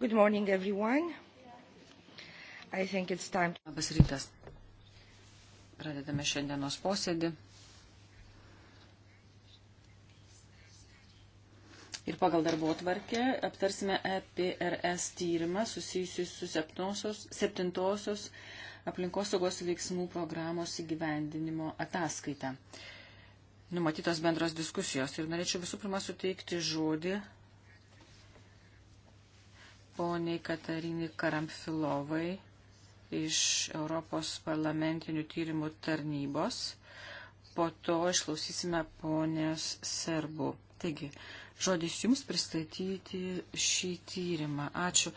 Good morning, everyone. I think it's time. Labas rytas. Pradedame šiandienos posėdį. Ir pagal darbo tvarkę aptarsime EPRS tyrimą susijusius su septosios, septintosios aplinkosaugos veiksmų programos įgyvendinimo ataskaita. Numatytos bendros diskusijos ir norėčiau visų pirma suteikti žodį poniai Katarinai Karamfilovai iš Europos parlamentinių tyrimų tarnybos. Po to išklausysime ponės serbų. Taigi, žodis jums pristatyti šį tyrimą. Ačiū.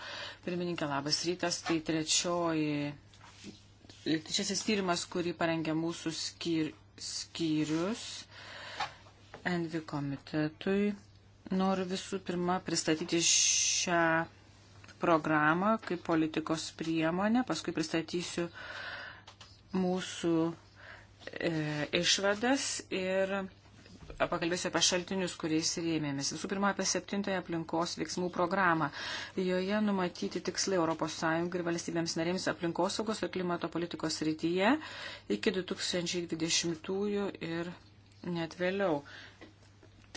Pirmininkė, labas rytas. Tai trečioji, trečiasis tyrimas, kurį parengė mūsų skyr, skyrius Envi komitetui. Noriu visų pirma pristatyti šią programą kaip politikos priemonę, paskui pristatysiu mūsų e, išvadas ir pakalbėsiu apie šaltinius, kuriais rėmėmės. Visų pirma, apie septintąją aplinkos veiksmų programą. Joje numatyti tikslai ES ir valstybėms narėms aplinkosaugos ir klimato politikos rytyje iki 2020 ir net vėliau.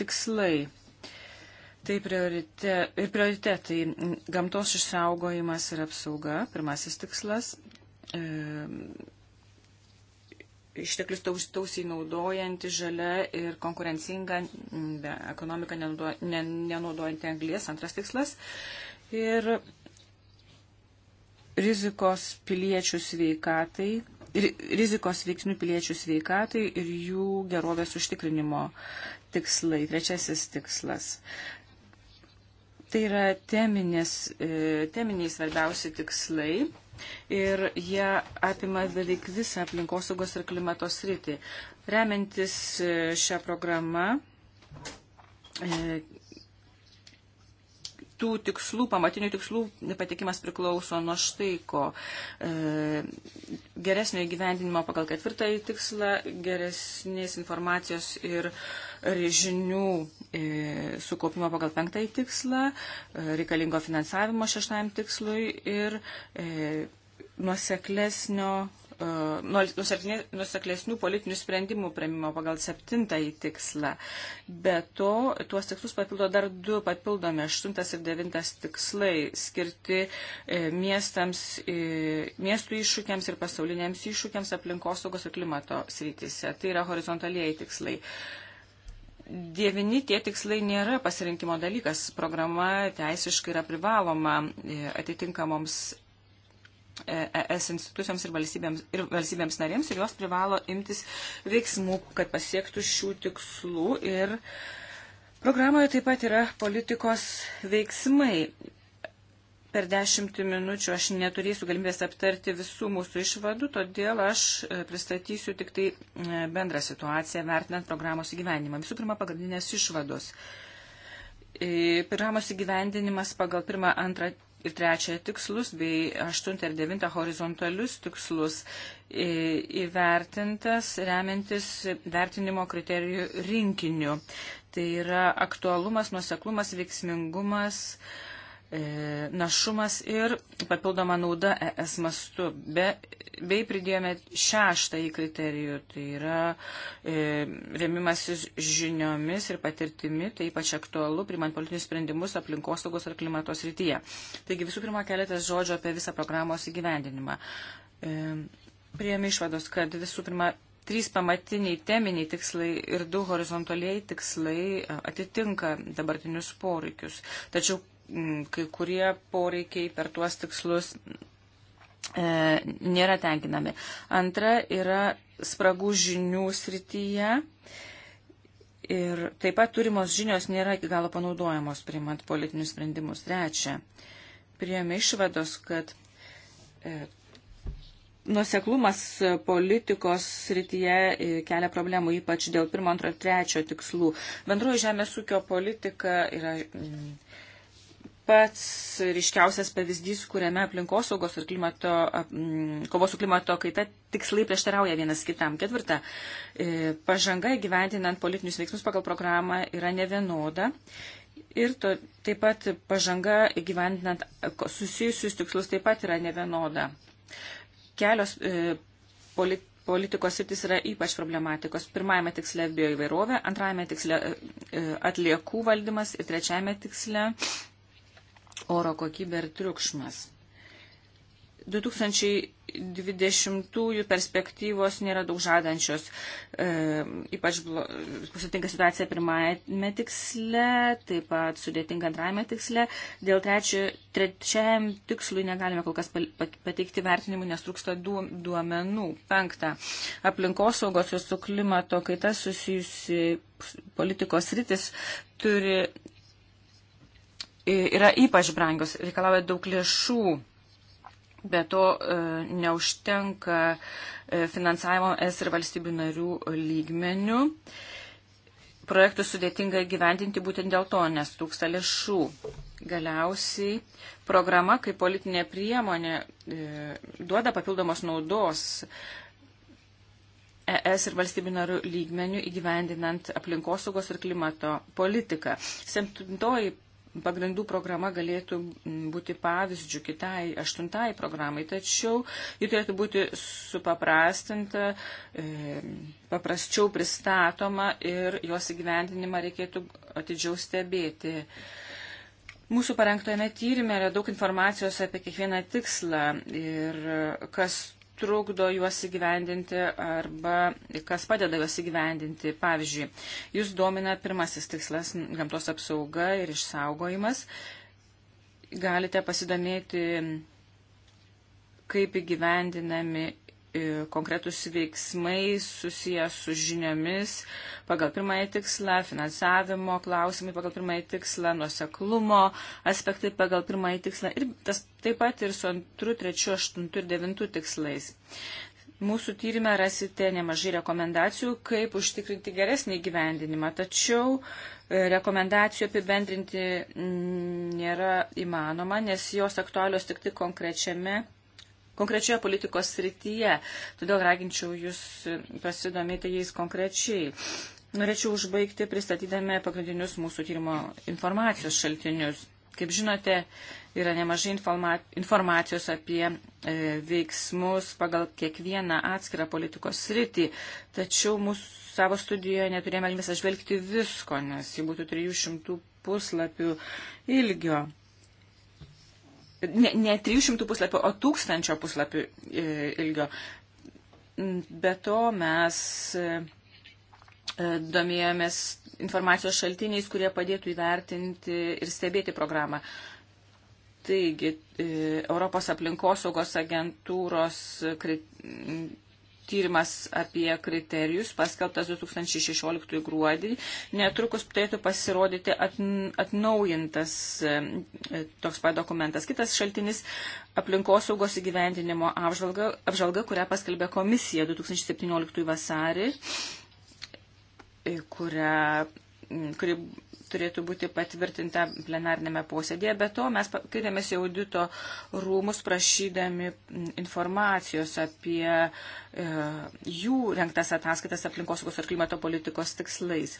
Tikslai Tai priorite, ir prioritetai - gamtos išsaugojimas ir apsauga, pirmasis tikslas. E, Išteklius taus, tausiai naudojanti žalia ir konkurencinga be, ekonomika nenaudo, ne, nenaudojanti anglės, antras tikslas. Ir rizikos piliečių sveikatai, rizikos veiksnių piliečių sveikatai ir jų gerovės užtikrinimo tikslai. Trečiasis tikslas Tai yra teminės, e, teminiai svarbiausi tikslai ir jie apima beveik visą aplinkosaugos ir klimatos rytį. Remiantis e, šią programą, e, tų tikslų, pamatinių tikslų patikimas priklauso nuo štai ko. Geresnio įgyvendinimo pagal ketvirtąjį tikslą, geresnės informacijos ir žinių E, sukaupimo pagal penktąjį tikslą, e, reikalingo finansavimo šeštajam tikslui ir e, nuoseklesnio nuseklesnių politinių sprendimų prieimimo pagal septintąjį tikslą. Be to, tuos tikslus papildo dar du papildomi aštuntas ir devintas tikslai skirti miestams, miestų iššūkiams ir pasauliniams iššūkiams aplinkosaugos ir klimato srityse. Tai yra horizontaliai tikslai. Dievini tie tikslai nėra pasirinkimo dalykas. Programa teisiškai yra privaloma e, atitinkamoms ES e institucijoms ir valstybėms, ir valstybėms narėms ir jos privalo imtis veiksmų, kad pasiektų šių tikslų. Ir programoje taip pat yra politikos veiksmai per dešimt minučių aš neturėsiu galimybės aptarti visų mūsų išvadų, todėl aš e, pristatysiu tik tai e, bendrą situaciją vertinant programos įgyvendinimą. Visų pirma, pagrindinės išvados. E, programos įgyvendinimas pagal pirmą, antrą ir trečią tikslus bei aštuntą ir devintą horizontalius tikslus įvertintas remiantis vertinimo kriterijų rinkiniu. Tai yra aktualumas, nuoseklumas, veiksmingumas, uh, E, našumas ir papildoma nauda ES mastu. Be, bei pridėjome šeštąjį kriterijų, tai yra e, remimasis žiniomis ir patirtimi, tai ypač aktualu, primant politinius sprendimus aplinkosaugos ar klimatos rytyje. Taigi visų pirma keletas žodžių apie visą programos įgyvendinimą. E, Priemi išvados, kad visų pirma trys pamatiniai teminiai tikslai ir du horizontaliai tikslai e, atitinka dabartinius poreikius. Tačiau kai kurie poreikiai per tuos tikslus e, nėra tenkinami. Antra yra spragų žinių srityje. Ir taip pat turimos žinios nėra iki galo panaudojamos priimant politinius sprendimus. Trečia, priėmė išvados, kad e, nuseklumas politikos srityje e, kelia problemų, ypač dėl pirmo, antro ir trečio tikslų. Bendroji žemės ūkio politika yra. Mm, pats ryškiausias pavyzdys, kuriame aplinkosaugos ir klimato, kovos su klimato kaita tikslai prieštarauja vienas kitam. Ketvirta, e, pažanga įgyvendinant politinius veiksmus pagal programą yra nevienoda. Ir to, taip pat pažanga įgyvendinant susijusius tikslus taip pat yra nevienoda. Kelios e, polit, politikos sritis yra ypač problematikos. Pirmajame tiksle bioįvairovė, antrajame tiksle e, e, atliekų valdymas ir trečiajame tiksle oro kokybė ir triukšmas. 2020 perspektyvos nėra daug žadančios, e, ypač pasitinka situacija pirmajame tiksle, taip pat sudėtinga antrajame tiksle. Dėl trečio, trečiajam tikslui negalime kol kas pateikti vertinimų, nes trūksta du, duomenų. Penkta, aplinkosaugos ir su klimato kaita susijusi politikos rytis turi yra ypač brangios, reikalauja daug lėšų. Be to e, neužtenka e, finansavimo S ir valstybių narių lygmenių. Projektų sudėtinga gyventinti būtent dėl to, nes trūksta lėšų. Galiausiai programa kaip politinė priemonė e, duoda papildomos naudos ES ir valstybių narių lygmenių įgyvendinant aplinkosaugos ir klimato politiką. Septintoji pagrindų programa galėtų būti pavyzdžių kitai aštuntai programai, tačiau ji turėtų būti supaprastinta, e, paprasčiau pristatoma ir jos įgyvendinimą reikėtų atidžiau stebėti. Mūsų parengtojame tyrimė yra daug informacijos apie kiekvieną tikslą ir kas trukdo juos įgyvendinti arba kas padeda juos įgyvendinti. Pavyzdžiui, jūs domina pirmasis tikslas - gamtos apsauga ir išsaugojimas. Galite pasidomėti, kaip įgyvendinami E, konkretus veiksmai susijęs su žiniomis pagal pirmąjį tikslą, finansavimo klausimai pagal pirmąjį tikslą, nuseklumo aspektai pagal pirmąjį tikslą ir tas, taip pat ir su antru, trečiu, aštuntu ir devintu tikslais. Mūsų tyrimę rasite nemažai rekomendacijų, kaip užtikrinti geresnį gyvendinimą, tačiau e, rekomendacijų apibendrinti nėra įmanoma, nes jos aktualios tik tai konkrečiame konkrečioje politikos srityje. Todėl raginčiau jūs e, pasidomėti jais konkrečiai. Norėčiau užbaigti pristatydami pagrindinius mūsų tyrimo informacijos šaltinius. Kaip žinote, yra nemažai informacijos apie e, veiksmus pagal kiekvieną atskirą politikos sritį, tačiau mūsų savo studijoje neturėjome galimybės apžvelgti visko, nes jį būtų 300 puslapių ilgio ne, ne 300 puslapių, o 1000 puslapių e, ilgio. Be to mes e, e, domėjomės informacijos šaltiniais, kurie padėtų įvertinti ir stebėti programą. Taigi, Europos aplinkosaugos agentūros tyrimas apie kriterijus, paskelbtas 2016 gruodį. Netrukus turėtų pasirodyti atnaujintas e, e, toks pat dokumentas. Kitas šaltinis - aplinkosaugos įgyvendinimo apžvalga, apžvalga, kurią paskelbė komisija 2017 vasarį, e, kurią kuri turėtų būti patvirtinta plenarnėme posėdėje. Be to, mes kreipėmės į audito rūmus prašydami informacijos apie e, jų renktas ataskaitas aplinkosaugos ir klimato politikos tikslais.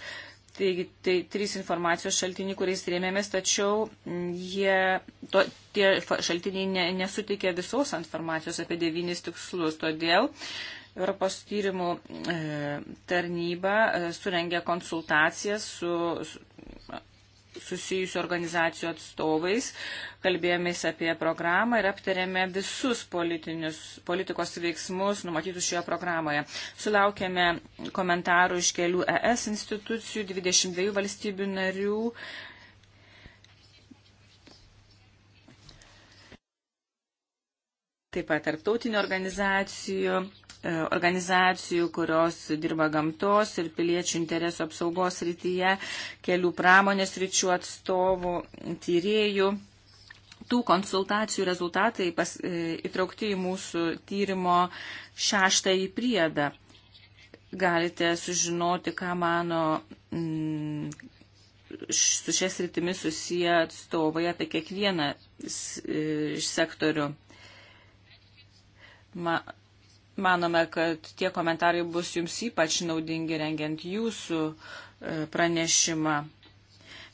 Taigi, tai trys informacijos šaltiniai, kuriais rėmėmės, tačiau jie, to, tie šaltiniai ne, nesutikė visos informacijos apie devynis tikslus. Todėl e, Europos tyrimų e, tarnyba e, surengė konsultacijas su susijusių organizacijų atstovais, kalbėjomės apie programą ir aptarėme visus politikos veiksmus numatytus šioje programoje. Sulaukėme komentarų iš kelių ES institucijų, 22 valstybių narių, taip pat tarptautinių organizacijų, e, organizacijų, kurios dirba gamtos ir piliečių interesų apsaugos rytyje, kelių pramonės ryčių atstovų, tyriejų. Tų konsultacijų rezultatai pas, e, įtraukti į mūsų tyrimo šeštąjį priedą. Galite sužinoti, ką mano m, mm, su šias rytimis susiję atstovai apie kiekvieną e, iš sektorių Ma, manome, kad tie komentarai bus jums ypač naudingi rengiant jūsų e, pranešimą.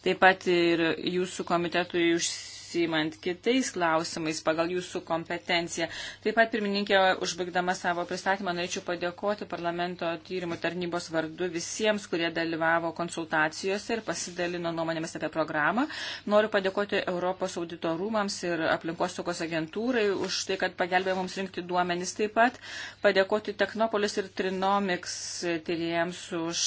Taip pat ir jūsų komitetui užsienio užsimant kitais klausimais pagal jūsų kompetenciją. Taip pat, pirmininkė, užbaigdama savo pristatymą, norėčiau padėkoti parlamento tyrimų tarnybos vardu visiems, kurie dalyvavo konsultacijose ir pasidalino nuomonėmis apie programą. Noriu padėkoti Europos auditorumams ir aplinkosaugos agentūrai už tai, kad pagelbėjo mums rinkti duomenis taip pat. Padėkoti Technopolis ir Trinomics tyriems už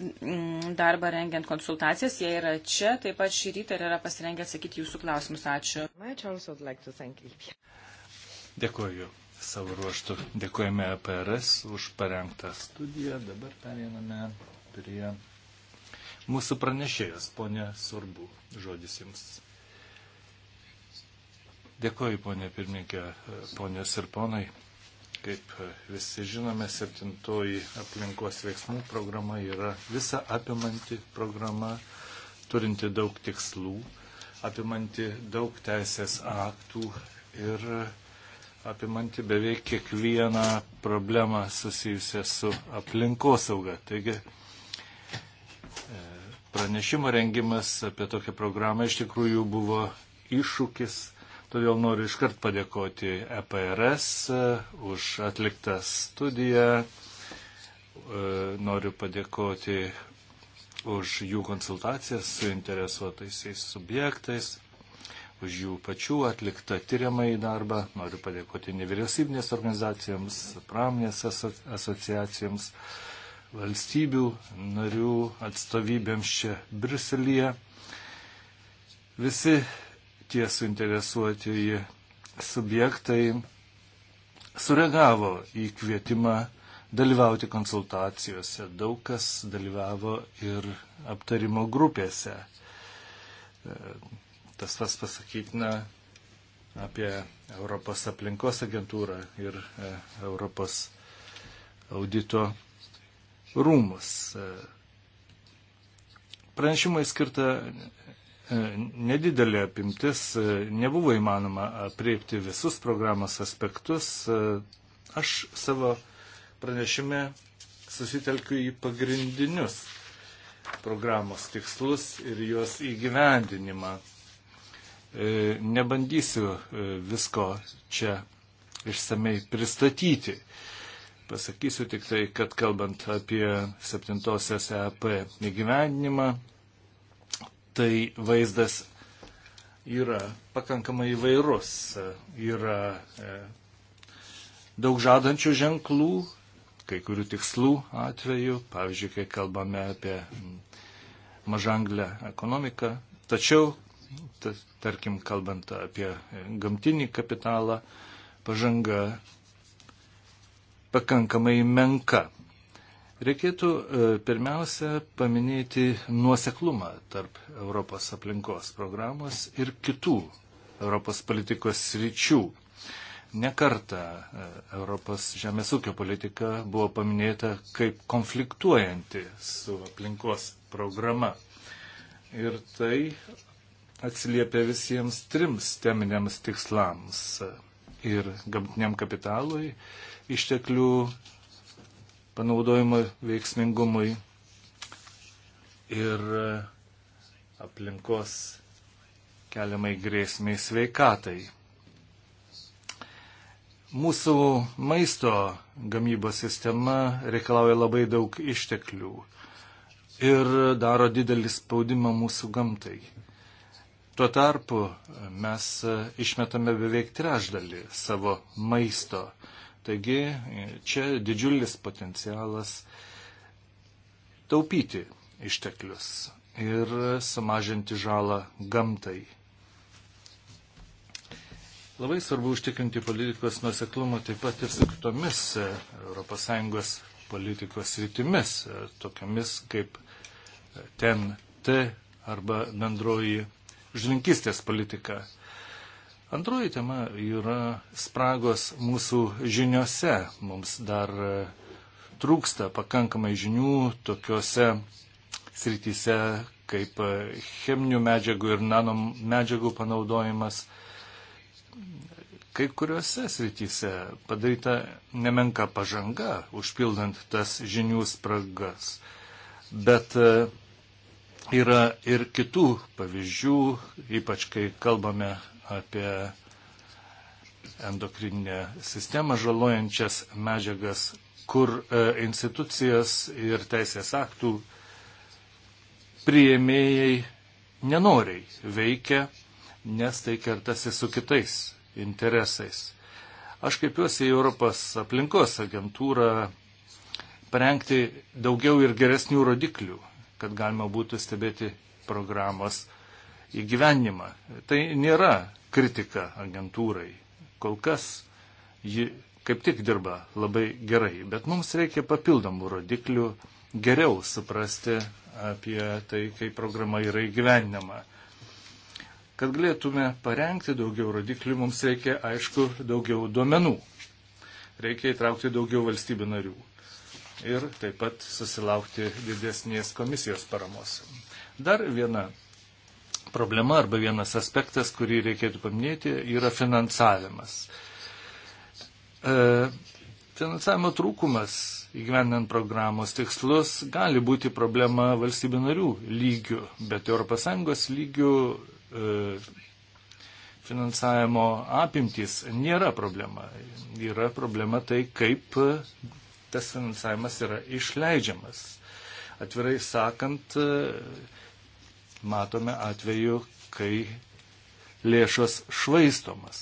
mm, darbą rengiant konsultacijas. Jie yra čia, taip pat šį rytą yra pasirengę atsakyti jūsų klausimus. Jums ačiū. Dėkuoju savo ruoštų. Dėkojame APRS e už parengtą studiją. Dabar perėmame prie mūsų pranešėjas, ponė Sorbu. Žodis Jums. Dėkoju, ponė pirmininkė, ponės ir ponai. Kaip visi žinome, septintoji aplinkos veiksmų programa yra visa apimanti programa, turinti daug tikslų apimanti daug teisės aktų ir apimanti beveik kiekvieną problemą susijusią su aplinkosauga. Taigi e, pranešimo rengimas apie tokią programą iš tikrųjų buvo iššūkis, todėl noriu iškart padėkoti EPRS e, už atliktą studiją, e, noriu padėkoti už jų konsultacijas su interesuotaisiais subjektais, už jų pačių atliktą tyriamąjį darbą. Noriu padėkoti nevyriausybinės organizacijoms, pramonės aso asociacijoms, valstybių narių atstovybėms čia Briuselėje. Visi tie suinteresuotieji subjektai sureagavo į kvietimą dalyvauti konsultacijose. Daug kas dalyvavo ir aptarimo grupėse. E, tas pas pasakytina apie Europos aplinkos agentūrą ir e, Europos audito rūmus. E, Pranešimai skirta nedidelė apimtis, nebuvo įmanoma apriepti visus programos aspektus. Aš savo pranešime susitelkiu į pagrindinius programos tikslus ir juos įgyvendinimą. E, nebandysiu e, visko čia išsamei pristatyti. Pasakysiu tik tai, kad kalbant apie septintosios EP įgyvendinimą, tai vaizdas yra pakankamai įvairus. Yra e, daug žadančių ženklų, kai kurių tikslų atveju, pavyzdžiui, kai kalbame apie mm, mažanglę ekonomiką, tačiau, tarkim, kalbant apie gamtinį kapitalą, pažanga pakankamai menka. Reikėtų e, pirmiausia paminėti nuoseklumą tarp Europos aplinkos programos ir kitų Europos politikos sričių. Nekarta e, Europos žemės ūkio politika buvo paminėta kaip konfliktuojanti su aplinkos programa. Ir tai atsiliepia visiems trims teminiams tikslams - ir gamtiniam kapitalui, išteklių panaudojimo veiksmingumui ir e, aplinkos keliamai grėsmiai sveikatai. Mūsų maisto gamybos sistema reikalauja labai daug išteklių ir daro didelį spaudimą mūsų gamtai. Tuo tarpu mes išmetame beveik trešdalį savo maisto. Taigi čia didžiulis potencialas taupyti išteklius ir sumažinti žalą gamtai. Labai svarbu užtikrinti politikos nuseklumą taip pat ir su kitomis ES politikos rytimis, e, tokiamis kaip e, ten T arba bendroji žininkistės politika. Antroji tema yra spragos mūsų žiniuose. Mums dar e, trūksta pakankamai žinių tokiuose srityse kaip cheminių medžiagų ir nanomedžiagų panaudojimas, kai kuriuose srityse padaryta nemenka pažanga, užpildant tas žinių spragas. Bet e, yra ir kitų pavyzdžių, ypač kai kalbame apie endokrininę sistemą žalojančias medžiagas, kur e, institucijas ir teisės aktų prieimėjai nenoriai veikia nes tai kertasi su kitais interesais. Aš kaipiuosi į Europos aplinkos agentūrą parengti daugiau ir geresnių rodiklių, kad galima būtų stebėti programos įgyvenimą. Tai nėra kritika agentūrai. Kol kas ji kaip tik dirba labai gerai, bet mums reikia papildomų rodiklių geriau suprasti apie tai, kaip programa yra įgyvenama. Kad galėtume parengti daugiau rodiklių, mums reikia, aišku, daugiau duomenų. Reikia įtraukti daugiau valstybių narių. Ir taip pat susilaukti didesnės komisijos paramos. Dar viena problema arba vienas aspektas, kurį reikėtų paminėti, yra finansavimas. E, Finansavimo trūkumas įgyvendinant programos tikslus gali būti problema valstybių narių lygių, bet ES lygių E, finansavimo apimtys nėra problema. Yra problema tai, kaip tas finansavimas yra išleidžiamas. Atvirai sakant, e, matome atveju, kai lėšos švaistomas.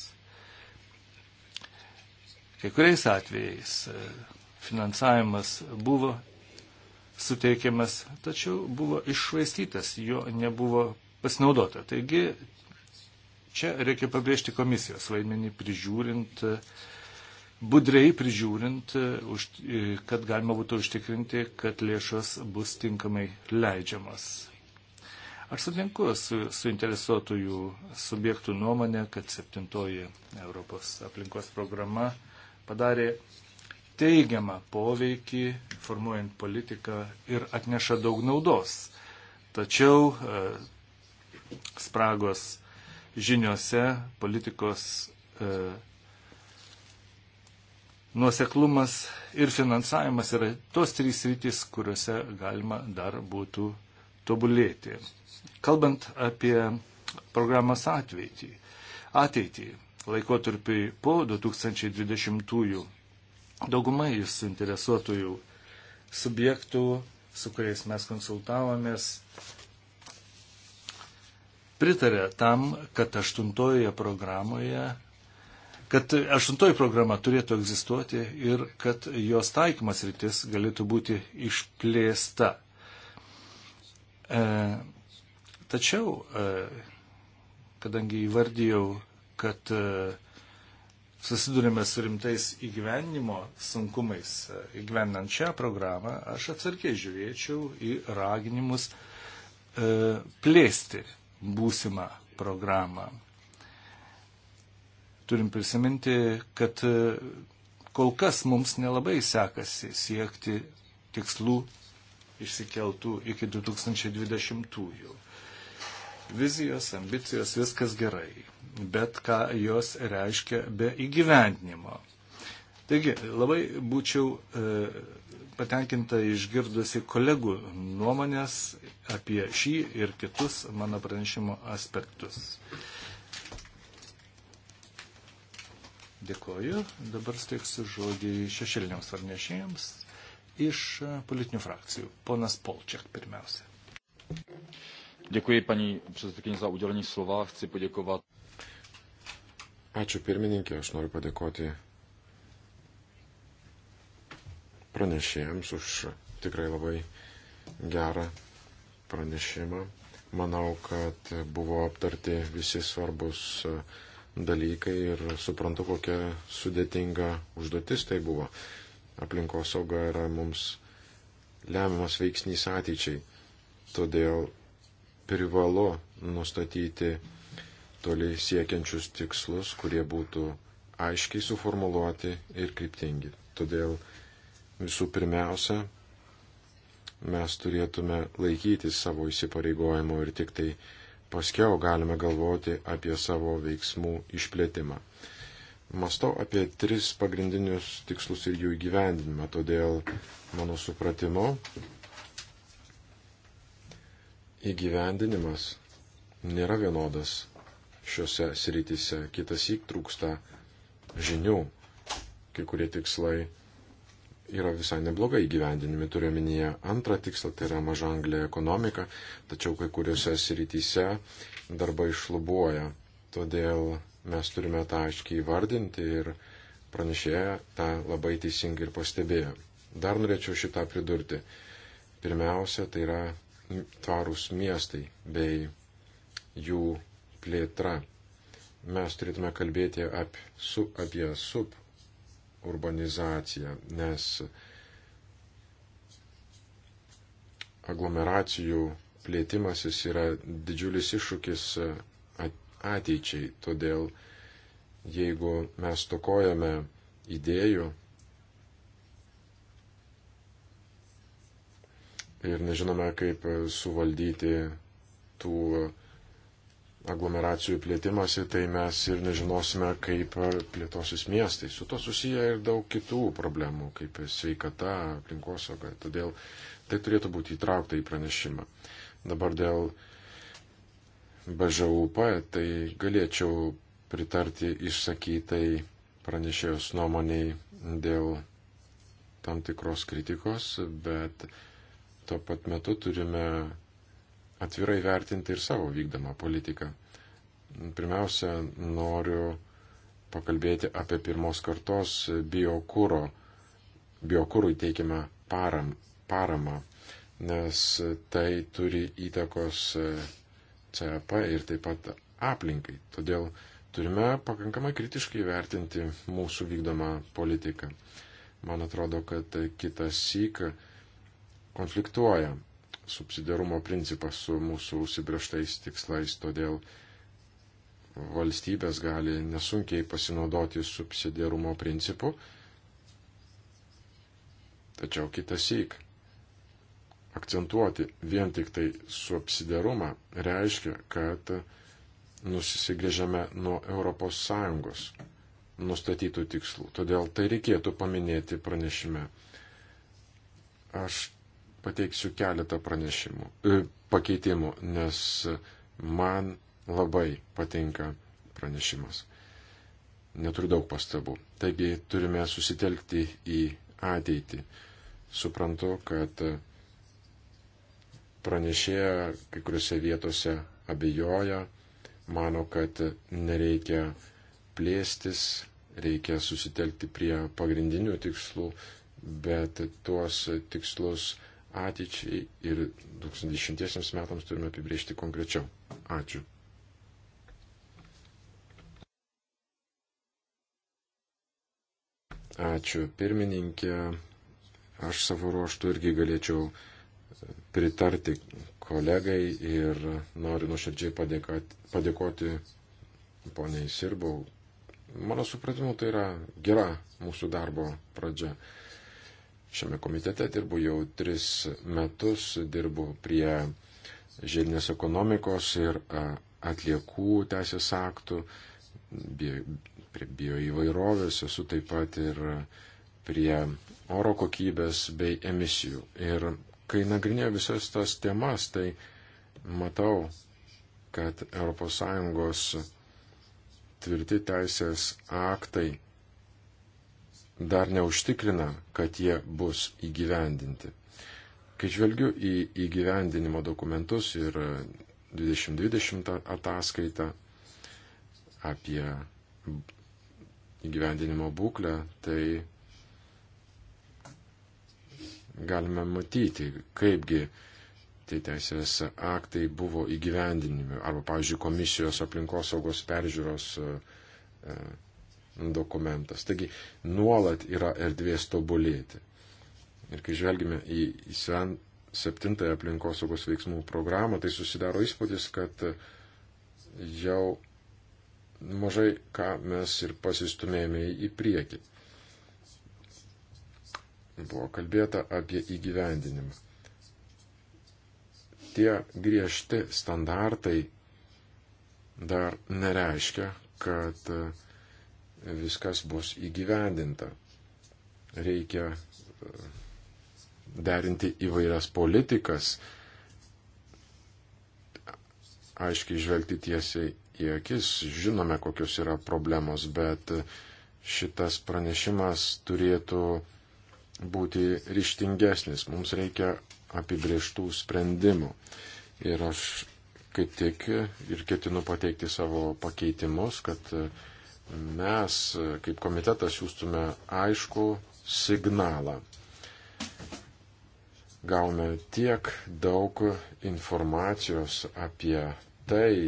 Kai kuriais atvejais e, finansavimas buvo suteikiamas, tačiau buvo iššvaistytas, jo nebuvo pasinaudota. Taigi čia reikia pabrėžti komisijos vaidmenį prižiūrint, budriai prižiūrint, kad galima būtų užtikrinti, kad lėšos bus tinkamai leidžiamas. Aš sutinku su suinteresuotųjų subjektų nuomonė, kad septintoji Europos aplinkos programa padarė teigiamą poveikį, formuojant politiką ir atneša daug naudos. Tačiau spragos žiniuose, politikos e, nuoseklumas ir finansavimas yra tos trys rytis, kuriuose galima dar būtų tobulėti. Kalbant apie programos atveitį, ateitį laikotarpiai po 2020-ųjų, daugumai suinteresuotųjų subjektų, su kuriais mes konsultavomės, pritarė tam, kad aštuntoje programoje kad aštuntoji programa turėtų egzistuoti ir kad jos taikymas rytis galėtų būti išplėsta. E, tačiau, e, kadangi įvardėjau, kad e, susidurime su rimtais įgyvenimo sunkumais e, įgyvenant šią programą, aš atsargiai žiūrėčiau į raginimus e, plėsti būsimą programą. Turim prisiminti, kad e, kol kas mums nelabai sekasi siekti tikslų išsikeltų iki 2020-ųjų. Vizijos, ambicijos, viskas gerai, bet ką jos reiškia be įgyvendinimo. Taigi, labai būčiau e, patenkinta išgirdusi kolegų nuomonės apie šį ir kitus mano pranešimo aspektus. Dėkoju. Dabar steiksiu žodį šešėliniams varnešėjams iš politinių frakcijų. Ponas Polčiak pirmiausia. Dėkui, pani Přesitikinė, za udėlinį slovą. Chci padėkovat. Ačiū pirmininkė, aš noriu padėkoti pranešėjams už tikrai labai gerą pranešimą. Manau, kad buvo aptarti visi svarbus e, dalykai ir suprantu, kokia sudėtinga užduotis tai buvo. Aplinkosauga yra mums lemiamas veiksnys ateičiai. Todėl privalu nustatyti toli siekiančius tikslus, kurie būtų aiškiai suformuluoti ir kryptingi. Todėl Visų pirmiausia, mes turėtume laikytis savo įsipareigojimo ir tik tai paskiau galime galvoti apie savo veiksmų išplėtimą. Mastau apie tris pagrindinius tikslus ir jų įgyvendinimą, todėl mano supratimu įgyvendinimas nėra vienodas šiuose srityse, kitas įk trūksta žinių, kai kurie tikslai yra visai neblogai gyvendinimi, turiuomenyje antrą tikslą, tai yra maža anglė ekonomika, tačiau kai kuriuose srityse darbai išlubuoja. Todėl mes turime tą aiškiai įvardinti ir pranešėja tą labai teisingai ir pastebėjo. Dar norėčiau šitą pridurti. Pirmiausia, tai yra tvarūs miestai bei jų plėtra. Mes turėtume kalbėti ap, su, apie sub urbanizaciją, nes aglomeracijų plėtimasis yra didžiulis iššūkis ateičiai, todėl jeigu mes tokojame idėjų ir nežinome, kaip suvaldyti tų aglomeracijų plėtimasi, tai mes ir nežinosime, kaip plėtosis miestai. Su to susiję ir daug kitų problemų, kaip sveikata, aplinkosauga. Todėl tai turėtų būti įtraukta į pranešimą. Dabar dėl BŽUP, tai galėčiau pritarti išsakytai pranešėjos nuomoniai dėl tam tikros kritikos, bet tuo pat metu turime atvirai vertinti ir savo vykdomą politiką. Pirmiausia, noriu pakalbėti apie pirmos kartos biokūro, biokūrui teikiamą param, paramą, nes tai turi įtakos e, CAP ir taip pat aplinkai. Todėl turime pakankamai kritiškai vertinti mūsų vykdomą politiką. Man atrodo, kad kitas syk konfliktuoja subsidiarumo principą su mūsų užsibrieštais tikslais, todėl valstybės gali nesunkiai pasinaudoti subsidiarumo principu. Tačiau kitas įk. Akcentuoti vien tik tai subsidiarumą reiškia, kad nusisigrėžiame nuo ES nustatytų tikslų. Todėl tai reikėtų paminėti pranešime. Aš pateiksiu keletą pranešimų, e, pakeitimų, nes man labai patinka pranešimas. Neturiu daug pastabų. Taigi turime susitelkti į ateitį. Suprantu, kad pranešėja kai kuriuose vietose abejoja, mano, kad nereikia plėstis, reikia susitelkti prie pagrindinių tikslų, bet tuos tikslus ateičiai ir 2010 metams turime apibriežti konkrečiau. Ačiū. Ačiū pirmininkė. Aš savo ruoštų irgi galėčiau pritarti kolegai ir noriu nuoširdžiai padėkoti, padėkoti poniai Sirbau. Mano supratimu, tai yra gera mūsų darbo pradžia. Šiame komitete dirbu jau tris metus, dirbu prie žiedinės ekonomikos ir atliekų teisės aktų, bio, prie bioįvairovės, esu taip pat ir prie oro kokybės bei emisijų. Ir kai nagrinėjau visas tas temas, tai matau, kad ES tvirti teisės aktai dar neužtikrina, kad jie bus įgyvendinti. Kai žvelgiu į įgyvendinimo dokumentus ir 2020 ataskaitą apie įgyvendinimo būklę, tai galime matyti, kaipgi tie teisės aktai buvo įgyvendinimi. Arba, pavyzdžiui, komisijos aplinkosaugos peržiūros e, dokumentas. Taigi nuolat yra erdvės tobulėti. Ir kai žvelgime į, į sen, septintąją aplinkosaugos veiksmų programą, tai susidaro įspūdis, kad jau mažai ką mes ir pasistumėjome į priekį. Buvo kalbėta apie įgyvendinimą. Tie griežti standartai dar nereiškia, kad uh, viskas bus įgyvendinta. Reikia e, derinti įvairias politikas, aiškiai žvelgti tiesiai į akis, žinome, kokios yra problemos, bet šitas pranešimas turėtų būti ryštingesnis, mums reikia apibrieštų sprendimų. Ir aš kaip tik ir ketinu pateikti savo pakeitimus, kad mes kaip komitetas siūstume aišku signalą. Gaume tiek daug informacijos apie tai,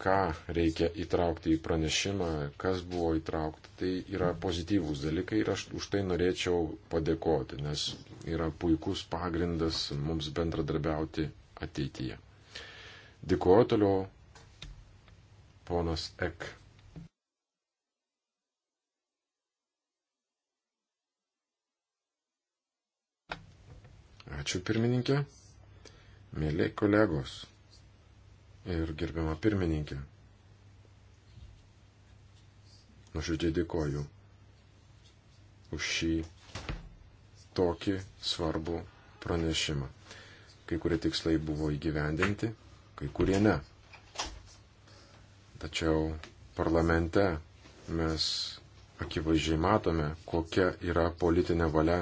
ką reikia įtraukti į pranešimą, kas buvo įtraukta. Tai yra pozityvūs dalykai ir aš už tai norėčiau padėkoti, nes yra puikus pagrindas mums bendradarbiauti ateityje. Dėkuoju toliau, ponas Ek. Ačiū pirmininkė, mėly kolegos ir gerbiama pirmininkė. Nuoširdžiai dėkoju už šį tokį svarbų pranešimą. Kai kurie tikslai buvo įgyvendinti, kai kurie ne. Tačiau parlamente mes akivaizdžiai matome, kokia yra politinė valia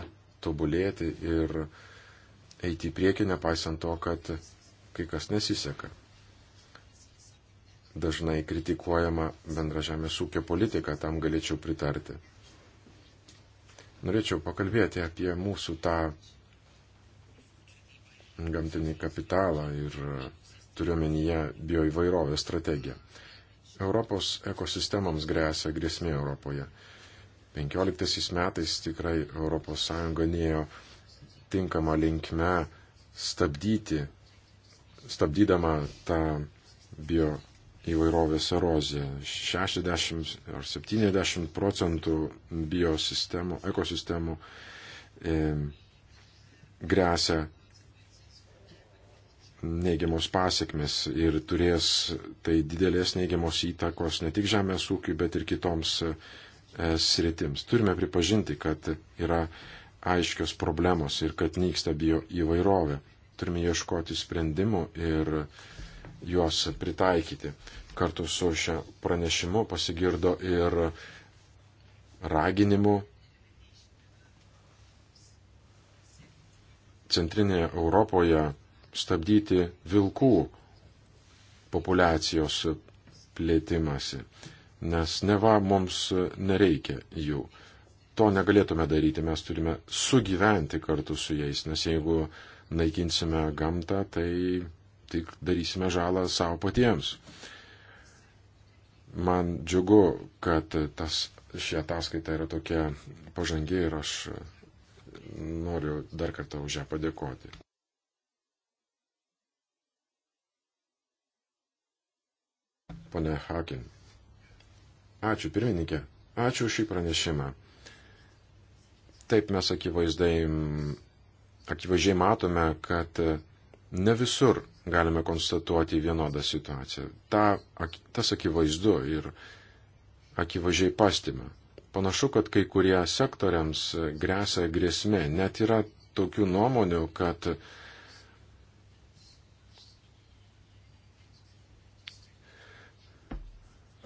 tobulėti ir eiti į priekį, nepaisant to, kad kai kas nesiseka. Dažnai kritikuojama bendra žemės ūkio politika, tam galėčiau pritarti. Norėčiau pakalbėti apie mūsų tą gamtinį kapitalą ir turiuomenyje bioįvairovės strategiją. Europos ekosistemams grėsia grėsmė Europoje. 15 metais tikrai ES nėjo tinkama linkme stabdyti, stabdydama tą bio įvairovės eroziją. 60 ar 70 procentų biosistemų, ekosistemų e, grėsia neigiamos pasiekmes ir turės tai didelės neigiamos įtakos ne tik žemės ūkiui, bet ir kitoms e, sritims. Turime pripažinti, kad yra aiškios problemos ir kad nyksta bio įvairovė. Turime ieškoti sprendimų ir juos pritaikyti. Kartu su šia pranešimu pasigirdo ir raginimu centrinėje Europoje stabdyti vilkų populacijos plėtimasi, nes neva mums nereikia jų to negalėtume daryti, mes turime sugyventi kartu su jais, nes jeigu naikinsime gamtą, tai tik darysime žalą savo patiems. Man džiugu, kad tas, ši ataskaita yra tokia pažangi ir aš noriu dar kartą už ją padėkoti. Pane Hakin. Ačiū pirmininkė, ačiū šį pranešimą. Taip mes akivaizdai, akivaizdžiai matome, kad ne visur galime konstatuoti vienodą situaciją. Ta, ak, tas akivaizdu ir akivaizdžiai pastime. Panašu, kad kai kurie sektoriams grėsia grėsmė. Net yra tokių nuomonių, kad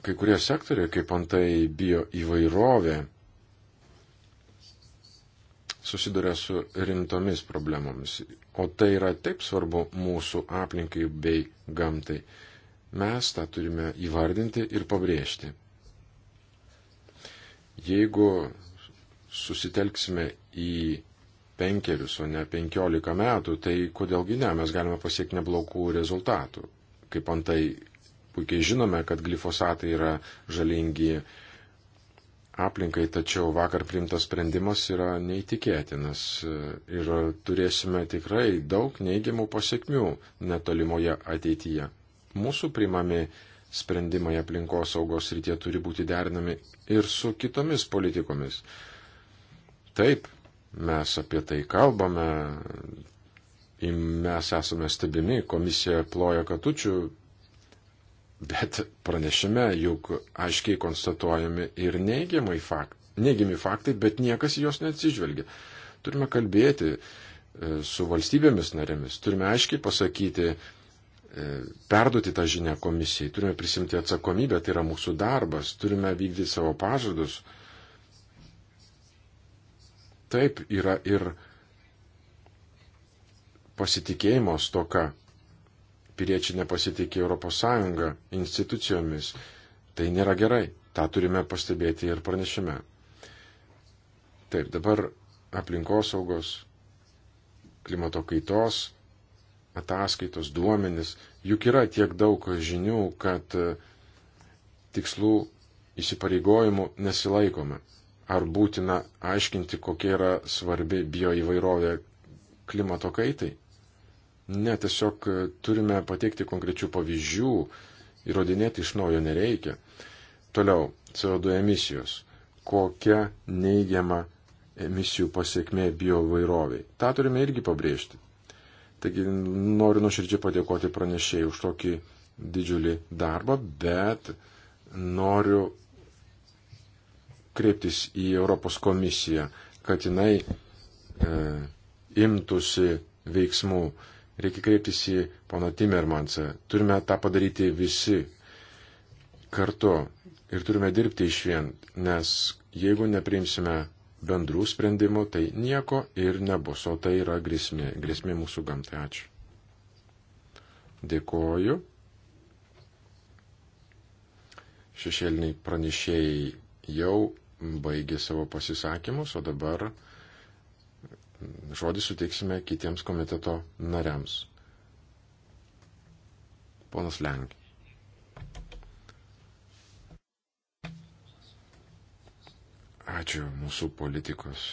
kai kurie sektoriai, kaip antai bio įvairovė, susiduria su rimtomis problemomis, o tai yra taip svarbu mūsų aplinkai bei gamtai. Mes tą turime įvardinti ir pabrėžti. Jeigu susitelksime į penkerius, o ne penkiolika metų, tai kodėlgi ne, mes galime pasiekti neblogų rezultatų. Kaip antai puikiai žinome, kad glifosatai yra žalingi aplinkai, tačiau vakar primtas sprendimas yra neįtikėtinas ir turėsime tikrai daug neigiamų pasiekmių netolimoje ateityje. Mūsų primami sprendimai aplinkos saugos rytie turi būti derinami ir su kitomis politikomis. Taip, mes apie tai kalbame, mes esame stebimi, komisija ploja katučių Bet pranešime juk aiškiai konstatuojami ir neigiamai faktai, neigiami faktai, bet niekas į juos neatsižvelgia. Turime kalbėti e, su valstybėmis narėmis, turime aiškiai pasakyti, e, perduoti tą žinią komisijai, turime prisimti atsakomybę, tai yra mūsų darbas, turime vykdyti savo pažadus. Taip yra ir pasitikėjimo stoka, piliečiai nepasitikė ES institucijomis. Tai nėra gerai. Ta turime pastebėti ir pranešime. Taip, dabar aplinkosaugos, klimato kaitos, ataskaitos, duomenis. Juk yra tiek daug žinių, kad e, tikslų įsipareigojimų nesilaikome. Ar būtina aiškinti, kokia yra svarbi bioįvairovė klimato kaitai? Ne, tiesiog e, turime pateikti konkrečių pavyzdžių, įrodinėti iš naujo nereikia. Toliau, CO2 emisijos. Kokia neigiama emisijų pasiekmė biovairoviai. Ta turime irgi pabrėžti. Taigi noriu nuoširdžiai padėkoti pranešėjai už tokį didžiulį darbą, bet noriu kreiptis į Europos komisiją, kad jinai e, imtųsi veiksmų. Reikia kreiptis į pono Timermansą. Turime tą padaryti visi kartu ir turime dirbti iš vien, nes jeigu nepriimsime bendrų sprendimų, tai nieko ir nebus, o tai yra grėsmė, grėsmė mūsų gamtai. Ačiū. Dėkoju. Šešėliniai pranešėjai jau baigė savo pasisakymus, o dabar žodį suteiksime kitiems komiteto nariams. Ponas Lenk. Ačiū mūsų politikos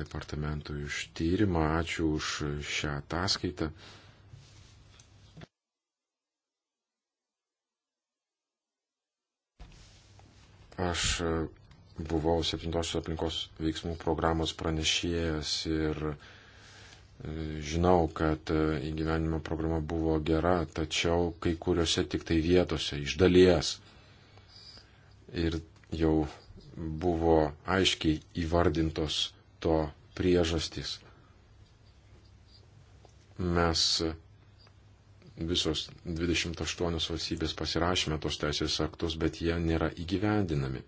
departamentui už tyrimą, ačiū už šią ataskaitą. Aš buvau septintosios aplinkos veiksmų programos pranešėjas ir e, žinau, kad e, įgyvenimo programa buvo gera, tačiau kai kuriuose tik tai vietose, iš dalies. Ir jau buvo aiškiai įvardintos to priežastys. Mes visos 28 valstybės pasirašėme tos teisės aktus, bet jie nėra įgyvendinami.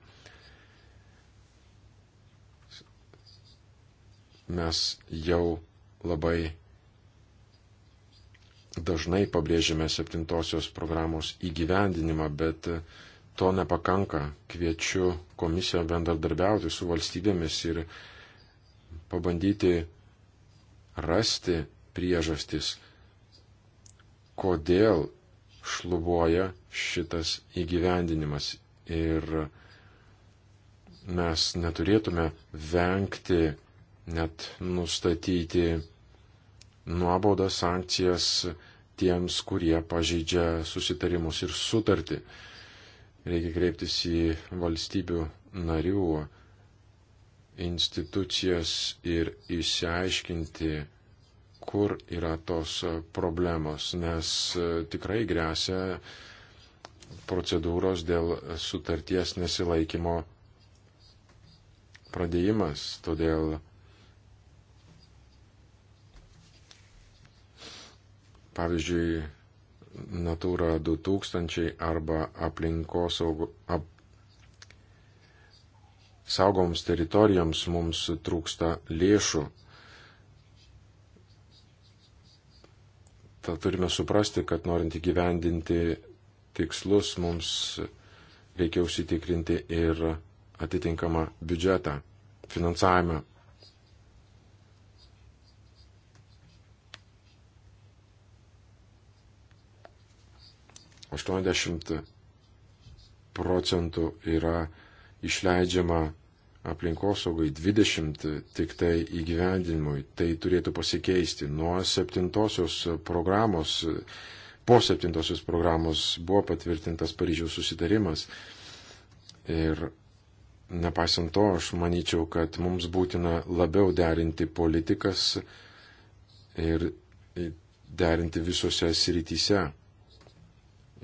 mes jau labai dažnai pabrėžiame septintosios programos įgyvendinimą, bet to nepakanka. Kviečiu komisiją bendradarbiauti su valstybėmis ir pabandyti rasti priežastis, kodėl šlubuoja šitas įgyvendinimas. Ir mes neturėtume vengti net nustatyti nuobaudas, sankcijas tiems, kurie pažeidžia susitarimus ir sutartį. Reikia kreiptis į valstybių narių institucijas ir išsiaiškinti, kur yra tos problemos, nes tikrai grėsia procedūros dėl sutarties nesilaikymo pradėjimas. Todėl Pavyzdžiui, Natura 2000 arba aplinkos saugų, ap, saugoms teritorijoms mums trūksta lėšų. Ta turime suprasti, kad norint įgyvendinti tikslus mums reikia užsitikrinti ir atitinkamą biudžetą, finansavimą 80 procentų yra išleidžiama aplinkosaugai 20 tik tai įgyvendinimui. Tai turėtų pasikeisti. Nuo septintosios programos, po septintosios programos buvo patvirtintas Paryžiaus susitarimas. Ir nepaisant to, aš manyčiau, kad mums būtina labiau derinti politikas ir derinti visose srityse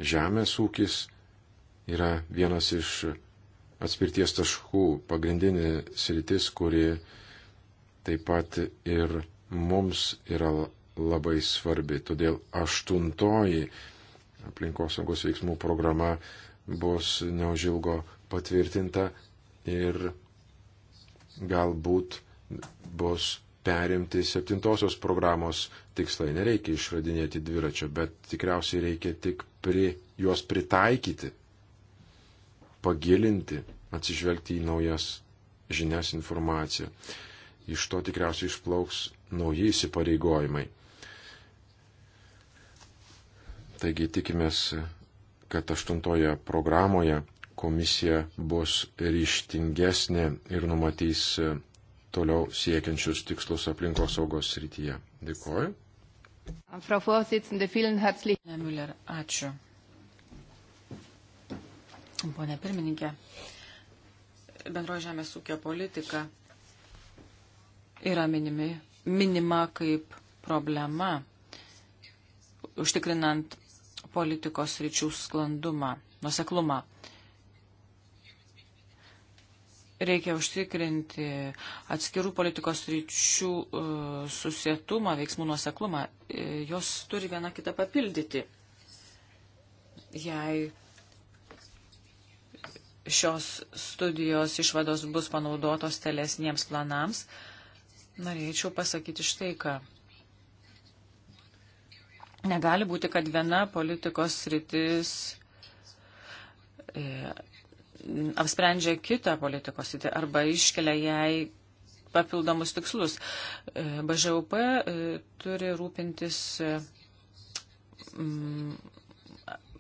žemės ūkis yra vienas iš atspirties taškų, pagrindinė sritis, kuri taip pat ir mums yra labai svarbi. Todėl aštuntoji aplinkosaugos veiksmų programa bus neužilgo patvirtinta ir galbūt bus perimti septintosios programos tikslai. Nereikia išradinėti dviračio, bet tikriausiai reikia tik pri, juos pritaikyti, pagilinti, atsižvelgti į naujas žinias informaciją. Iš to tikriausiai išplauks nauji įsipareigojimai. Taigi tikimės, kad aštuntoje programoje komisija bus ryštingesnė ir numatys toliau siekiančius tikslus aplinkosaugos srityje. Dėkuoju. Frau Vorsitzende, vielen herzlichen Müller, ačiū. Pone pirmininkė, bendro žemės ūkio politika yra minimi, minima kaip problema, užtikrinant politikos ryčių sklandumą, nuseklumą. Reikia užtikrinti atskirų politikos ryčių e, susietumą, veiksmų nuoseklumą. E, jos turi viena kitą papildyti. Jei šios studijos išvados bus panaudotos telesniems planams, norėčiau pasakyti štai ką. Negali būti, kad viena politikos sritis e, apsprendžia kitą politikos įtį arba iškelia jai papildomus tikslus. E, BŽUP e, turi rūpintis e,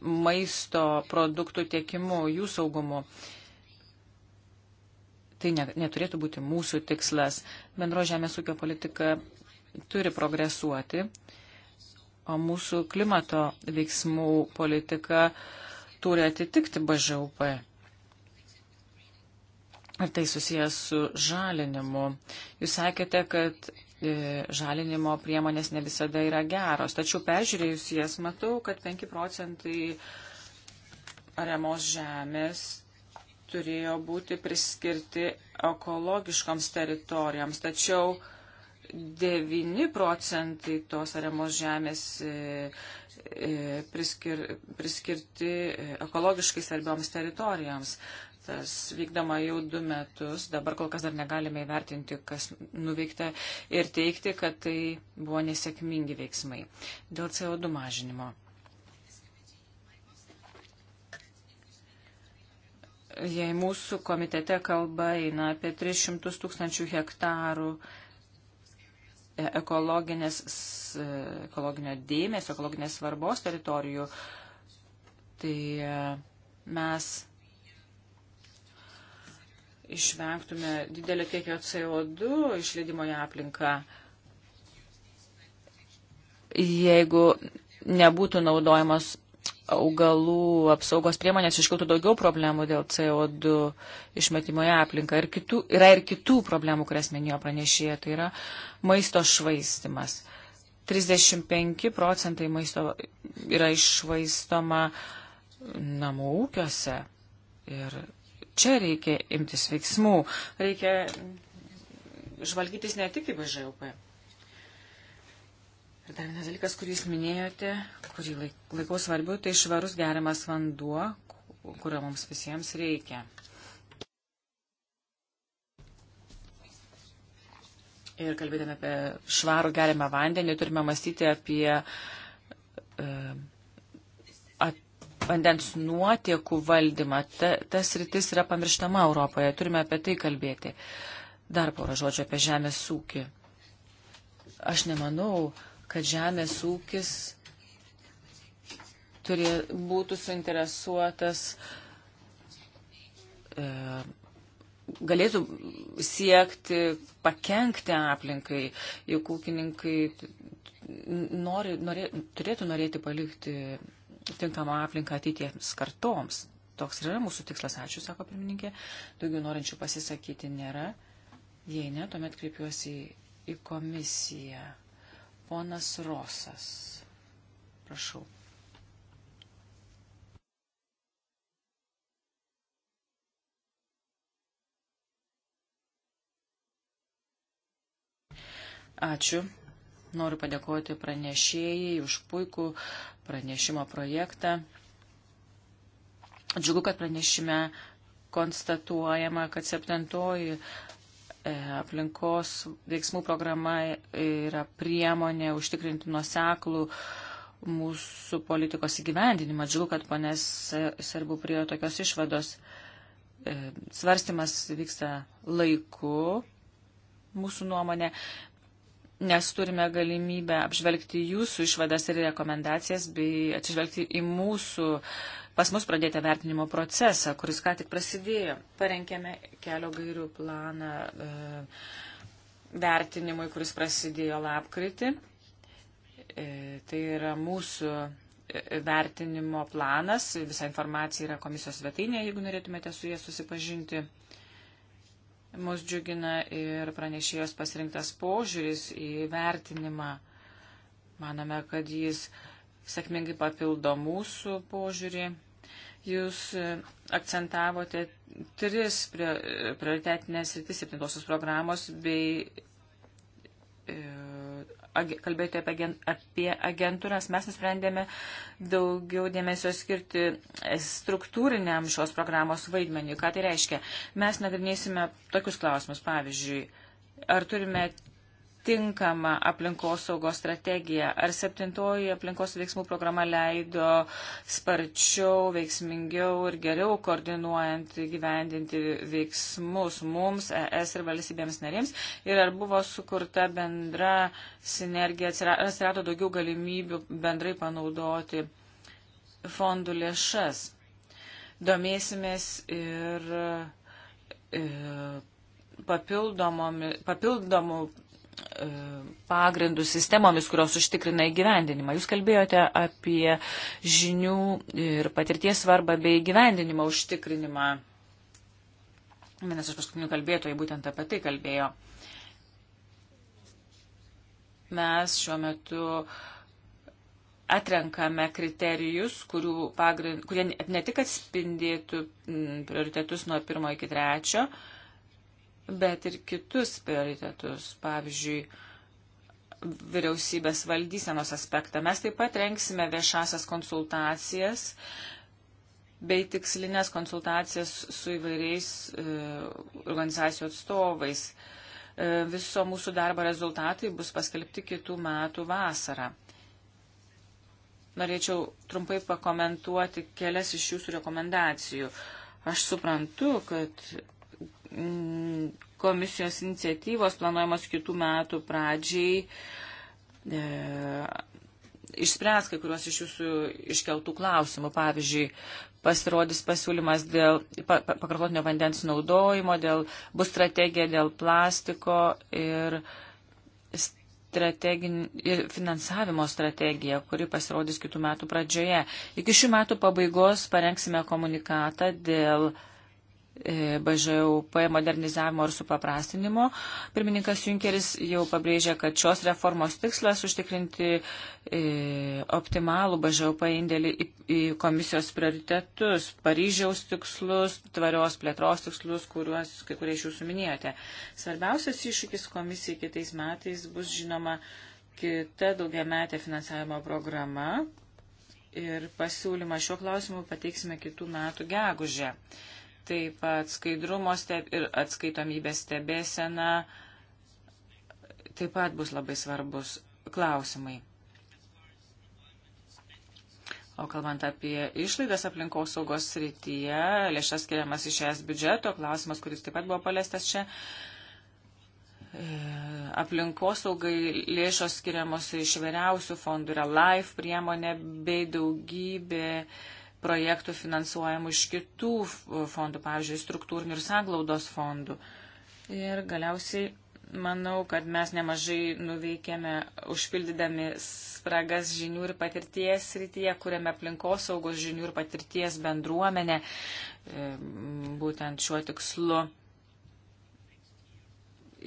maisto produktų tiekimu, jų saugumu. Tai ne, neturėtų būti mūsų tikslas. Bendro žemės ūkio politika turi progresuoti, o mūsų klimato veiksmų politika turi atitikti BŽUP. Ar tai susijęs su žalinimu? Jūs sakėte, kad e, žalinimo priemonės ne visada yra geros, tačiau peržiūrėjus jas matau, kad 5 procentai ariamos žemės turėjo būti priskirti ekologiškoms teritorijoms, tačiau 9 procentai tos ariamos žemės e, e, priskir, priskirti ekologiškai svarbioms teritorijoms projektas vykdama jau du metus. Dabar kol kas dar negalime įvertinti, kas nuveikta ir teikti, kad tai buvo nesėkmingi veiksmai dėl CO2 mažinimo. Jei mūsų komitete kalba eina apie 300 tūkstančių hektarų ekologinės, ekologinio dėmesio, ekologinės svarbos teritorijų, tai e, mes išvengtume didelio kiekio CO2 išleidimo į aplinką, jeigu nebūtų naudojamos augalų apsaugos priemonės, iškiltų daugiau problemų dėl CO2 išmetimo į aplinką. Ir kitų, yra ir kitų problemų, kurias minėjo pranešėja, tai yra maisto švaistimas. 35 procentai maisto yra išvaistoma namų ūkiuose ir čia reikia imtis veiksmų, reikia žvalgytis ne tik į BŽUP. Ir dar vienas dalykas, kurį jūs minėjote, kurį laikau svarbiu, tai švarus geriamas vanduo, kurio mums visiems reikia. Ir kalbėdami apie švarų geriamą vandenį, turime mąstyti apie e, vandens nuotiekų valdymą. Ta, tas rytis yra pamirštama Europoje, turime apie tai kalbėti. Dar porą žodžių apie žemės ūkį. Aš nemanau, kad žemės ūkis turė, būtų suinteresuotas, e, galėtų siekti pakengti aplinkai, juk ūkininkai nori, norė, turėtų norėti palikti tinkamą aplinką ateitiems kartoms. Toks ir yra mūsų tikslas. Ačiū, sako pirmininkė. Daugiau norinčių pasisakyti nėra. Jei ne, tuomet kreipiuosi į komisiją. Ponas Rosas. Prašau. Ačiū. Noriu padėkoti pranešėjai už puikų pranešimo projektą. Džiugu, kad pranešime konstatuojama, kad septintoji e, aplinkos veiksmų programa yra priemonė užtikrinti nuoseklų mūsų politikos įgyvendinimą. Džiugu, kad ponės serbu priejo tokios išvados. E, svarstymas vyksta laiku, mūsų nuomonė, nes turime galimybę apžvelgti jūsų išvadas ir rekomendacijas, bei atsižvelgti į mūsų pas mus pradėtą vertinimo procesą, kuris ką tik prasidėjo. Parenkėme kelio gairių planą e, vertinimui, kuris prasidėjo lapkritį. E, tai yra mūsų e, vertinimo planas, visa informacija yra komisijos svetainėje, jeigu norėtumėte su jie susipažinti. Mus džiugina ir pranešėjos pasirinktas požiūris į vertinimą. Manome, kad jis sėkmingai papildo mūsų požiūrį. Jūs e, akcentavote tris prioritetinės rytis septintosios programos bei e, kalbėjote apie, apie agentūras, mes nusprendėme daugiau dėmesio skirti e, struktūriniam šios programos vaidmeniui. Ką tai reiškia? Mes nagrinėsime tokius klausimus, pavyzdžiui, ar turime tinkamą aplinkosaugos strategiją? Ar septintoji aplinkos veiksmų programa leido sparčiau, veiksmingiau ir geriau koordinuojant gyvendinti veiksmus mums, ES ir valstybėms narėms? Ir ar buvo sukurta bendra sinergija, atsirado daugiau galimybių bendrai panaudoti fondų lėšas? Domėsimės ir e, papildomų pagrindų sistemomis, kurios užtikrina įgyvendinimą. Jūs kalbėjote apie žinių ir patirties svarbą bei įgyvendinimo užtikrinimą. Vienas iš paskutinių kalbėtojų būtent apie tai kalbėjo. Mes šiuo metu atrenkame kriterijus, pagrind, kurie ne tik atspindėtų prioritetus nuo pirmo iki trečio, bet ir kitus prioritetus, pavyzdžiui, vyriausybės valdysenos aspektą. Mes taip pat renksime viešasias konsultacijas bei tikslinės konsultacijas su įvairiais e, organizacijų atstovais. E, viso mūsų darbo rezultatai bus paskelbti kitų metų vasarą. Norėčiau trumpai pakomentuoti kelias iš jūsų rekomendacijų. Aš suprantu, kad Mm, komisijos iniciatyvos planuojamos kitų metų pradžiai e, išspręs kai kuriuos iš jūsų iškeltų klausimų. Pavyzdžiui, pasirodys pasiūlymas dėl pa, pa, pakartotinio vandens naudojimo, dėl, bus strategija dėl plastiko ir, strategin, ir finansavimo strategija, kuri pasirodys kitų metų pradžioje. Iki šių metų pabaigos parengsime komunikatą dėl E, BŽUP modernizavimo ir supaprastinimo. Pirmininkas Junkeris jau pabrėžė, kad šios reformos tikslas užtikrinti e, optimalų BŽUP indėlį į komisijos prioritetus, Paryžiaus tikslus, tvarios plėtros tikslus, kuriuos kai kurie iš jūsų minėjote. Svarbiausias iššūkis komisijai kitais metais bus žinoma kita daugiametė finansavimo programa. Ir pasiūlymą šiuo klausimu pateiksime kitų metų gegužę taip pat skaidrumo steb ir atskaitomybės stebėsena taip pat bus labai svarbus klausimai. O kalbant apie išlaidas aplinkos saugos srityje, lėšas skiriamas iš es biudžeto, klausimas, kuris taip pat buvo paliestas čia, e, aplinkos saugai lėšos skiriamos iš vairiausių fondų yra LIFE priemonė bei daugybė uh, projektų finansuojamų iš kitų fondų, pavyzdžiui, struktūrinių ir sanglaudos fondų. Ir galiausiai manau, kad mes nemažai nuveikėme užpildydami spragas žinių ir patirties rytyje, kuriame aplinkosaugos žinių ir patirties bendruomenė e, būtent šiuo tikslu.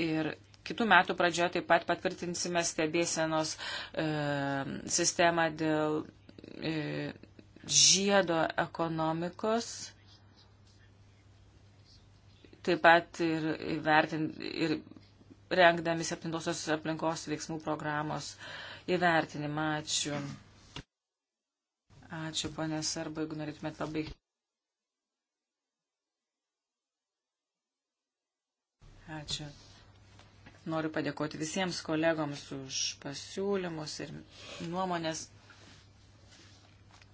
Ir Kitų metų pradžioje taip pat patvirtinsime stebėsenos e, sistemą dėl e, žiedo ekonomikos, taip pat ir, vertint, ir rengdami septintosios aplinkos veiksmų programos įvertinimą. Ačiū. Ačiū, ponė Sarba, jeigu norėtumėt pabaigti. Ačiū. Noriu padėkoti visiems kolegoms už pasiūlymus ir nuomonės.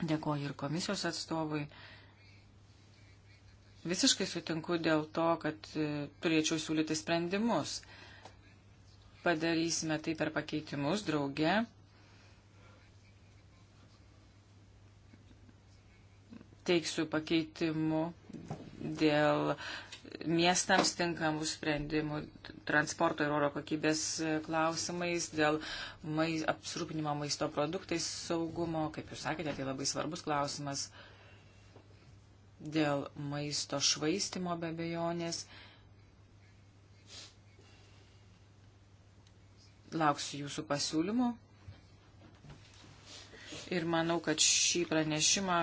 Dėkoju ir komisijos atstovui. Visiškai sutinku dėl to, kad e, turėčiau siūlyti sprendimus. Padarysime tai per pakeitimus drauge. Teiksiu pakeitimu dėl miestams tinkamų sprendimų transporto ir oro kokybės klausimais, dėl mais, apsirūpinimo maisto produktais saugumo, kaip jūs sakėte, tai labai svarbus klausimas, dėl maisto švaistimo be bejonės. Lauksiu jūsų pasiūlymų ir manau, kad šį pranešimą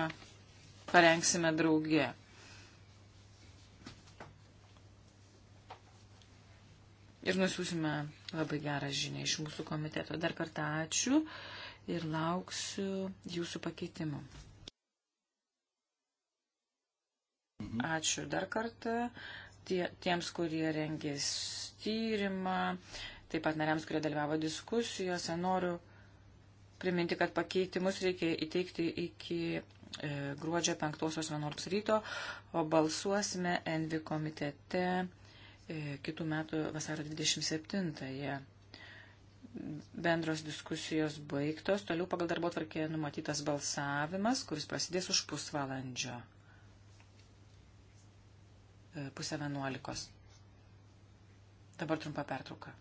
parengsime drauge. ir nusiusime labai gerą žinę iš mūsų komiteto. Dar kartą ačiū ir lauksiu jūsų pakeitimų. Mhm. Ačiū dar kartą tie, tiems, kurie rengė tyrimą, taip pat nariams, kurie dalyvavo diskusijose. Noriu priminti, kad pakeitimus reikia įteikti iki e, gruodžio 5.11 ryto, o balsuosime Envi komitete E, kitų metų vasaro 27-ąją. Bendros diskusijos baigtos, toliau pagal darbo tvarkė numatytas balsavimas, kuris prasidės už pusvalandžio. E, pusę vienuolikos. Dabar trumpa pertrauka.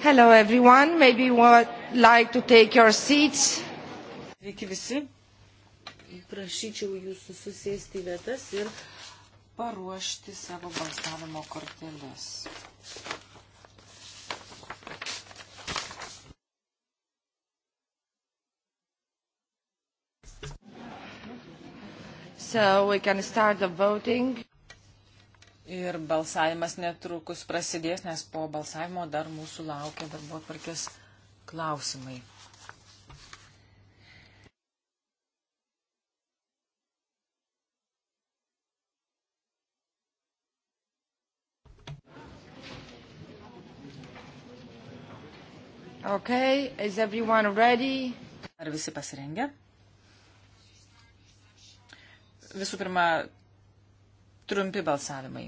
Hello everyone, maybe you would like to take your seats. Sveiki visi. Prašyčiau jūsų susėsti vietas ir paruošti savo balsavimo korteles. So we can start the voting. Ir balsavimas netrukus prasidės, nes po balsavimo dar mūsų laukia darbo atvarkės klausimai. Okay, is everyone ready? Ar visi pasirengę? Visų pirma, trumpi balsavimai.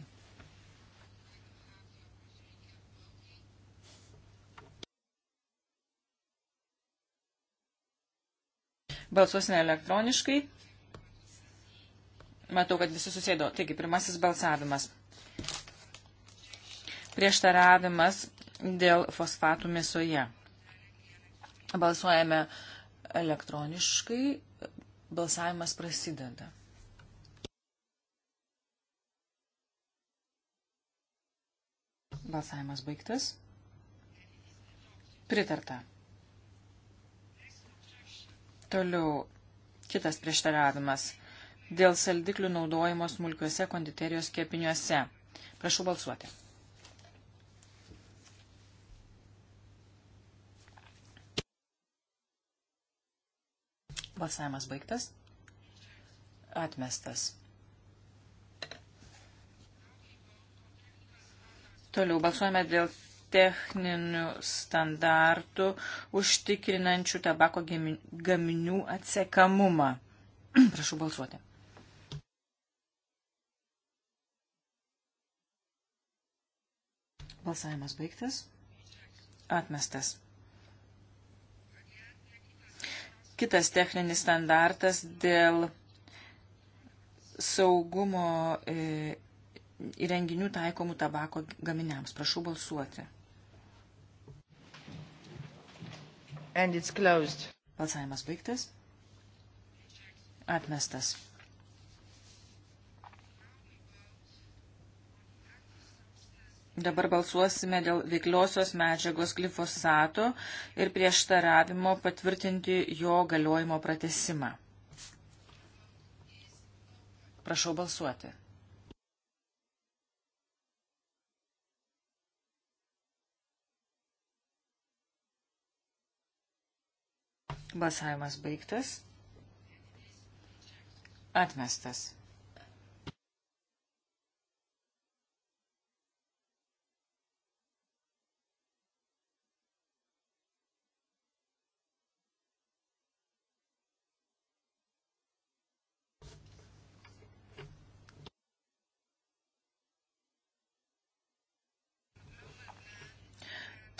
Balsuosime elektroniškai. Matau, kad visi susėdo. Taigi, pirmasis balsavimas. Prieštaravimas dėl fosfatų mėsoje. Balsuojame elektroniškai. Balsavimas prasideda. Balsavimas baigtas. Pritarta. Toliau, kitas prieštaravimas. Dėl saldiklių naudojimo smulkiuose konditerijos kepiniuose. Prašau balsuoti. Balsavimas baigtas. Atmestas. Toliau balsuojame dėl techninių standartų užtikrinančių tabako gaminių atsekamumą. Prašau balsuoti. Balsavimas baigtas. Atmestas. Kitas techninis standartas dėl saugumo e, įrenginių taikomų tabako gaminiams. Prašau balsuoti. And it's closed. Balsavimas baigtas. Atmestas. Dabar balsuosime dėl veikliosios medžiagos glifosato ir prieštaravimo patvirtinti jo galiojimo pratesimą. Prašau balsuoti. Balsavimas baigtas. Atmestas.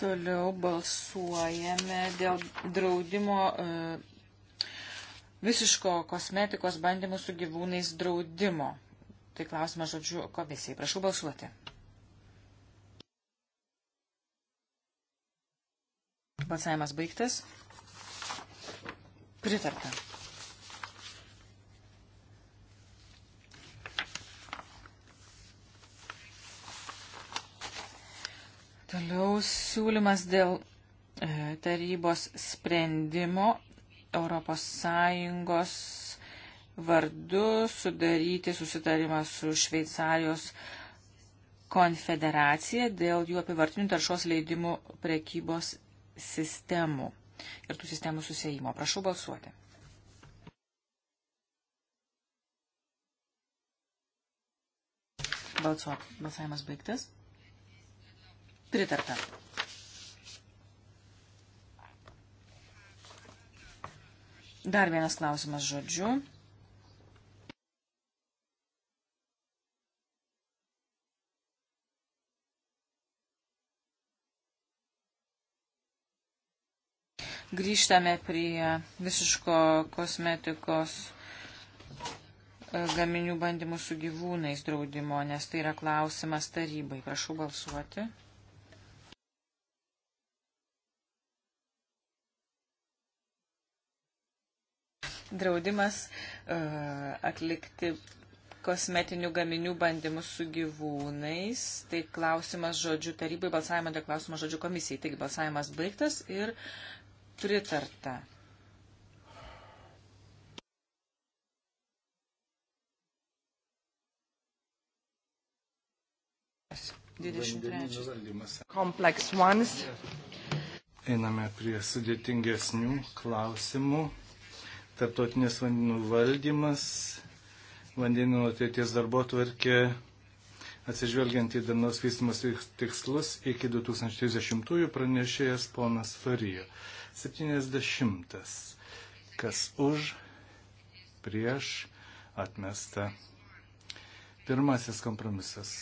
Toliau balsuojame dėl draudimo e, visiško kosmetikos bandymų su gyvūnais draudimo. Tai klausimas žodžiu komisijai. Prašau balsuoti. Balsavimas baigtas. Pritarta. Toliau siūlymas dėl e, tarybos sprendimo ES vardu sudaryti susitarimą su Šveicarijos konfederacija dėl jų apivartinių taršos leidimų prekybos sistemų ir tų sistemų susėjimo. Prašau balsuoti. Balsuot. Balsavimas baigtas. Pritarta. Dar vienas klausimas žodžiu. Grįžtame prie visiško kosmetikos e, gaminių bandymų su gyvūnais draudimo, nes tai yra klausimas tarybai. Prašau balsuoti. draudimas uh, atlikti kosmetinių gaminių bandymus su gyvūnais. Tai klausimas žodžių tarybai, balsavimo dėl klausimo žodžių komisijai. Taigi balsavimas baigtas ir pritarta. Einame prie sudėtingesnių klausimų tarptautinės vandenų valdymas, vandenų ateities darbo tvarkė, atsižvelgiant į darnos vystimus tikslus iki 2030-ųjų pranešėjas ponas Farijo. 70. Kas už, prieš, atmesta. Pirmasis kompromisas.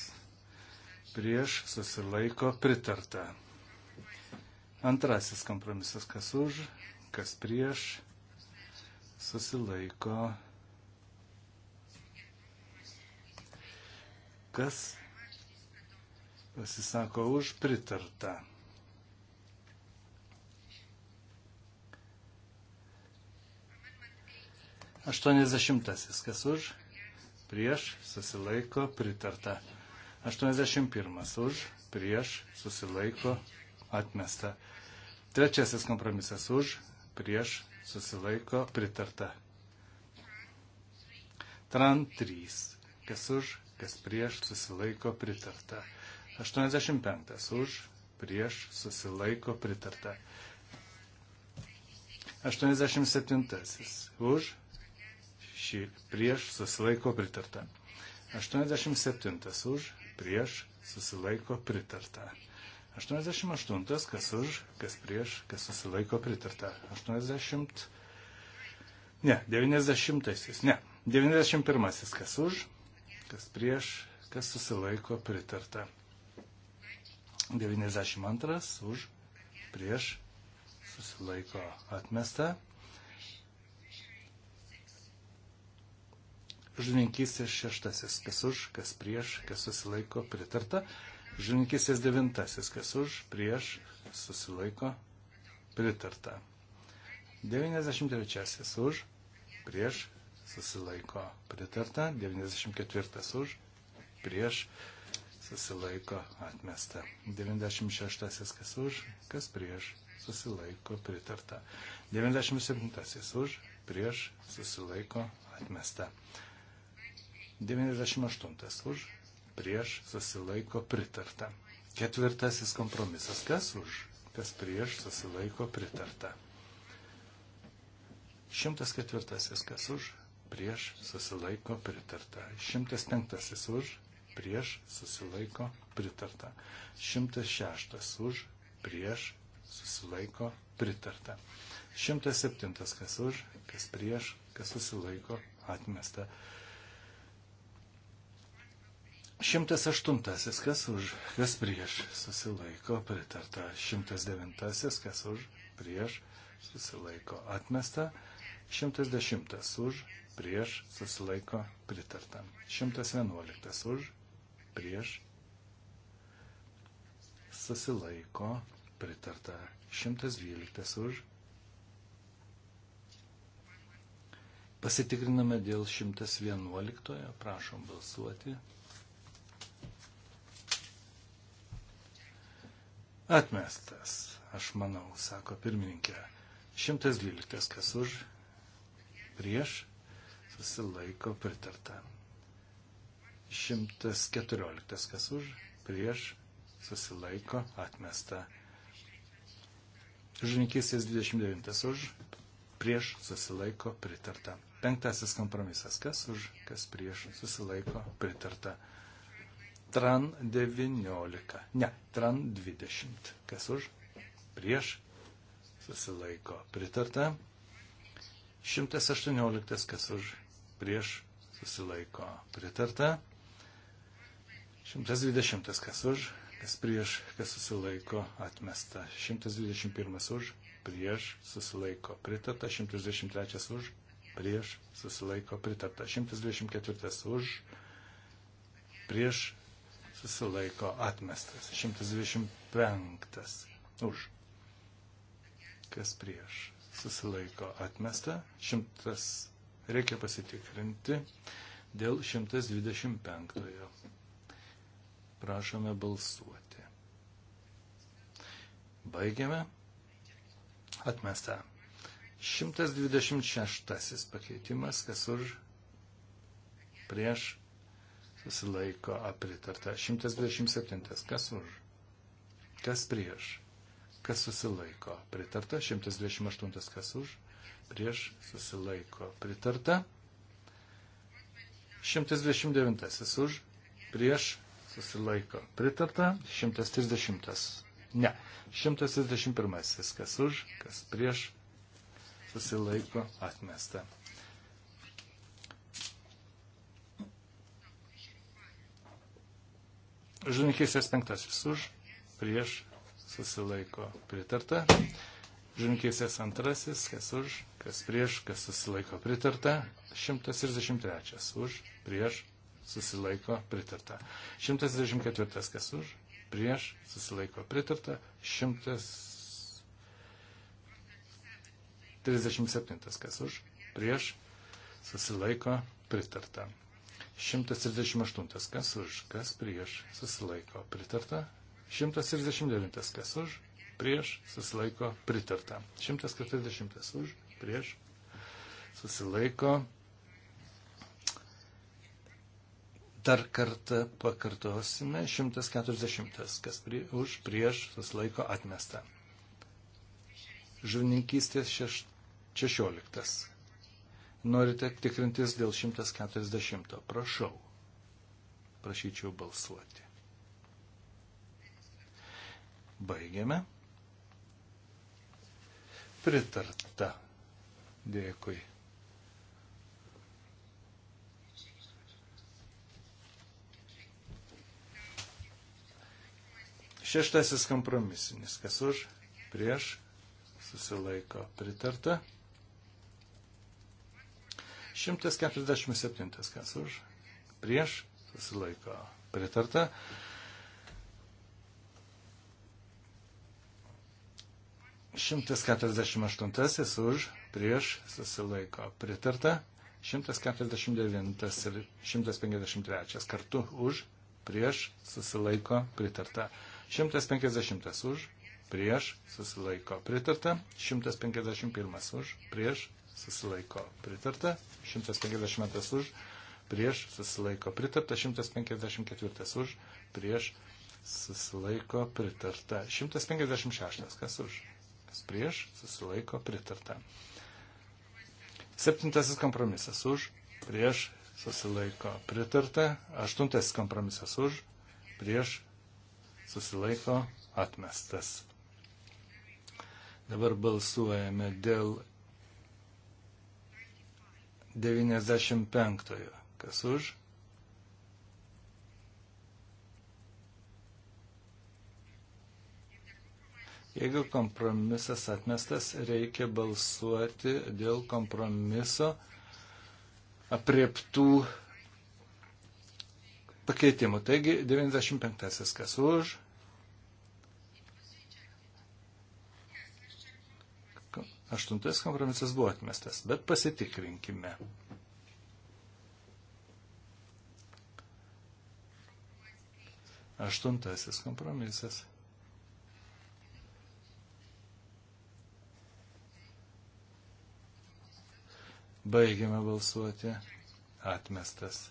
Prieš susilaiko pritarta. Antrasis kompromisas, kas už, kas prieš, susilaiko. Kas pasisako už pritartą. Aštuoniasdešimtasis, kas už, prieš, susilaiko, pritarta. Aštuoniasdešimt pirmas, už, prieš, susilaiko, atmesta. Trečiasis kompromisas už, prieš, susilaiko pritarta. Tran 3, kas už, kas prieš susilaiko pritarta. 85 už, prieš susilaiko pritarta. 87 už, šį prieš susilaiko pritarta. 87 už, prieš susilaiko pritarta. 88, kas už, kas prieš, kas susilaiko pritarta. 80. Ne, 90. Ne, 91. Kas už, kas prieš, kas susilaiko pritarta. 92. Už, prieš, susilaiko atmesta. Žuvininkystės šeštasis, kas už, kas prieš, kas susilaiko pritarta. Žininkisės devintasis, kas už, prieš, susilaiko, pritarta. 93 už, prieš, susilaiko, pritarta. 94 už, prieš, susilaiko, atmesta. 96 kas už, kas prieš, susilaiko, pritarta. 97 už, prieš, susilaiko, atmesta. 98 už, prieš susilaiko pritarta. Ketvirtasis kompromisas. Kas už, kas prieš susilaiko pritarta. Šimtas ketvirtasis. Kas už, prieš susilaiko pritarta. Šimtas penktasis už, prieš susilaiko pritarta. Šimtas šeštas už, prieš susilaiko pritarta. Šimtas septintas kas už, kas prieš, kas susilaiko atmesta. 108. Kas už, kas prieš susilaiko pritarta. 109. Kas už, prieš susilaiko atmesta. 110. Už, prieš susilaiko pritarta. 111. Už, prieš susilaiko pritarta. 112. Už. Pasitikriname dėl 111. Prašom balsuoti. Atmestas, aš manau, sako pirmininkė. 112 kas už, prieš, susilaiko pritarta. 114 kas už, prieš, susilaiko atmesta. Žininkysės 29 už, prieš, susilaiko pritarta. Penktasis kompromisas kas už, kas prieš, susilaiko pritarta tran 19, ne, tran 20. Kas už? Prieš susilaiko pritarta. 118, kas už? Prieš susilaiko pritarta. 120, kas už? kas prieš, kas susilaiko, atmesta. 121 už, prieš, susilaiko, pritarta. 123 už, prieš, susilaiko, pritarta. 124 už, prieš, susilaiko atmestas. 125 už. Kas prieš susilaiko atmesta. 100 reikia pasitikrinti dėl 125. Prašome balsuoti. Baigiame. Atmesta. 126 pakeitimas, kas už prieš susilaiko apritarta. 127. Kas už? Kas prieš? Kas susilaiko? Pritarta. 128. Kas už? Prieš susilaiko. Pritarta. 129. Už? Prieš susilaiko. Pritarta. 130. Ne. 131. Kas už? Kas prieš susilaiko. Atmesta. Žininkėsės penktasis už, prieš, susilaiko pritarta. Žininkėsės antrasis, kas už, kas prieš, kas susilaiko pritarta. 133 už, prieš, susilaiko pritarta. 124 kas už, prieš, susilaiko pritarta. 137 kas už, prieš, susilaiko pritarta. 138. Kas už, kas prieš, susilaiko pritarta. 139. Kas už, prieš, susilaiko pritarta. 140. Už, prieš, susilaiko. Dar kartą pakartosime. 140. Kas prie, už, prieš, susilaiko atmesta. Žuvininkystės 16. Norite tikrintis dėl 140. Prašau. Prašyčiau balsuoti. Baigiame. Pritarta. Dėkui. Šeštasis kompromisinis. Kas už? Prieš? Susilaiko. Pritarta. 147. Kas už? Prieš susilaiko pritarta. 148 už, prieš susilaiko pritarta, 149 ir 153 kartu už, prieš susilaiko pritarta, 150 už, prieš susilaiko pritarta, 151 už, prieš susilaiko pritarta, 152 už, prieš susilaiko pritarta, 154 už, prieš susilaiko pritarta, 156 kas už, kas prieš susilaiko pritarta. Septintasis kompromisas už, prieš susilaiko pritarta, aštuntasis kompromisas už, prieš susilaiko atmestas. Dabar balsuojame dėl 95. Kas už? Jeigu kompromisas atmestas, reikia balsuoti dėl kompromiso apriektų pakeitimų. Taigi 95. kas už, Aštuntas kompromisas buvo atmestas, bet pasitikrinkime. Aštuntasis kompromisas. Baigiame balsuoti. Atmestas.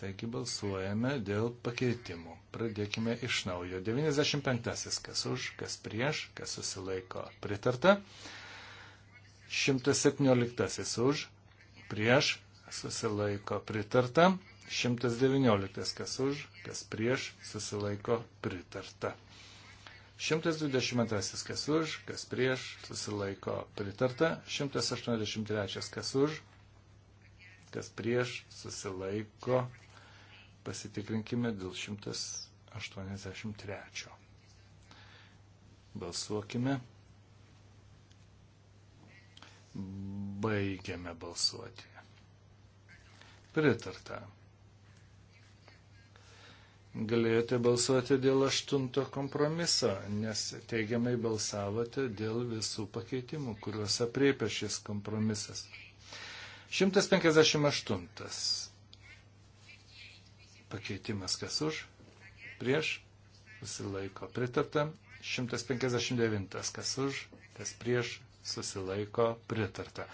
Taigi balsuojame dėl pakeitimų. Pradėkime iš naujo. 95. Kas už, kas prieš, kas susilaiko. Pritarta. 117 už, prieš, susilaiko pritarta. 119 kas už, kas prieš, susilaiko pritarta. 122 kas už, kas prieš, susilaiko pritarta. 183 kas už, kas prieš, susilaiko. Pasitikrinkime dėl 183. Balsuokime. Baigiame balsuoti. Pritarta. Galėjote balsuoti dėl aštunto kompromiso, nes teigiamai balsavote dėl visų pakeitimų, kuriuos apriepia šis kompromisas. 158. Pakeitimas kas už, prieš, susilaiko pritarta. 159. kas už, kas prieš, susilaiko pritarta.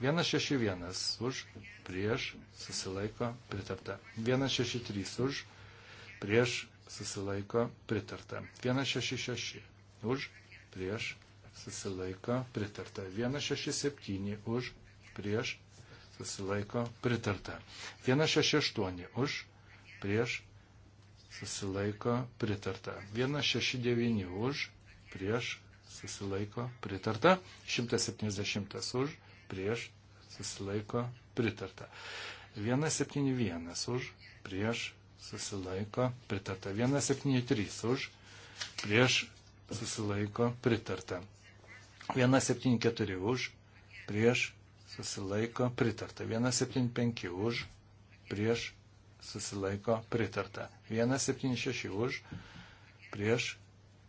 161 už, prieš, susilaiko pritarta. 163 už, prieš, susilaiko pritarta. 166 už, prieš, susilaiko pritarta. 167 už, prieš, susilaiko pritarta. 168 už, prieš, susilaiko pritarta. 169 už, prieš, susilaiko pritarta, 170 už, prieš susilaiko pritarta, 171 už, prieš susilaiko pritarta, 173 už, prieš susilaiko pritarta, 174 už, prieš susilaiko pritarta, 175 už, prieš susilaiko pritarta, 176 už, prieš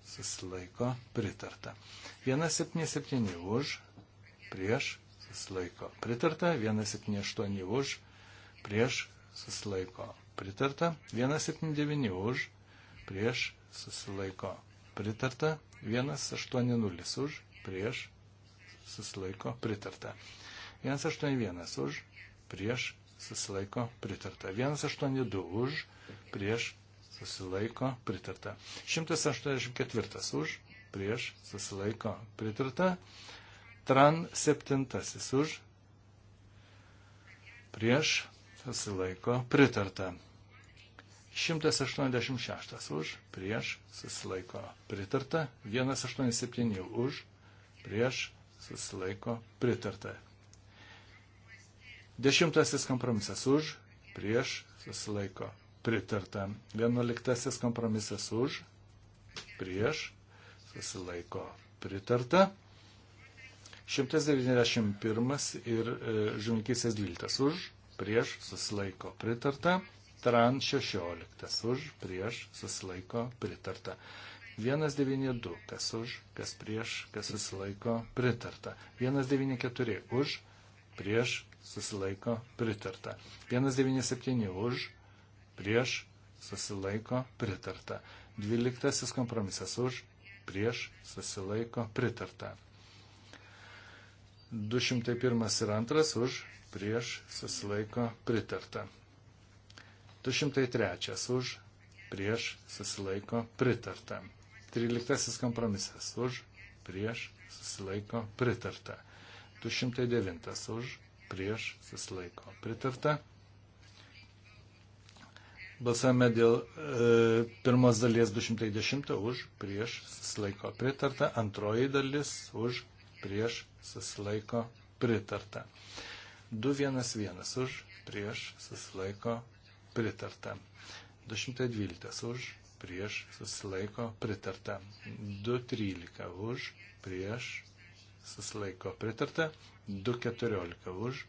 susilaiko pritarta. 177 už, prieš susilaiko pritarta, 178 už, prieš susilaiko pritarta, 179 už, prieš susilaiko pritarta, 180 už, prieš susilaiko pritarta. 181 už, prieš susilaiko pritarta. 182 už, prieš susilaiko pritarta. 184 už, prieš susilaiko pritarta. Tran 7 už, prieš susilaiko pritarta. 186 už, prieš susilaiko pritarta, 187 už, prieš susilaiko pritarta. Dešimtasis kompromisas už, prieš susilaiko pritarta. Vienuoliktasis kompromisas už, prieš, susilaiko pritarta. 191 ir e, žunkysės 12 už, prieš, susilaiko pritarta. Tran 16 už, prieš, susilaiko pritarta. 192, kas už, kas prieš, kas susilaiko pritarta. 194 už, prieš, susilaiko pritarta. 197 už, prieš, susilaiko, pritarta. Dvyliktasis kompromisas už, prieš, susilaiko, pritarta. 201 ir 2 už, prieš, susilaiko, pritarta. 203 už, prieš, susilaiko, pritarta. 13 kompromisas už, prieš, susilaiko, pritarta. 209 už, prieš, susilaiko, pritarta. Balsavome dėl e, pirmos dalies 210 už, prieš, susilaiko pritarta. Antroji dalis už, prieš, susilaiko pritarta. 211 už, prieš, susilaiko pritarta. 212 už, prieš, susilaiko pritarta. 213 už, prieš, susilaiko pritarta. 214 už,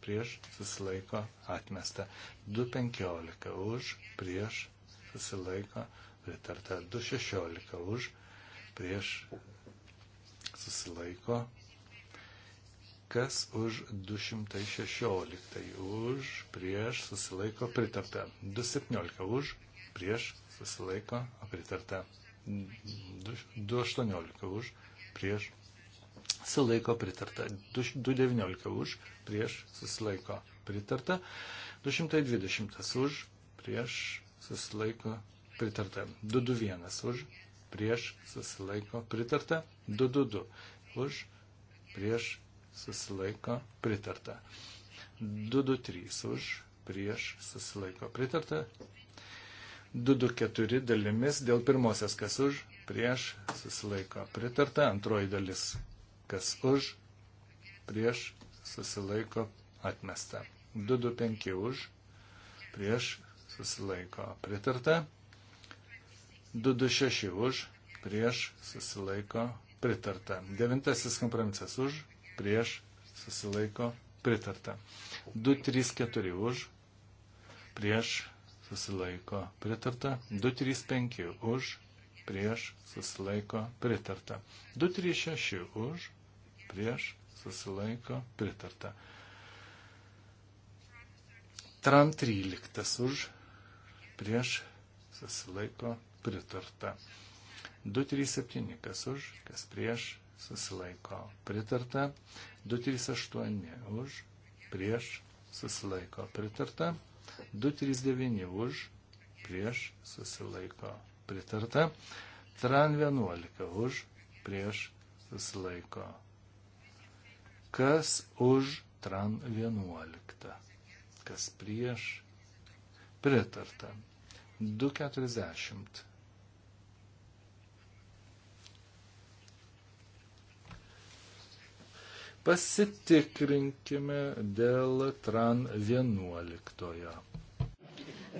prieš susilaiko atmesta. 2.15 už prieš susilaiko pritarta. 2.16 už prieš susilaiko. Kas už 216? Už prieš susilaiko pritarta. 217 už prieš susilaiko pritarta. 218 už prieš Sulaiko pritarta. 219 už, prieš susilaiko pritarta. 220 už, prieš susilaiko pritarta. 221 už, prieš susilaiko pritarta. 222 už, prieš susilaiko pritarta. 223 už, prieš susilaiko pritarta. 224 dalimis dėl pirmosios, kas už, prieš susilaiko pritarta. Antroji dalis Kas už, prieš, susilaiko, atmesta. 225 už, prieš, susilaiko, pritarta. 226 už, prieš, susilaiko, pritarta. Devintasis kompromisas už, prieš, susilaiko, pritarta. 234 už, prieš, susilaiko, pritarta. 235 už, prieš, susilaiko, pritarta. 236 už, prieš, susilaiko, pritarta. Tram 13 už, prieš, susilaiko, pritarta. 237 kas už, kas prieš, susilaiko, pritarta. 238 už, prieš, susilaiko, pritarta. 239 už, prieš, susilaiko, pritarta. Tran 11 už, prieš, susilaiko, Kas už tran 11? Kas prieš? Pritarta. 240. Pasitikrinkime dėl tran 11.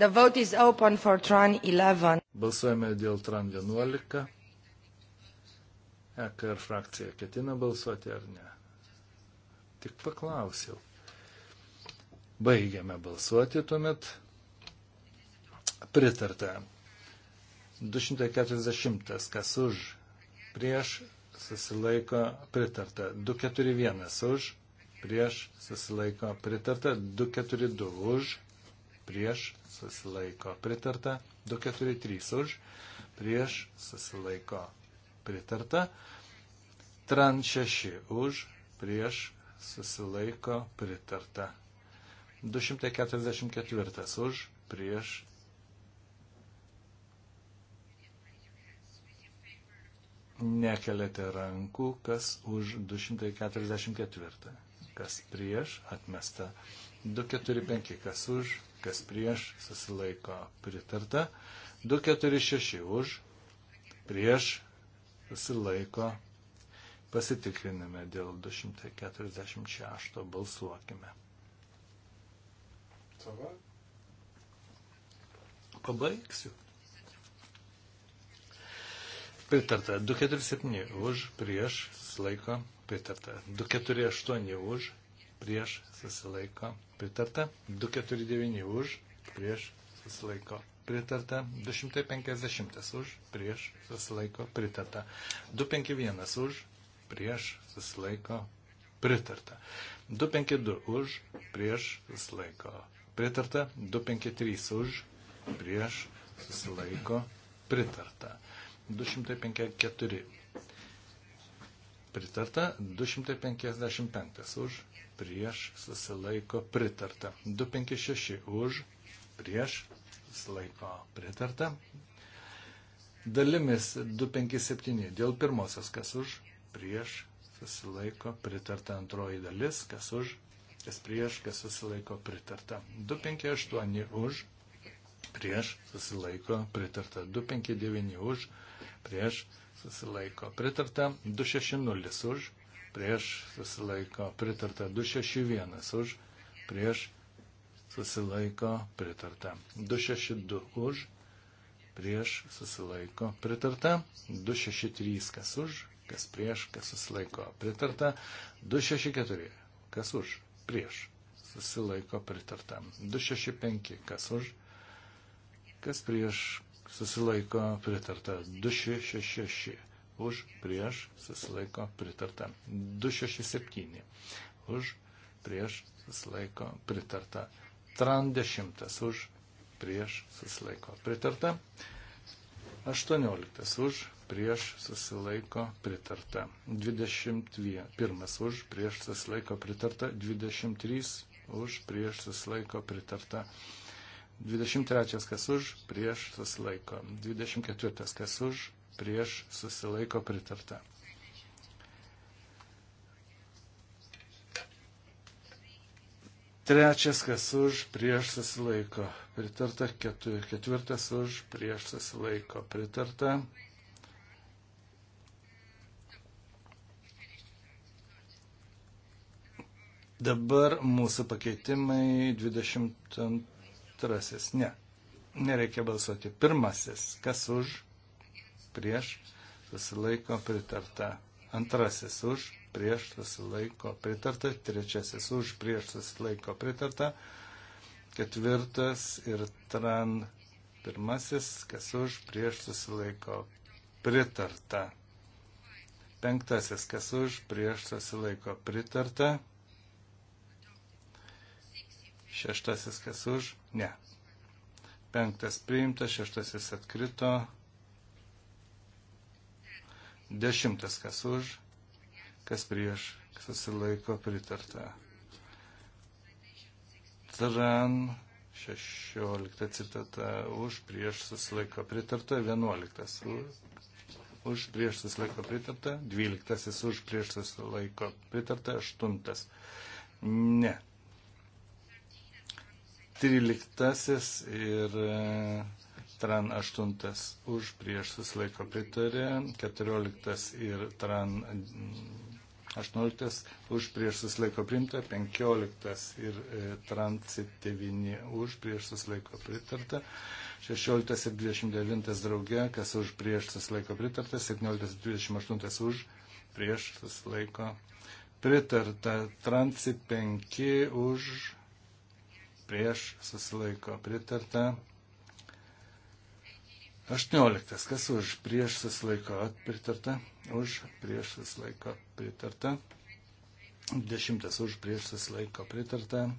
The vote is open for Tran 11. Balsuojame dėl Tran 11. EKR frakcija ketina balsuoti ar ne? Tik paklausiau. Baigiame balsuoti tuomet. Pritarta. 240. Kas už? Prieš susilaiko pritarta. 241 už, prieš susilaiko pritarta. 242 už, prieš susilaiko pritarta. 243 už, prieš susilaiko pritarta. Tran 6 už, prieš susilaiko pritarta. 244 už, prieš. Nekeliate rankų, kas už 244, kas prieš, atmesta. 245, kas už, kas prieš, susilaiko pritarta. 246 už, prieš, susilaiko Pasitikriname dėl 246 balsuokime. Pabaigsiu. Pritarta 247 už, prieš, susilaiko, pritarta. 248 už, prieš, susilaiko, pritarta. 249 už, prieš, susilaiko, pritarta. 250 už, prieš, susilaiko, pritarta. 251 už, prieš susilaiko pritarta. 252 už, prieš susilaiko pritarta. 253 už, prieš susilaiko pritarta. 254 pritarta. 255 už, prieš susilaiko pritarta. 256 už, prieš susilaiko pritarta. Dalimis 257 dėl pirmosios kas už, prieš, susilaiko, pritarta antroji dalis, kas už, kas prieš, kas susilaiko, pritarta. 258 už, prieš, susilaiko, pritarta. 259 už, prieš, susilaiko, pritarta. 260 už, prieš, susilaiko, pritarta. 261 už, prieš, susilaiko, pritarta. 262 už, prieš, susilaiko, pritarta. 263 kas už, kas prieš, kas susilaiko pritarta. 264, kas už, prieš, susilaiko pritarta. 265, kas už, kas prieš, susilaiko pritarta. 266, už, prieš, susilaiko pritarta. 267, už, prieš, susilaiko pritarta. Tran dešimtas už, prieš, susilaiko pritarta. 18 už, prieš susilaiko pritarta. 21 už prieš susilaiko pritarta. 23 už prieš susilaiko pritarta. 23 kas už prieš susilaiko. 24 kas už prieš susilaiko pritarta. Trečias, kas už, prieš susilaiko. Pritarta ketvirtas už, prieš susilaiko. Pritarta Dabar mūsų pakeitimai 22. Ne, nereikia balsuoti. Pirmasis, kas už, prieš, susilaiko pritarta. Antrasis už, prieš, susilaiko pritarta. Trečiasis už, prieš, susilaiko pritarta. Ketvirtas ir tran pirmasis, kas už, prieš, susilaiko pritarta. Penktasis, kas už, prieš, susilaiko pritarta. Šeštasis kas už? Ne. Penktas priimtas, šeštasis atkrito. Dešimtas kas už, kas prieš, kas susilaiko pritarta. Tran 16 citata už prieš susilaiko pritarta, 11 už, už prieš susilaiko pritarta, 12 už prieš susilaiko pritarta, 8. Ne, 13 ir e, tran 8 už prieš susilaiko pritarė, 14 ir tran 18 mm, už prieš susilaiko priimta, 15 ir e, tran 9 už prieš susilaiko pritarta. 16 ir 29 drauge, kas už prieš susilaiko pritarta, 17 ir 28 už prieš susilaiko pritarta, transi 5 už prieš susilaiko pritarta. 18. Kas už prieš susilaiko pritarta? Už prieš susilaiko pritarta. 10. Už prieš susilaiko pritarta.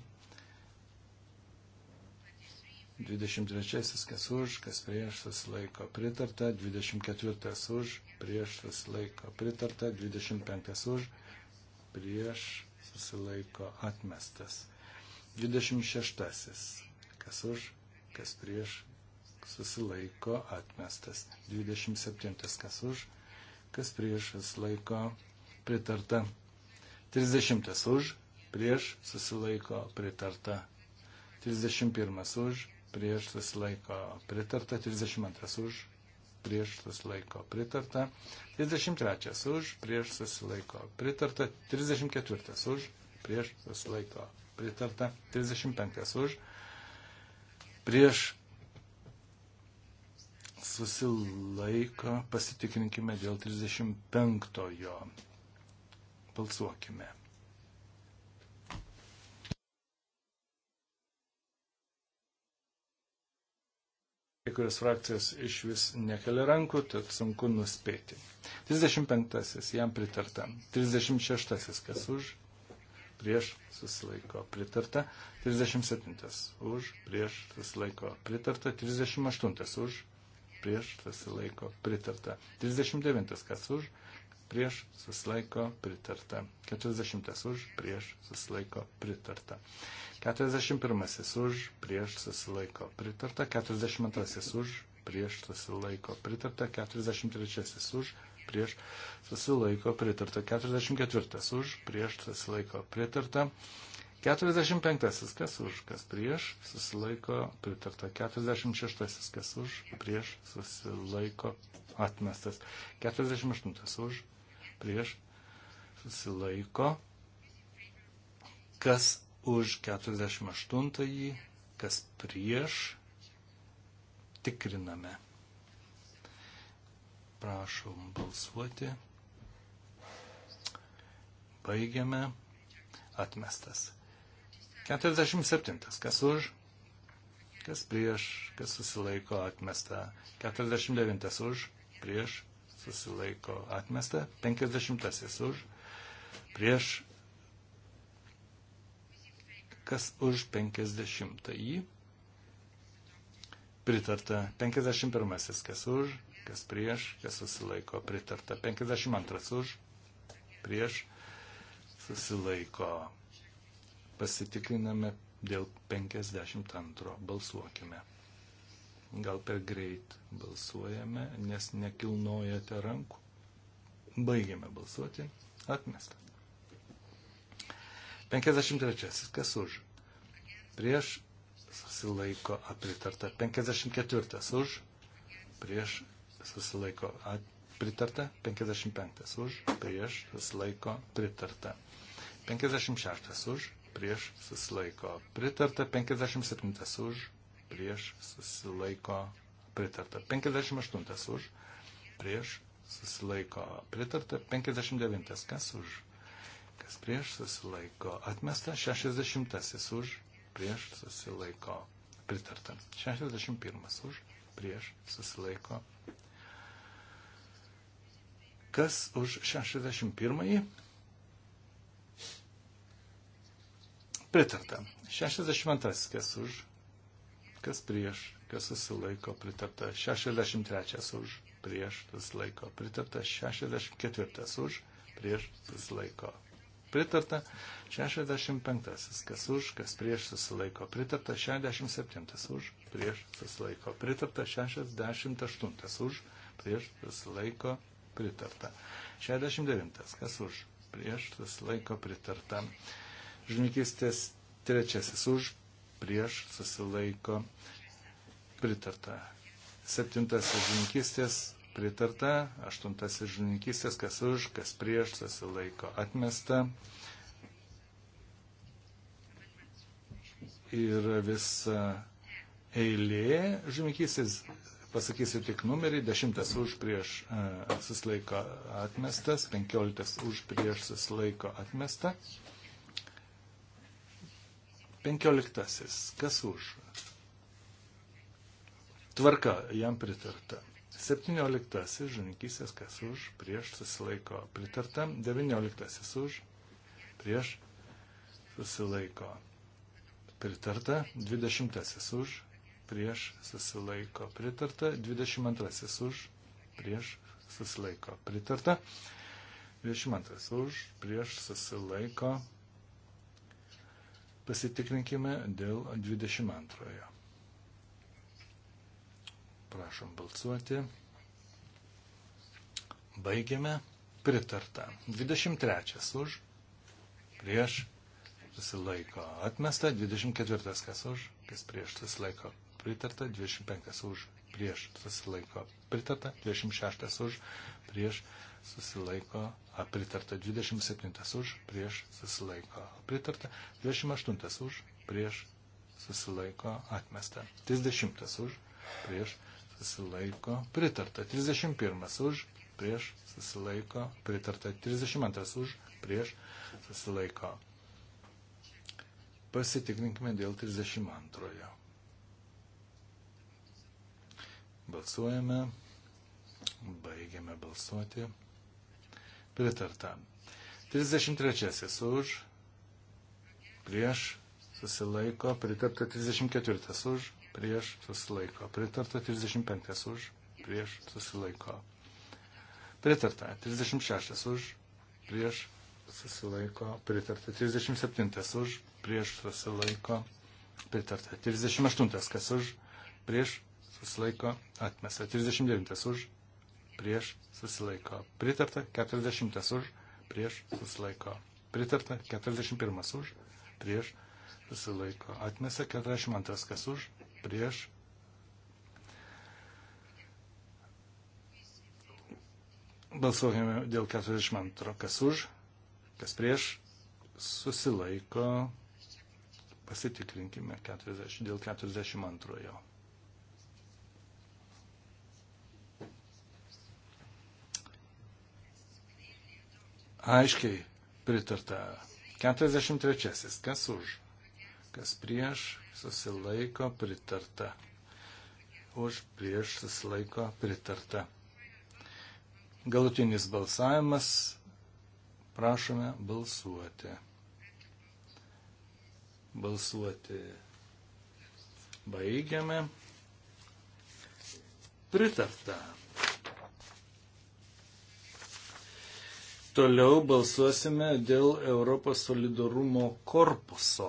23. Kas už, kas prieš susilaiko pritarta. 24. Už prieš susilaiko pritarta. 25. Už prieš susilaiko atmestas. 26. Kas už, kas prieš, susilaiko atmestas. 27. Kas už, kas prieš, susilaiko pritarta. 30. Už, prieš, susilaiko pritarta. 31. Už, prieš, susilaiko pritarta. 32. Už, prieš susilaiko pritarta, 33 už, prieš susilaiko pritarta, 34 už, prieš susilaiko pritarta. 35 už, prieš susilaiko, pasitikrinkime dėl 35-ojo. Balsuokime. Kai kurios frakcijos iš vis nekelia rankų, tad sunku nuspėti. 35-asis, jam pritarta. 36-asis, kas už? prieš susilaiko pritarta, 37 už, prieš susilaiko pritarta, 38 už, prieš susilaiko pritarta, 39 kas už, prieš susilaiko pritarta, 40 už, prieš susilaiko pritarta, 41 už, prieš susilaiko pritarta, 42 už, prieš susilaiko pritarta, 43 už, prieš susilaiko pritarta. 44 už, prieš susilaiko pritarta. 45 kas už, kas prieš susilaiko pritarta. 46 kas už, prieš susilaiko atmestas. 48 už, prieš susilaiko. Kas už 48, kas prieš tikriname. Prašom balsuoti. Baigiame. Atmestas. 47. Kas už? Kas prieš? Kas susilaiko atmesta? 49. Už? Prieš? Susilaiko atmesta. 50. Už? Prieš? Kas už 50. Jį? Pritarta. 51. Kas už? kas prieš, kas susilaiko pritarta. 52 už, prieš, susilaiko. Pasitikriname dėl 52. Balsuokime. Gal per greit balsuojame, nes nekilnojate rankų. Baigiame balsuoti. Atmesta. 53. Kas už? Prieš susilaiko apritarta. 54. Už prieš susilaiko at, pritarta, 55 už, prieš susilaiko pritarta, 56 už, prieš susilaiko pritarta, 57 už, prieš susilaiko pritarta, 58 už, prieš susilaiko pritarta, 59 kas už, kas prieš susilaiko atmesta, 60 už, prieš susilaiko pritarta, 61 už, prieš susilaiko Kas už 61-ąjį? Pritarta. 62-as. Kas už? Kas prieš? Kas susilaiko? Pritarta. 63-as už? Prieš susilaiko. Pritarta. 64-as už? Prieš susilaiko pritarta, 65 kas už, kas prieš susilaiko pritarta, 67 už, prieš susilaiko pritarta, 68 už, prieš susilaiko pritarta. 69. Kas už? Prieš susilaiko pritarta. Žunikistės trečiasis už, prieš susilaiko pritarta. Septintasis žininkistės pritarta, aštuntasis žininkistės, kas už, kas prieš susilaiko atmesta. Ir visa eilė žininkistės pasakysiu tik numerį, dešimtas už prieš e, susilaiko atmestas, penkioliktas už prieš susilaiko atmestą. Penkioliktasis, kas už? Tvarka, jam pritarta. Septynioliktasis, žunikysės, kas už, prieš susilaiko pritarta. Devynioliktasis už, prieš susilaiko pritarta. Dvidešimtasis už, prieš susilaiko pritarta, 22 už, prieš susilaiko pritarta, 22 už, prieš susilaiko. Pasitikrinkime dėl 22. Prašom balsuoti. Baigiame. Pritarta. 23 už, prieš susilaiko atmesta, 24 kas už, kas prieš susilaiko pritarta, 25 už, prieš susilaiko pritarta, 26 už, prieš susilaiko a, pritarta, 27 už, prieš susilaiko pritarta, 28 už, prieš susilaiko atmesta, 30 už, prieš susilaiko pritarta, 31 už, prieš susilaiko pritarta, 32 už, prieš susilaiko. Pasitikrinkime dėl 32. Balsuojame. Baigiame balsuoti. Pritarta. 33 už. Prieš. Susilaiko. Pritarta 34 už. Prieš. Susilaiko. Pritarta 35 už. Prieš. Susilaiko. Pritarta 36 už. Prieš. Susilaiko. Pritarta 37 už. Prieš. Susilaiko. Pritarta 38 kas už. Prieš susilaiko atmesta. 39 už, prieš susilaiko pritarta. 40 už, prieš susilaiko pritarta. 41 už, prieš susilaiko atmesta. 42 kas už, prieš. Balsuokime dėl 42 kas už, kas prieš susilaiko pasitikrinkime 40, dėl 42. Aiškiai pritarta. 43. Kas už? Kas prieš? Susilaiko pritarta. Už prieš susilaiko pritarta. Galutinis balsavimas. Prašome balsuoti. Balsuoti. Baigiame. Pritarta. Toliau balsuosime dėl Europos solidarumo korpuso.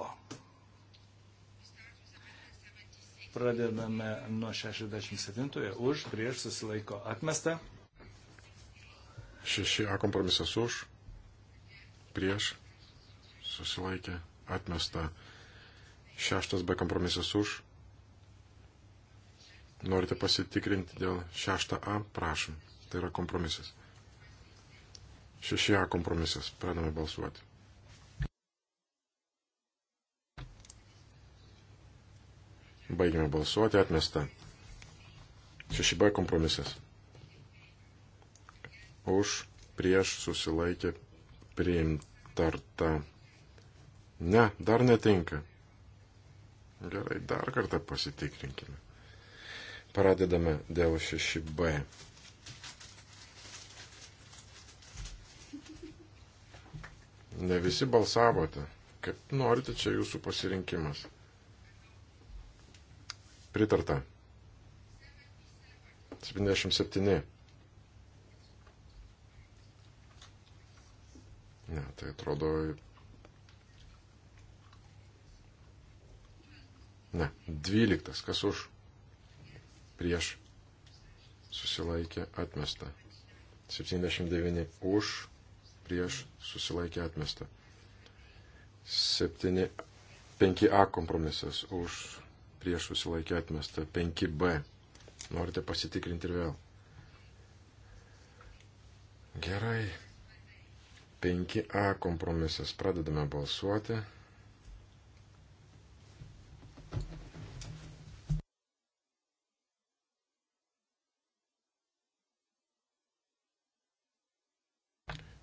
Pradedame nuo 67 už, prieš susilaiko atmesta. 6A kompromisas už, prieš susilaikė atmesta. 6B kompromisas už. Norite pasitikrinti dėl 6A, prašom. Tai yra kompromisas. 6A kompromisas. Pradame balsuoti. Baigime balsuoti, atmesta. 6B kompromisas. Už, prieš, susilaikė, priimtarta. Ne, dar netinka. Gerai, dar kartą pasitikrinkime. Pradedame dėl 6B. Ne visi balsavote. Kaip norite, čia jūsų pasirinkimas. Pritarta. 77. Ne, tai atrodo. Ne, 12. Kas už? Prieš. Susilaikė atmesta. 79. Už prieš susilaikė atmesta. 7, 5A kompromisas už prieš susilaikė atmesta. 5B. Norite pasitikrinti ir vėl. Gerai. 5A kompromisas. Pradedame balsuoti.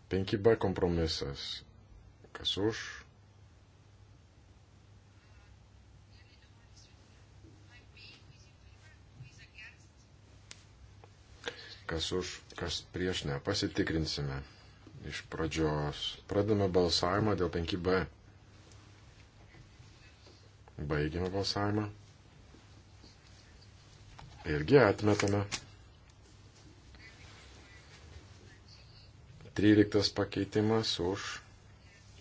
5B kompromisas. Kas už? Kas už, kas prieš ne. Pasitikrinsime iš pradžios. Pradame balsavimą dėl 5B. Baigime balsavimą. Irgi atmetame. 13 pakeitimas už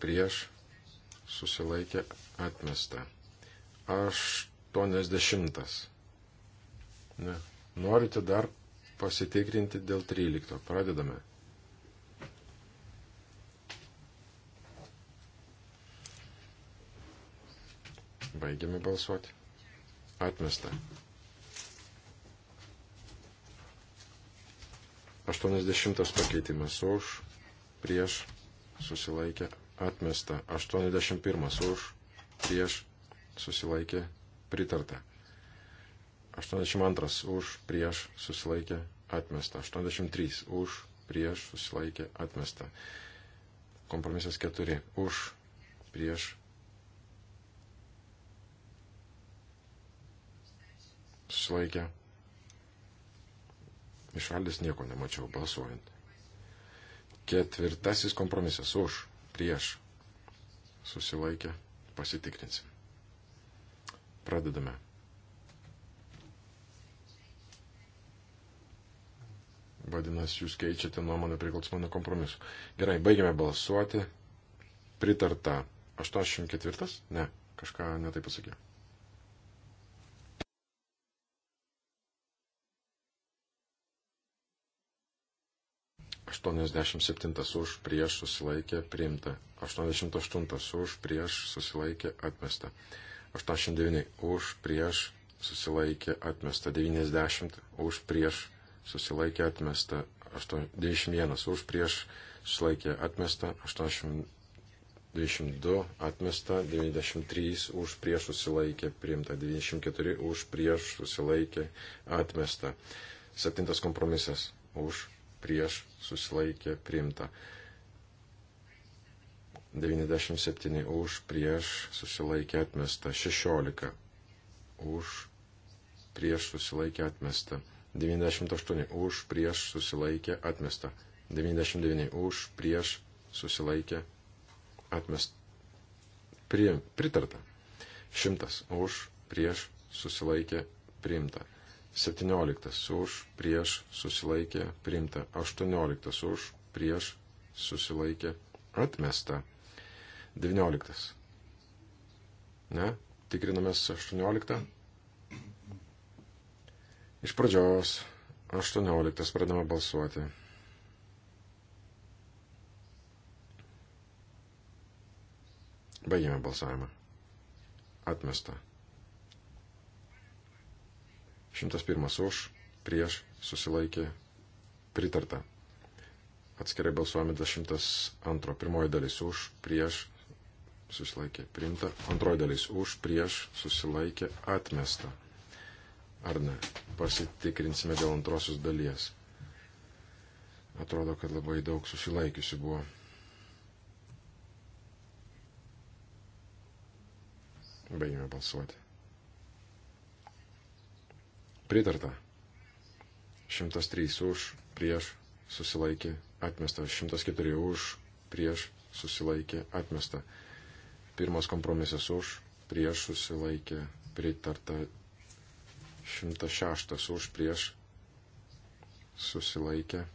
prieš susilaikė atmesta. 80. Ne. Norite dar pasitikrinti dėl 13. Pradedame. Baigiame balsuoti. Atmesta. 80 pakeitimas už prieš susilaikė atmesta. 81 už, prieš susilaikė pritarta. 82 už, prieš susilaikė atmesta. 83 už, prieš susilaikė atmesta. Kompromisas 4 už, prieš susilaikė. Išaldęs nieko nemačiau balsuojant. Ketvirtasis kompromisas už, prieš, susilaikę, pasitikrinsim. Pradedame. Vadinasi, jūs keičiate nuomonę priklausomai nuo kompromisų. Gerai, baigiame balsuoti. Pritarta. 84? Ne, kažką netai pasakiau. 87 už prieš susilaikė priimta. 88 už prieš susilaikė atmesta. 89 už prieš susilaikė atmesta. 90 už prieš susilaikė atmesta. 91 už prieš susilaikė atmesta. 82 atmesta. 93 už prieš susilaikė priimta. 94 už prieš susilaikė atmesta. Septintas kompromisas už prieš susilaikė primta. 97 už prieš susilaikė atmesta. 16 už prieš susilaikė atmesta. 98 už prieš susilaikė atmesta. 99 už prieš susilaikė atmesta. Pri, pritarta. 100 už prieš susilaikė priimta. 17 už, prieš, susilaikė, primta. 18 už, prieš, susilaikė, atmesta. 19. Ne? Tikrinamės 18. Iš pradžios 18 pradame balsuoti. Baigėme balsavimą. Atmesta. 101 už, prieš, susilaikė, pritarta. Atskirai balsuojame dėl 102. Pirmoji dalis už, prieš, susilaikė, priimta. Antroji dalis už, prieš, susilaikė, atmesta. Ar ne? Pasitikrinsime dėl antrosios dalies. Atrodo, kad labai daug susilaikiusi buvo. Baigime balsuoti. Pritarta. 103 už, prieš, susilaikė, atmesta. 104 už, prieš, susilaikė, atmesta. Pirmas kompromisas už, prieš, susilaikė, pritarta. 106 už, prieš, susilaikė.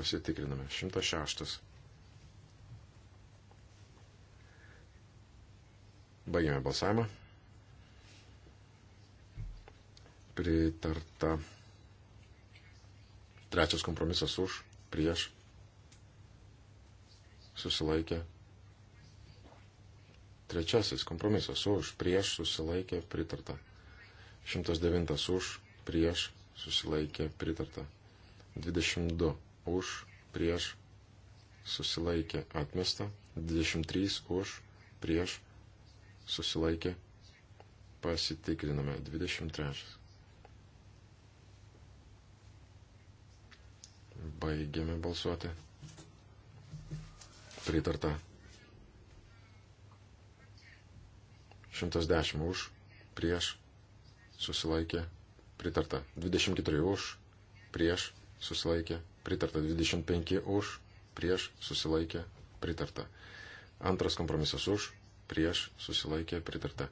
Pasitikriname. 106. Baigėme balsavimą. pritarta. Trečias kompromisas už, prieš, susilaikė. Trečiasis kompromisas už, prieš, susilaikė, pritarta. 109 už, prieš, susilaikė, pritarta. 22 už, prieš, susilaikė, atmesta. 23 už, prieš, susilaikė, pasitikriname. 23. Baigiame balsuoti. Pritarta. 110 už, prieš, susilaikė, pritarta. 24 už, prieš, susilaikė, pritarta. 25 už, prieš, susilaikė, pritarta. Antras kompromisas už, prieš, susilaikė, pritarta.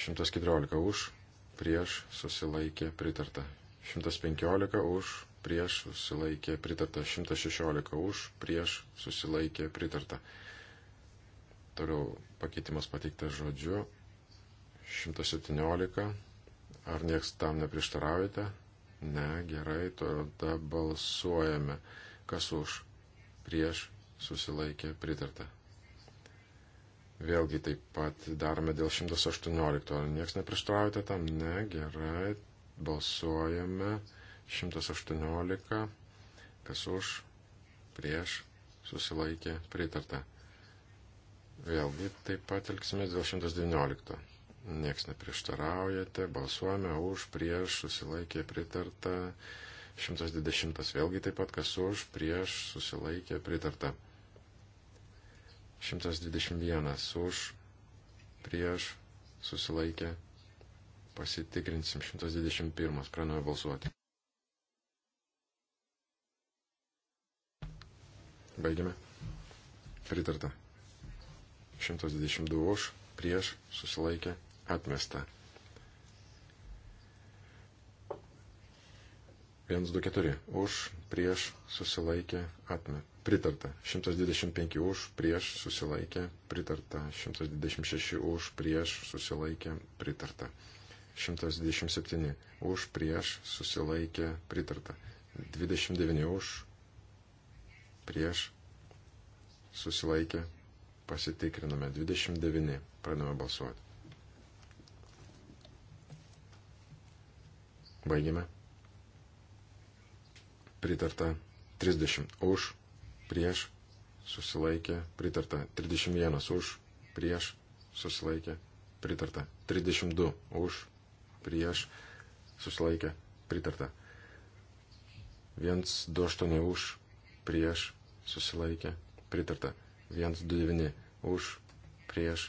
114 už, prieš, susilaikė, pritarta. 115 už, prieš susilaikė pritarta, 116 už, prieš susilaikė pritarta. Toliau pakeitimas pateiktas žodžiu, 117, ar nieks tam neprieštaraujate? Ne, gerai, tada balsuojame. Kas už, prieš susilaikė pritarta. Vėlgi taip pat darome dėl 118. Ar nieks neprieštaraujate tam? Ne, gerai, balsuojame. 118, kas už, prieš, susilaikė, pritarta. Vėlgi taip pat elgsimės dėl 119. Niekas neprieštaraujate, balsuojame už, prieš, susilaikė, pritarta. 120. Vėlgi taip pat kas už, prieš, susilaikė, pritarta. 121. Už, prieš, susilaikė, pasitikrinsim. 121. Pranuoja balsuoti. Baigiame. Pritarta. 122 už, prieš, susilaikė, atmesta. 124 už, prieš, susilaikė, atmesta. Pritarta. 125 už, prieš, susilaikė, pritarta. 126 už, prieš, susilaikė, pritarta. 127 už, prieš, susilaikė, pritarta. 29 už, prieš, susilaikė, pasitikriname 29, pradame balsuoti. Baigime. Pritarta 30 už, prieš, susilaikė, pritarta 31 už, prieš, susilaikė, pritarta 32 už, prieš, susilaikė, pritarta 128 už, prieš, susilaikė, pritarta. 129 už, prieš,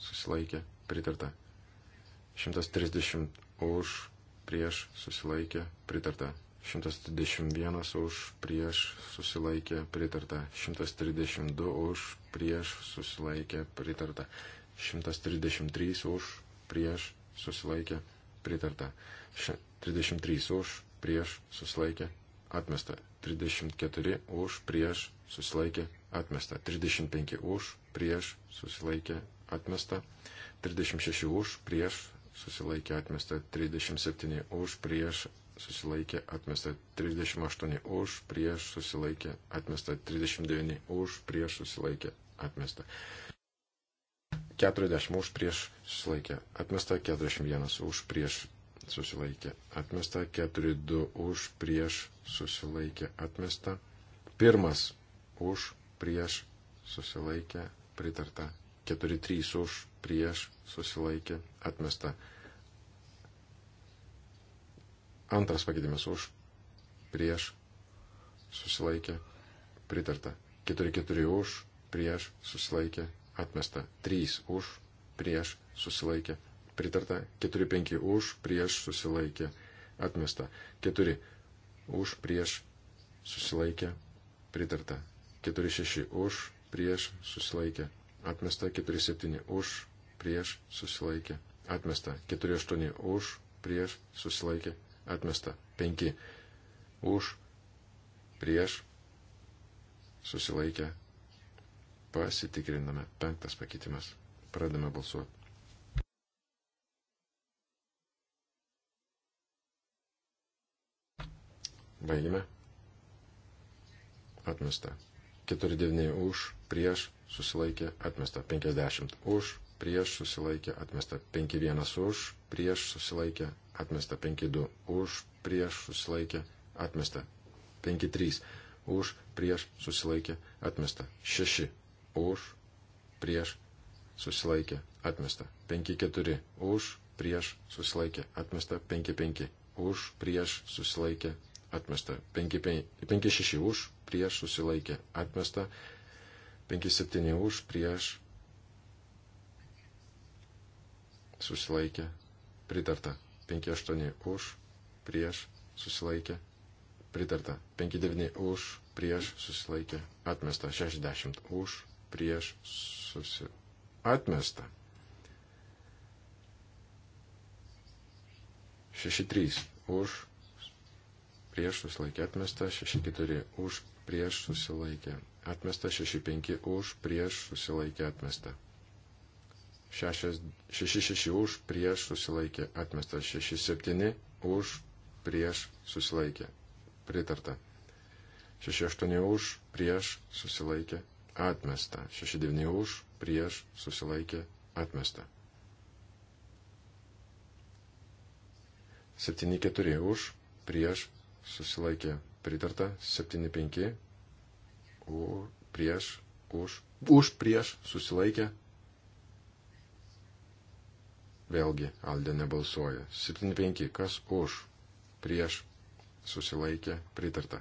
susilaikė, pritarta. 130 už, prieš, susilaikė, pritarta. 131 už, prieš, susilaikė, pritarta. 132 už, prieš, susilaikė, pritarta. 133 už, prieš, susilaikė, pritarta. 33 už, prieš, susilaikė, atmesta. 34 už prieš susilaikė atmesta, 35 už prieš susilaikė atmesta, 36 už prieš susilaikė atmesta, 37 už prieš susilaikė atmesta, 38 už prieš susilaikė atmesta, 39 už prieš susilaikė atmesta. 40 už prieš susilaikė atmesta, 41 už prieš susilaikė atmesta, 4-2 už, prieš susilaikė atmesta, pirmas už, prieš susilaikė pritarta, 4-3 už, prieš susilaikė atmesta. Antras pakeitimas už, prieš susilaikė pritarta, 4-4 už, prieš susilaikė atmesta, 3 už, prieš susilaikė pritarta, 4-5 už, prieš susilaikė, atmesta, 4 už, prieš susilaikė, pritarta, 4-6 už, prieš susilaikė, atmesta, 4-7 už, prieš susilaikė, atmesta, 4-8 už, prieš susilaikė, atmesta, 5 už, prieš susilaikė, pasitikriname, penktas pakeitimas, pradame balsuoti. Baigime. Atmesta. 49 už, prieš, susilaikė, atmesta. 50 už, prieš, susilaikė, atmesta. 51 už, prieš, susilaikė, atmesta. 52 už, prieš, susilaikė, atmesta. 53 už, prieš, susilaikė, atmesta. 6 už, prieš, susilaikė, atmesta. 5-4 už, prieš, susilaikė, atmesta. 5-5 už, prieš, susilaikė, atmesta. 5-6 už, prieš susilaikė, atmesta. 5-7 už, prieš susilaikė, pritarta. 5-8 už, prieš susilaikė, pritarta. 5-9 už, prieš susilaikė, atmesta. 60 už, prieš susilaikė, atmesta. 6-3 už, prieš susilaikė atmesta, 6-4 už, prieš susilaikė atmesta, 6-5 už, prieš susilaikė atmesta. 6-6 už, prieš susilaikė atmesta, 6-7 už, prieš susilaikė pritarta. 6-8 už, prieš susilaikė atmesta, 6-9 už, prieš susilaikė atmesta. 7-4 už, prieš susilaikė pritarta, 7-5, prieš, už, už prieš susilaikė. Vėlgi, Aldė nebalsuoja. 7-5, kas už, prieš susilaikė pritarta.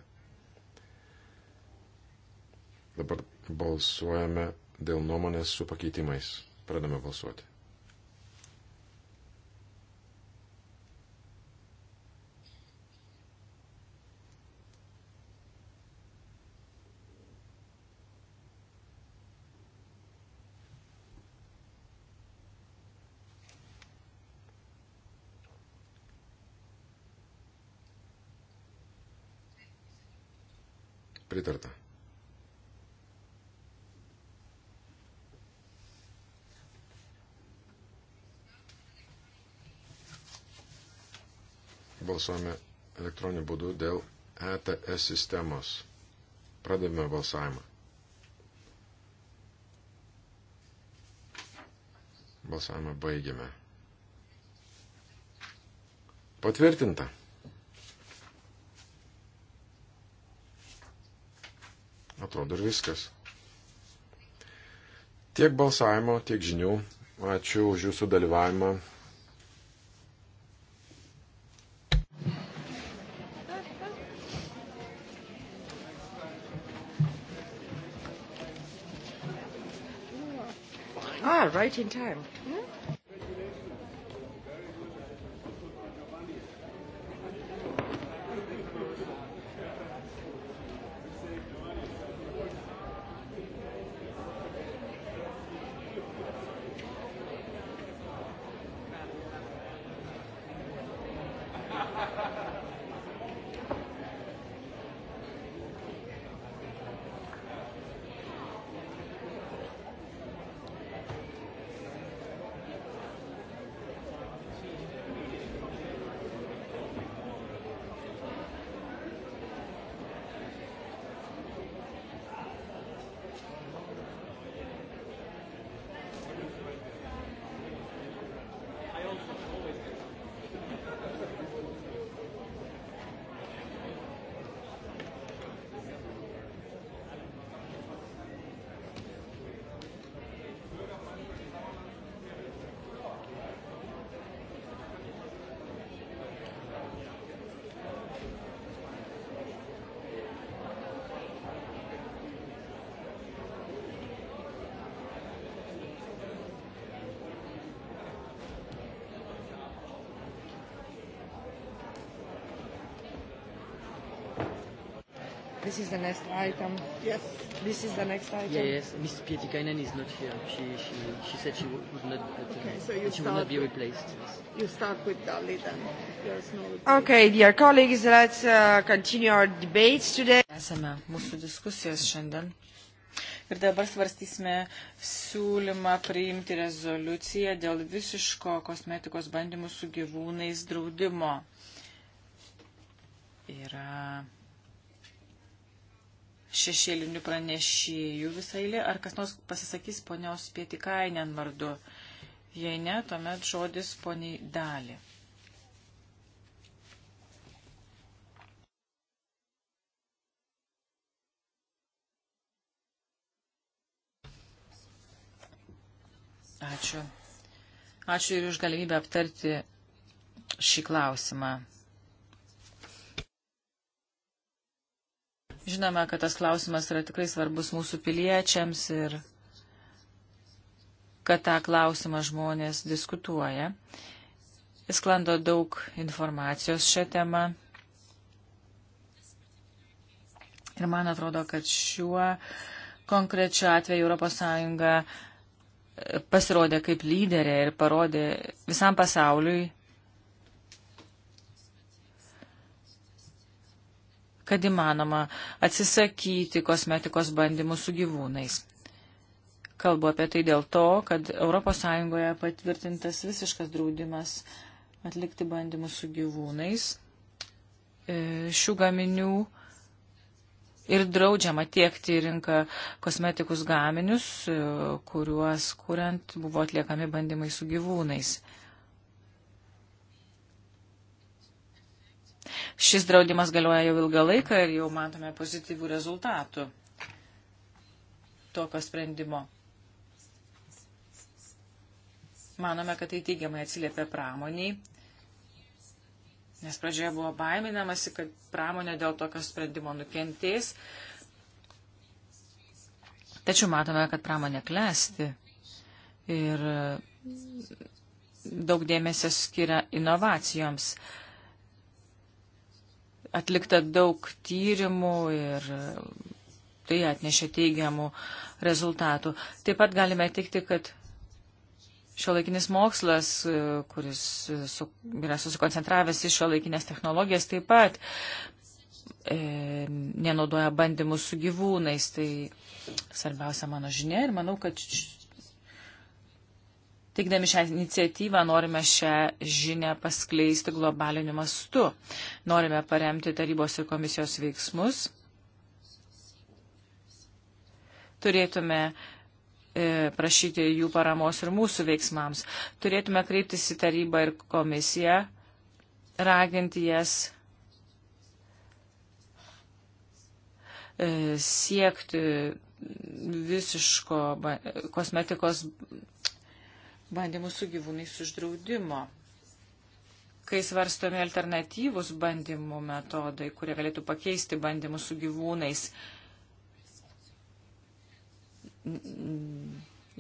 Dabar balsuojame dėl nuomonės su pakeitimais. Pradame balsuoti. pritarta. Balsuojame elektroniniu būdu dėl ETS sistemos. Pradedame balsavimą. Balsavimą baigiame. Patvirtinta. atrodo ir viskas. Tiek balsavimo, tiek žinių. Ačiū už jūsų dalyvavimą. Ah, right in time. Yeah. Hmm? This is the next item. Yes. This is the next item. Yeah, yes, Miss Pietikainen is not here. She, she, she said she would not, but, okay, uh, so you she will not be replaced. Yes. You start with Dali then. There's no replaced. okay, dear colleagues, let's uh, continue our debates today. Esame mūsų diskusijos šiandien. Ir dabar svarstysime siūlymą priimti rezoliuciją dėl visiško kosmetikos bandymų su gyvūnais draudimo. Yra šešėlinių pranešėjų visai lė. Ar kas nors pasisakys ponios Pietikainen vardu? Jei ne, tuomet žodis poniai dalį. Ačiū. Ačiū ir už galimybę aptarti šį klausimą. Žinome, kad tas klausimas yra tikrai svarbus mūsų piliečiams ir kad tą klausimą žmonės diskutuoja. Sklando daug informacijos šią temą. Ir man atrodo, kad šiuo konkrečiu atveju ES pasirodė kaip lyderė ir parodė visam pasauliui, kad įmanoma atsisakyti kosmetikos bandymų su gyvūnais. Kalbu apie tai dėl to, kad ES patvirtintas visiškas draudimas atlikti bandymus su gyvūnais. E, šių gaminių ir draudžiama tiekti į rinką kosmetikus gaminius, e, kuriuos kuriant buvo atliekami bandymai su gyvūnais. Šis draudimas galioja jau ilgą laiką ir jau matome pozityvų rezultatų tokio sprendimo. Manome, kad tai teigiamai atsiliepia pramoniai, nes pradžioje buvo baiminamasi, kad pramonė dėl tokio sprendimo nukentės. Tačiau matome, kad pramonė klesti ir daug dėmesio skiria inovacijoms atlikta daug tyrimų ir tai atnešė teigiamų rezultatų. Taip pat galime tikti, kad šiuolaikinis mokslas, kuris su, yra susikoncentravęs į šiuolaikinės technologijas, taip pat e, nenaudoja bandymų su gyvūnais. Tai svarbiausia mano žinia ir manau, kad š Teikdami šią iniciatyvą norime šią žinę paskleisti globaliniu mastu. Norime paremti tarybos ir komisijos veiksmus. Turėtume e, prašyti jų paramos ir mūsų veiksmams. Turėtume kreiptis į tarybą ir komisiją, raginti jas e, siekti visiško kosmetikos bandymų su gyvūnais uždraudimo. Kai svarstomi alternatyvus bandymų metodai, kurie galėtų pakeisti bandymus su gyvūnais,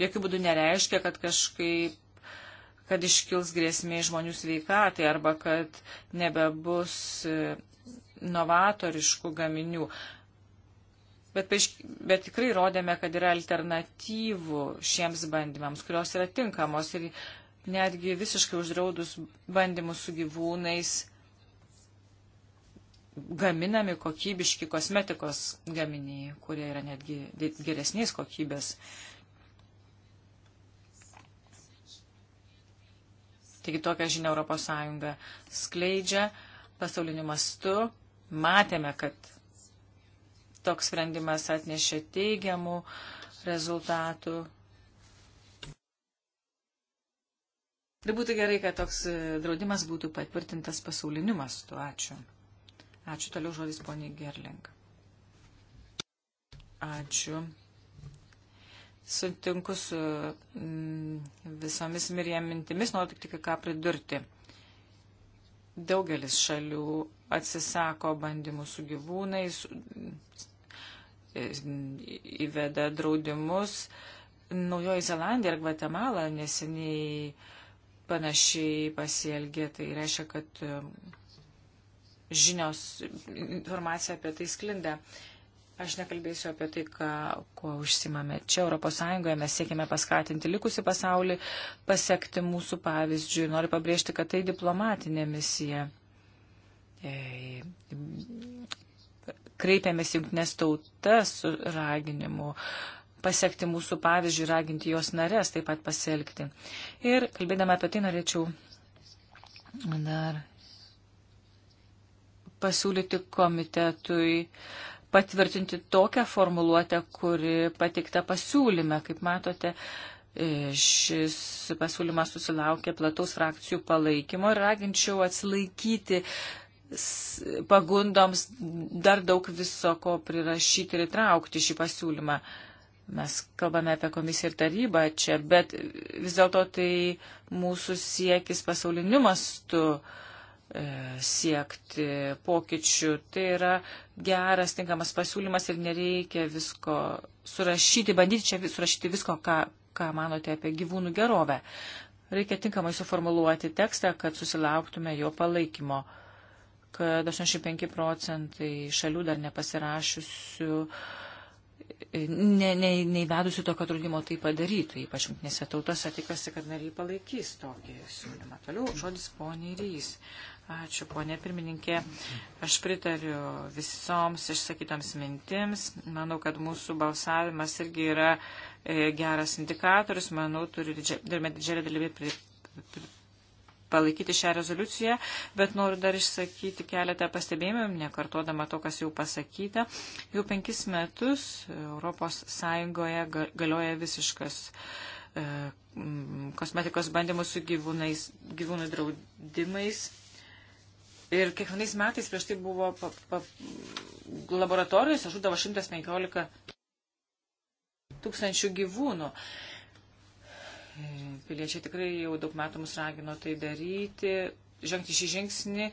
jokių būdų nereiškia, kad kažkaip kad iškils grėsmė žmonių sveikatai arba kad nebebus e, novatoriškų gaminių. Bet, bet tikrai rodėme, kad yra alternatyvų šiems bandymams, kurios yra tinkamos ir netgi visiškai uždraudus bandymus su gyvūnais gaminami kokybiški kosmetikos gaminiai, kurie yra netgi geresnės kokybės. Taigi tokią žinią ES skleidžia pasauliniu mastu. Matėme, kad toks sprendimas atnešė teigiamų rezultatų. Ir būtų gerai, kad toks e, draudimas būtų patvirtintas pasauliniu mastu. Ačiū. Ačiū toliau žodis poniai Gerling. Ačiū. Sutinku su mm, visomis miriem mintimis, noriu tik ką pridurti. Daugelis šalių atsisako bandymų su gyvūnais, įveda draudimus. Naujoji Zelandija ir Gvatemala neseniai panašiai pasielgė. Tai reiškia, kad um, žinios, informacija apie tai sklinda. Aš nekalbėsiu apie tai, ką, kuo užsimame. Čia ES mes siekime paskatinti likusi pasaulį, pasiekti mūsų pavyzdžių. Noriu pabrėžti, kad tai diplomatinė misija kreipėmės jungtinės tautas su raginimu pasiekti mūsų pavyzdžių, raginti jos narės taip pat pasielgti. Ir kalbėdama apie tai norėčiau dar pasiūlyti komitetui patvirtinti tokią formuluotę, kuri patikta pasiūlyme. Kaip matote, šis pasiūlymas susilaukė plataus frakcijų palaikymo ir raginčiau atsilaikyti pagundoms dar daug viso ko prirašyti ir įtraukti šį pasiūlymą. Mes kalbame apie komisiją ir tarybą čia, bet vis dėlto tai mūsų siekis pasauliniu mastu e, siekti pokyčių. Tai yra geras, tinkamas pasiūlymas ir nereikia visko surašyti, bandyti čia surašyti visko, ką, ką manote apie gyvūnų gerovę. Reikia tinkamai suformuluoti tekstą, kad susilauktume jo palaikymo kad 85 procentai šalių dar nepasirašiusių, ne, ne, neįvedusių tokio draudimo tai padarytų, ypač jungtinėse tautose tikasi, kad nariai palaikys tokį siūlymą. Toliau žodis poniai Rys. Ačiū, ponė pirmininkė. Aš pritariu visoms išsakytoms mintims. Manau, kad mūsų balsavimas irgi yra e, geras indikatorius. Manau, turime didžiulį dalyvį palaikyti šią rezoliuciją, bet noriu dar išsakyti keletą pastebėjimų, nekartodama to, kas jau pasakyta. Jau penkis metus ES galioja visiškas e, kosmetikos bandymus su gyvūnais, gyvūnų draudimais. Ir kiekvienais metais prieš tai buvo pa, pa, laboratorijose žudavo 115 tūkstančių gyvūnų. E, Piliečiai tikrai jau daug metų mus ragino tai daryti, žengti šį žingsnį.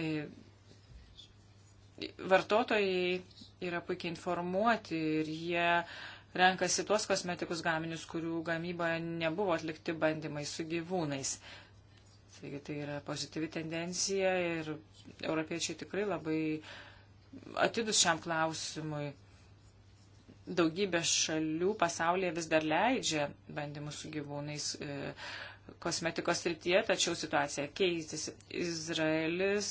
E, vartotojai yra puikiai informuoti ir jie renkasi tuos kosmetikus gaminius, kurių gamyboje nebuvo atlikti bandymai su gyvūnais. Taigi tai yra pozityvi tendencija ir europiečiai tikrai labai atidus šiam klausimui daugybė šalių pasaulyje vis dar leidžia bandymus su gyvūnais e, kosmetikos srityje, tačiau situacija keistis. Izraelis,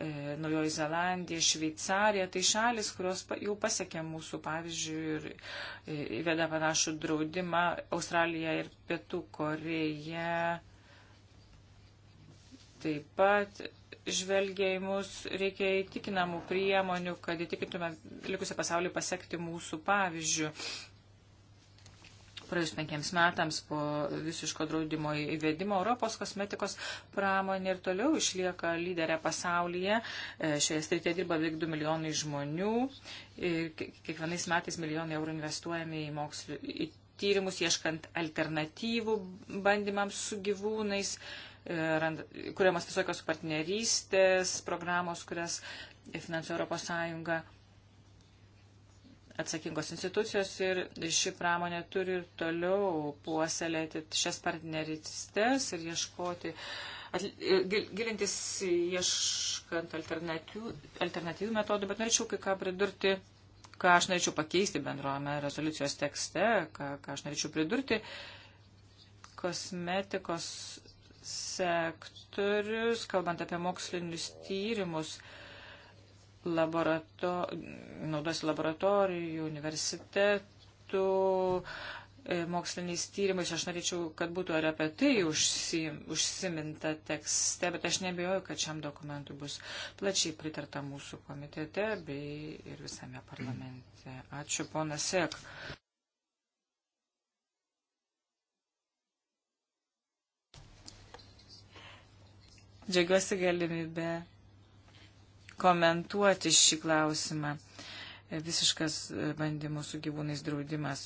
e, Naujoji Zelandija, Šveicarija, tai šalis, kurios jau pasiekė mūsų pavyzdžių ir e, įveda panašų draudimą. Australija ir Pietų Koreja taip pat žvelgia į mus, reikia įtikinamų priemonių, kad įtikintume likusią pasaulį pasiekti mūsų pavyzdžių. Praėjus penkiems metams po visiško draudimo įvedimo Europos kosmetikos pramonė ir toliau išlieka lyderė pasaulyje. E, šioje srityje dirba beveik 2 milijonai žmonių ir kiekvienais metais milijonai eurų investuojami į, mokslių, į tyrimus, ieškant alternatyvų bandymams su gyvūnais. E, E, kuriamas visokios partnerystės, programos, kurias finansuoja Europos Sąjunga atsakingos institucijos ir ši pramonė turi ir toliau puoselėti šias partneristės ir ieškoti, atli, e, gilintis ieškant alternatyvių, alternatyvių metodų, bet norėčiau kai ką pridurti, ką aš norėčiau pakeisti bendrojame rezoliucijos tekste, ką, ką aš norėčiau pridurti. Kosmetikos sektorius, kalbant apie mokslinius tyrimus, laborato, naudos laboratorijų, universitetų, e, moksliniais tyrimais. Aš norėčiau, kad būtų ir apie tai užsi, užsiminta tekste, bet aš nebejoju, kad šiam dokumentui bus plačiai pritarta mūsų komitete bei ir visame parlamente. Ačiū, ponas Sek. Džiaugiuosi galimybę komentuoti šį klausimą. Visiškas e, bandymų su gyvūnais draudimas.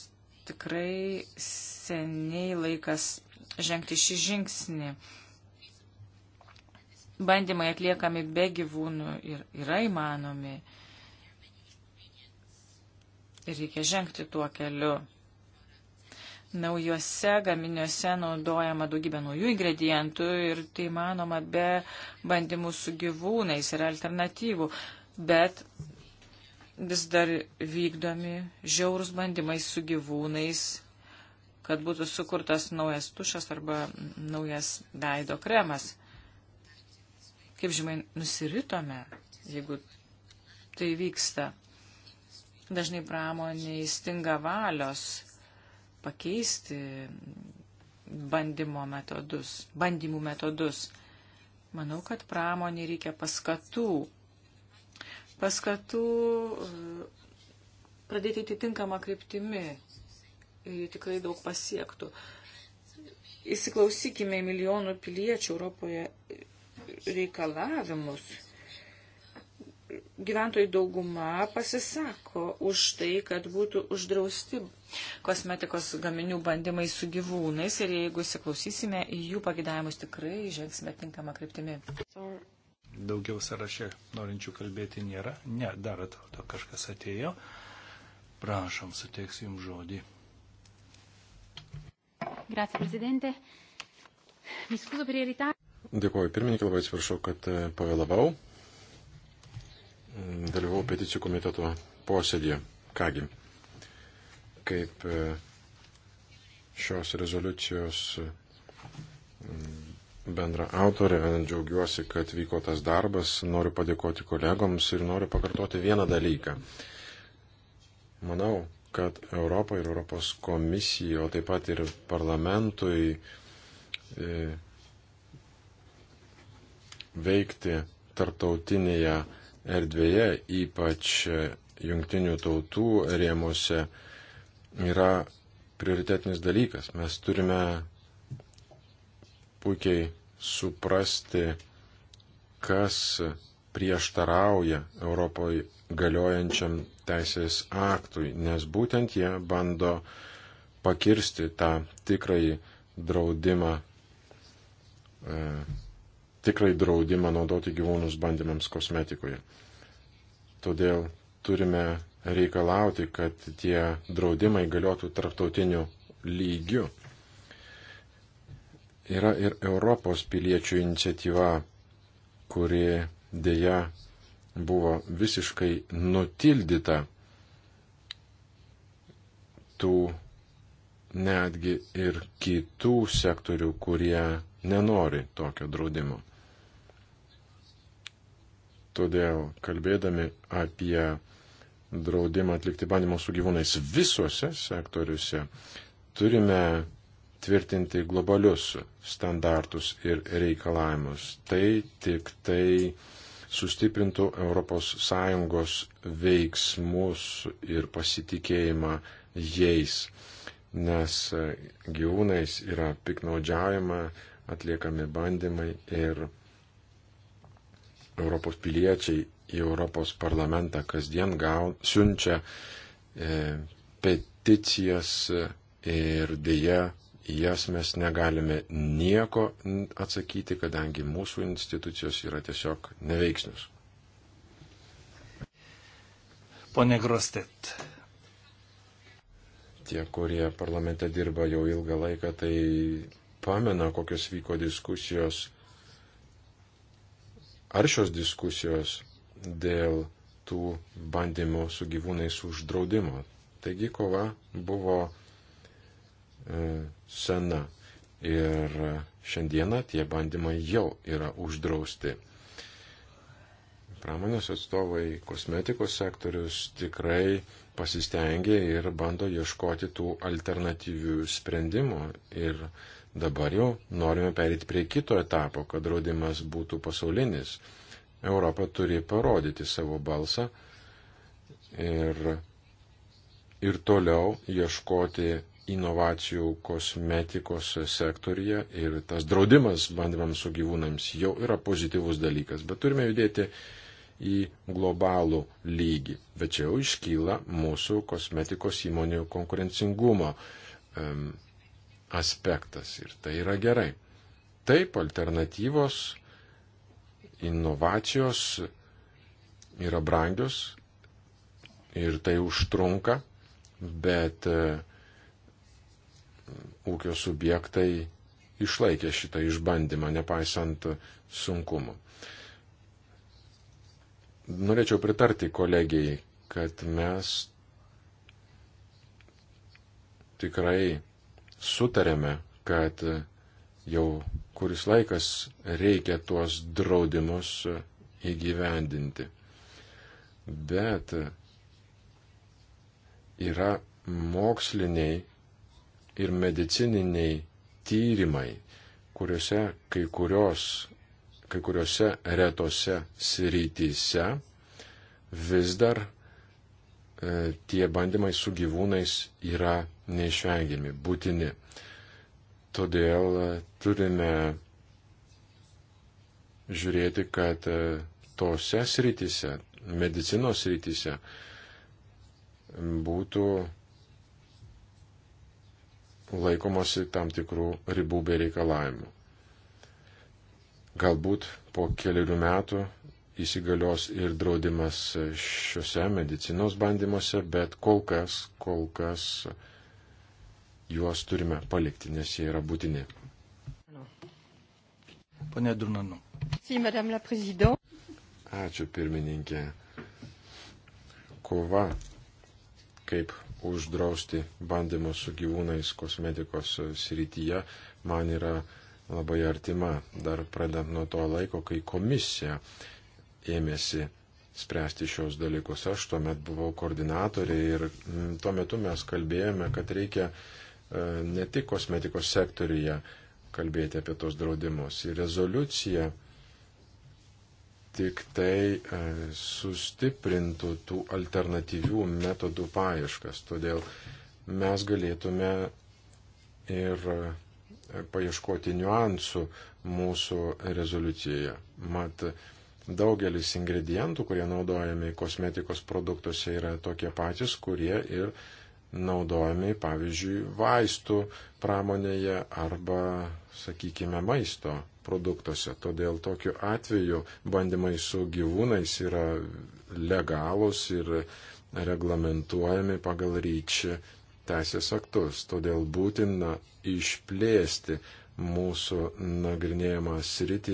Tikrai seniai laikas žengti šį žingsnį. Bandymai atliekami be gyvūnų ir yra įmanomi. Ir reikia žengti tuo keliu. Naujuose gaminiuose naudojama daugybė naujų ingredientų ir tai manoma be bandymų su gyvūnais ir alternatyvų, bet vis dar vykdomi žiaurus bandymai su gyvūnais, kad būtų sukurtas naujas tušas arba naujas veido kremas. Kaip žinai, nusiritome, jeigu tai vyksta. Dažnai pramoniai stinga valios pakeisti bandymo metodus, bandymų metodus. Manau, kad pramonį reikia paskatų. Paskatų e, pradėti atitinkamą kryptimį ir jį tikrai daug pasiektų. Įsiklausykime milijonų piliečių Europoje reikalavimus gyventojų dauguma pasisako už tai, kad būtų uždrausti kosmetikos gaminių bandymai su gyvūnais ir jeigu įsiklausysime į jų pagidavimus, tikrai žengsime tinkamą kryptimį. Daugiau sąraše norinčių kalbėti nėra. Ne, dar atrodo kažkas atėjo. Prašom, suteiksiu jums žodį. Grazie, prezidente. Mi scuso per il ritardo. Dėkuoju pirmininkai, labai atsiprašau, kad e, pavėlavau dalyvau peticijų komiteto posėdėje. Kągi, kaip e, šios rezoliucijos mm, bendra autorė, džiaugiuosi, kad vyko tas darbas, noriu padėkoti kolegoms ir noriu pakartoti vieną dalyką. Manau, kad Europai ir Europos komisijai, o taip pat ir parlamentui e, veikti tarptautinėje erdvėje, ypač jungtinių tautų rėmose, yra prioritetinis dalykas. Mes turime puikiai suprasti, kas prieštarauja Europoje galiojančiam teisės aktui, nes būtent jie bando pakirsti tą tikrąjį draudimą e, tikrai draudimą naudoti gyvūnus bandymams kosmetikoje. Todėl turime reikalauti, kad tie draudimai galiotų tarptautiniu lygiu. Yra ir Europos piliečių iniciatyva, kuri dėja buvo visiškai nutildyta tų netgi ir kitų sektorių, kurie nenori tokio draudimo. Todėl kalbėdami apie draudimą atlikti bandymus su gyvūnais visuose sektoriuose, turime tvirtinti globalius standartus ir reikalavimus. Tai tik tai sustiprintų ES veiksmus ir pasitikėjimą jais, nes gyvūnais yra piknaudžiaujama, atliekami bandymai ir Europos piliečiai į Europos parlamentą kasdien gaun, siunčia e, peticijas ir dėja į jas mes negalime nieko atsakyti, kadangi mūsų institucijos yra tiesiog neveiksnius. Pone Grostet. Tie, kurie parlamente dirba jau ilgą laiką, tai pamena, kokios vyko diskusijos aršios diskusijos dėl tų bandymų su gyvūnais uždraudimo. Taigi kova buvo e, sena ir šiandieną tie bandymai jau yra uždrausti. Pramonės atstovai kosmetikos sektorius tikrai pasistengė ir bando ieškoti tų alternatyvių sprendimų ir Dabar jau norime perėti prie kito etapo, kad draudimas būtų pasaulinis. Europa turi parodyti savo balsą ir, ir toliau ieškoti inovacijų kosmetikos sektorija ir tas draudimas bandymams su gyvūnams jau yra pozityvus dalykas, bet turime judėti į globalų lygį. Bet čia jau iškyla mūsų kosmetikos įmonių konkurencingumo um, aspektas ir tai yra gerai. Taip, alternatyvos, inovacijos yra brangios ir tai užtrunka, bet e, ūkio subjektai išlaikė šitą išbandymą, nepaisant sunkumų. Norėčiau pritarti kolegijai, kad mes tikrai sutarėme, kad jau kuris laikas reikia tuos draudimus įgyvendinti. Bet yra moksliniai ir medicininiai tyrimai, kuriuose kai, kurios, kai kuriuose retose srityse vis dar e, tie bandymai su gyvūnais yra neišvengiami, būtini. Todėl e, turime žiūrėti, kad e, tose srityse, medicinos srityse būtų laikomasi tam tikrų ribų bei reikalavimų. Galbūt po keliarių metų įsigalios ir draudimas šiuose medicinos bandymuose, bet kol kas, kol kas juos turime palikti, nes jie yra būtini. Pane Dunanu. Ačiū pirmininkė. Kova, kaip uždrausti bandymus su gyvūnais kosmetikos srityje, man yra labai artima. Dar pradant nuo to laiko, kai komisija ėmėsi spręsti šios dalykus. Aš tuomet buvau koordinatorė ir mm, tuo metu mes kalbėjome, kad reikia E, ne tik kosmetikos sektoriuje kalbėti apie tos draudimus. Ir rezoliucija tik tai e, sustiprintų tų alternatyvių metodų paieškas. Todėl mes galėtume ir e, paieškoti niuansų mūsų rezoliucijoje. Mat, daugelis ingredientų, kurie naudojami kosmetikos produktuose, yra tokie patys, kurie ir naudojami, pavyzdžiui, vaistų pramonėje arba, sakykime, maisto produktuose. Todėl tokiu atveju bandymai su gyvūnais yra legalūs ir reglamentuojami pagal ryčių teisės aktus. Todėl būtina išplėsti mūsų nagrinėjimą sritį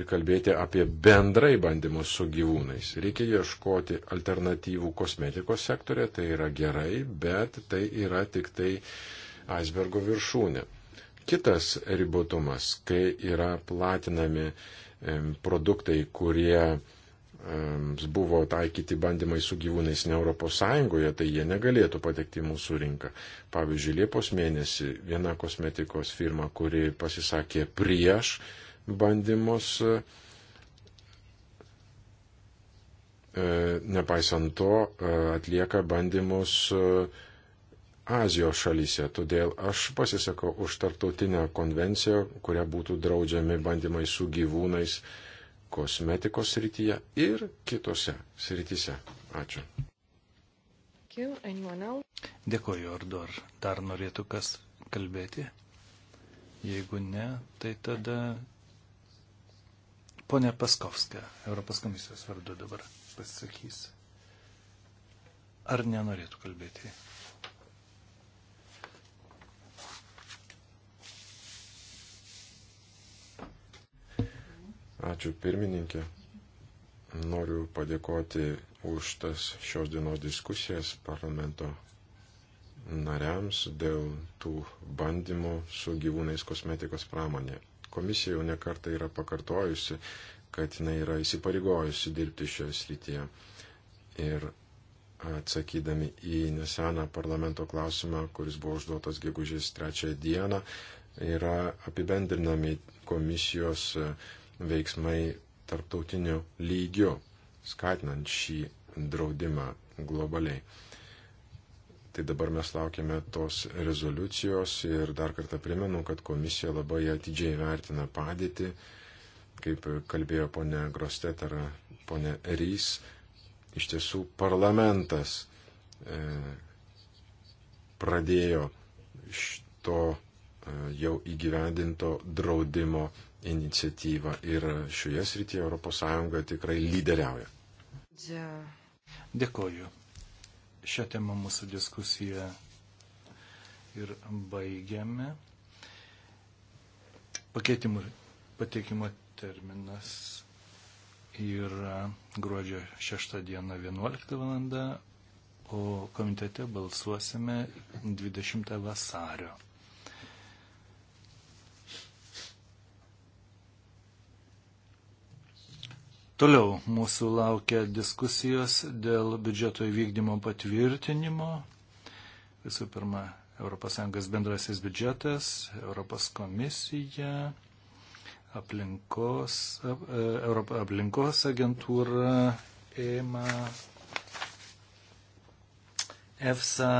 ir kalbėti apie bendrai bandymus su gyvūnais. Reikia ieškoti alternatyvų kosmetikos sektorė, tai yra gerai, bet tai yra tik tai aisbergo viršūnė. Kitas ribotumas, kai yra platinami produktai, kurie buvo taikyti bandymai su gyvūnais ne Europos Sąjungoje, tai jie negalėtų patekti į mūsų rinką. Pavyzdžiui, Liepos mėnesį viena kosmetikos firma, kuri pasisakė prieš bandymus, e, nepaisant to, e, atlieka bandymus e, Azijos šalyse, todėl aš pasisakau už tarptautinę konvenciją, kuria būtų draudžiami bandymai su gyvūnais kosmetikos srityje ir kitose srityse. Ačiū. Dėkoju, ar dar, dar norėtų kas kalbėti? Jeigu ne, tai tada ponė Paskovska, Europos komisijos vardu dabar pasisakys. Ar nenorėtų kalbėti? Ačiū pirmininkė. Noriu padėkoti už tas šios dienos diskusijas parlamento nariams dėl tų bandymų su gyvūnais kosmetikos pramonė. Komisija jau nekartą yra pakartojusi, kad jinai yra įsipareigojusi dirbti šioje srityje. Ir atsakydami į neseną parlamento klausimą, kuris buvo užduotas gegužės trečiąją dieną, yra apibendrinami komisijos uh, veiksmai tarptautiniu lygiu, skatinant šį draudimą globaliai. Tai dabar mes laukiame tos rezoliucijos ir dar kartą primenu, kad komisija labai atidžiai vertina padėtį, kaip kalbėjo ponė Grostet ar ponė Rys, iš tiesų parlamentas e, pradėjo šito e, jau įgyvendinto draudimo iniciatyvą ir šioje srityje ES tikrai lyderiauja. Dėkoju. Šią temą mūsų diskusiją ir baigiame. Pakeitimų pateikimo terminas yra gruodžio 6 diena 11 val. O komitete balsuosime 20 vasario. Toliau mūsų laukia diskusijos dėl biudžeto įvykdymo patvirtinimo. Visų pirma, ES bendrasis biudžetas, ES komisija, aplinkos, e, Europo, aplinkos agentūra, EMA, EFSA,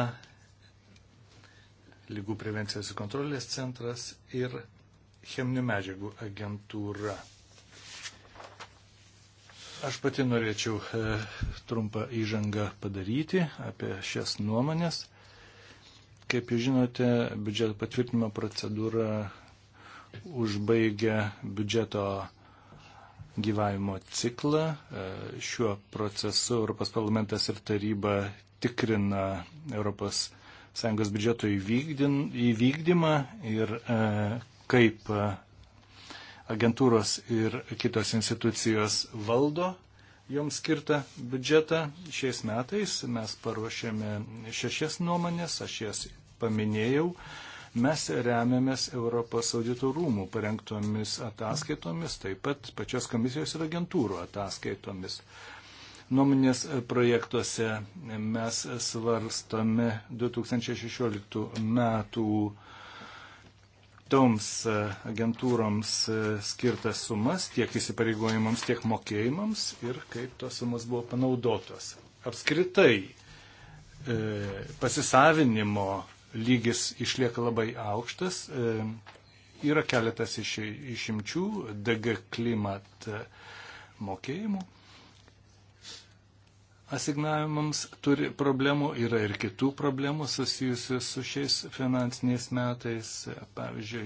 lygų prevencijos ir kontrolės centras ir cheminių medžiagų agentūra. Aš pati norėčiau e, trumpą įžangą padaryti apie šias nuomonės. Kaip jūs žinote, biudžeto patvirtinimo procedūra užbaigia biudžeto gyvavimo ciklą. E, šiuo procesu Europos parlamentas ir taryba tikrina Europos Sąjungos biudžeto įvykdymą ir e, kaip agentūros ir kitos institucijos valdo joms skirtą biudžetą. Šiais metais mes paruošėme šešias nuomonės, aš jas paminėjau. Mes remiamės Europos audito rūmų parengtomis ataskaitomis, taip pat pačios komisijos ir agentūrų ataskaitomis. Nuomonės projektuose mes svarstame 2016 metų toms e, agentūroms e, skirtas sumas tiek įsipareigojimams, tiek mokėjimams ir kaip tos sumas buvo panaudotos. Apskritai e, pasisavinimo lygis išlieka labai aukštas. Yra keletas iš, išimčių DG klimat mokėjimų asignavimams turi problemų, yra ir kitų problemų susijusių su šiais finansiniais metais. Pavyzdžiui,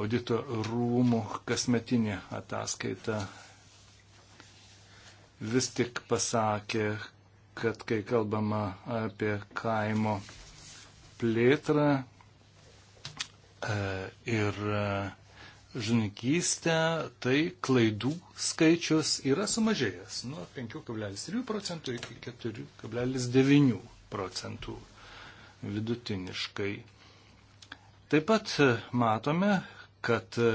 audito rūmų kasmetinė ataskaita vis tik pasakė, kad kai kalbama apie kaimo plėtrą e, ir e, žunikystę, tai klaidų skaičius yra sumažėjęs nuo 5,3 procentų iki 4,9 procentų vidutiniškai. Taip pat e, matome, kad e,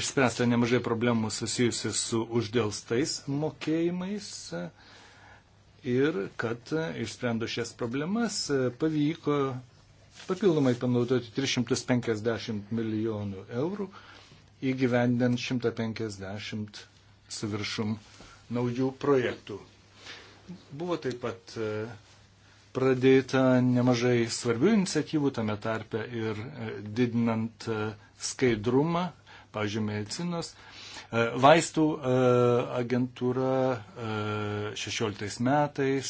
išspręsta nemažai problemų susijusi su uždėlstais mokėjimais e, ir kad išsprendus šias problemas pavyko papildomai panaudoti 350 milijonų eurų įgyvendinant 150 su viršum naujų projektų. Buvo taip pat e, pradėta nemažai svarbių iniciatyvų tame tarpe ir e, didinant e, skaidrumą, pavyzdžiui, medicinos. Vaistų agentūra 16 metais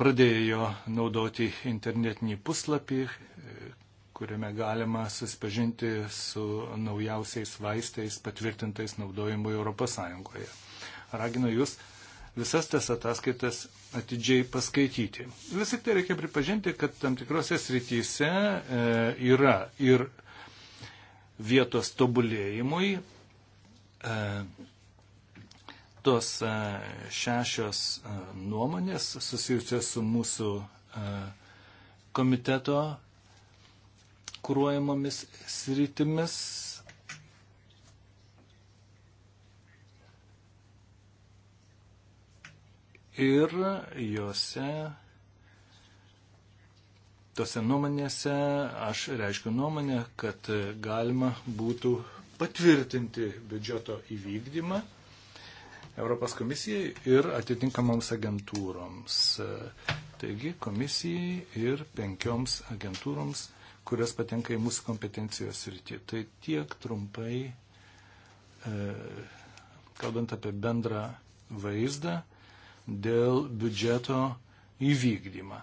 pradėjo naudoti internetinį puslapį, kuriame galima susipažinti su naujausiais vaistais patvirtintais naudojimu Europos Sąjungoje. Raginu Jūs visas tas ataskaitas atidžiai paskaityti. Vis tik tai reikia pripažinti, kad tam tikrose srityse e, yra ir vietos tobulėjimui. E, tos e, šešios e, nuomonės susijusios su mūsų e, komiteto kūruojamomis sritimis. Ir juose, tose nuomonėse, aš reiškiu nuomonę, kad galima būtų patvirtinti biudžeto įvykdymą Europos komisijai ir atitinkamoms agentūroms. Taigi komisijai ir penkioms agentūroms, kurios patenka į mūsų kompetencijos rytį. Tai tiek trumpai, e, kalbant apie bendrą vaizdą dėl biudžeto įvykdymą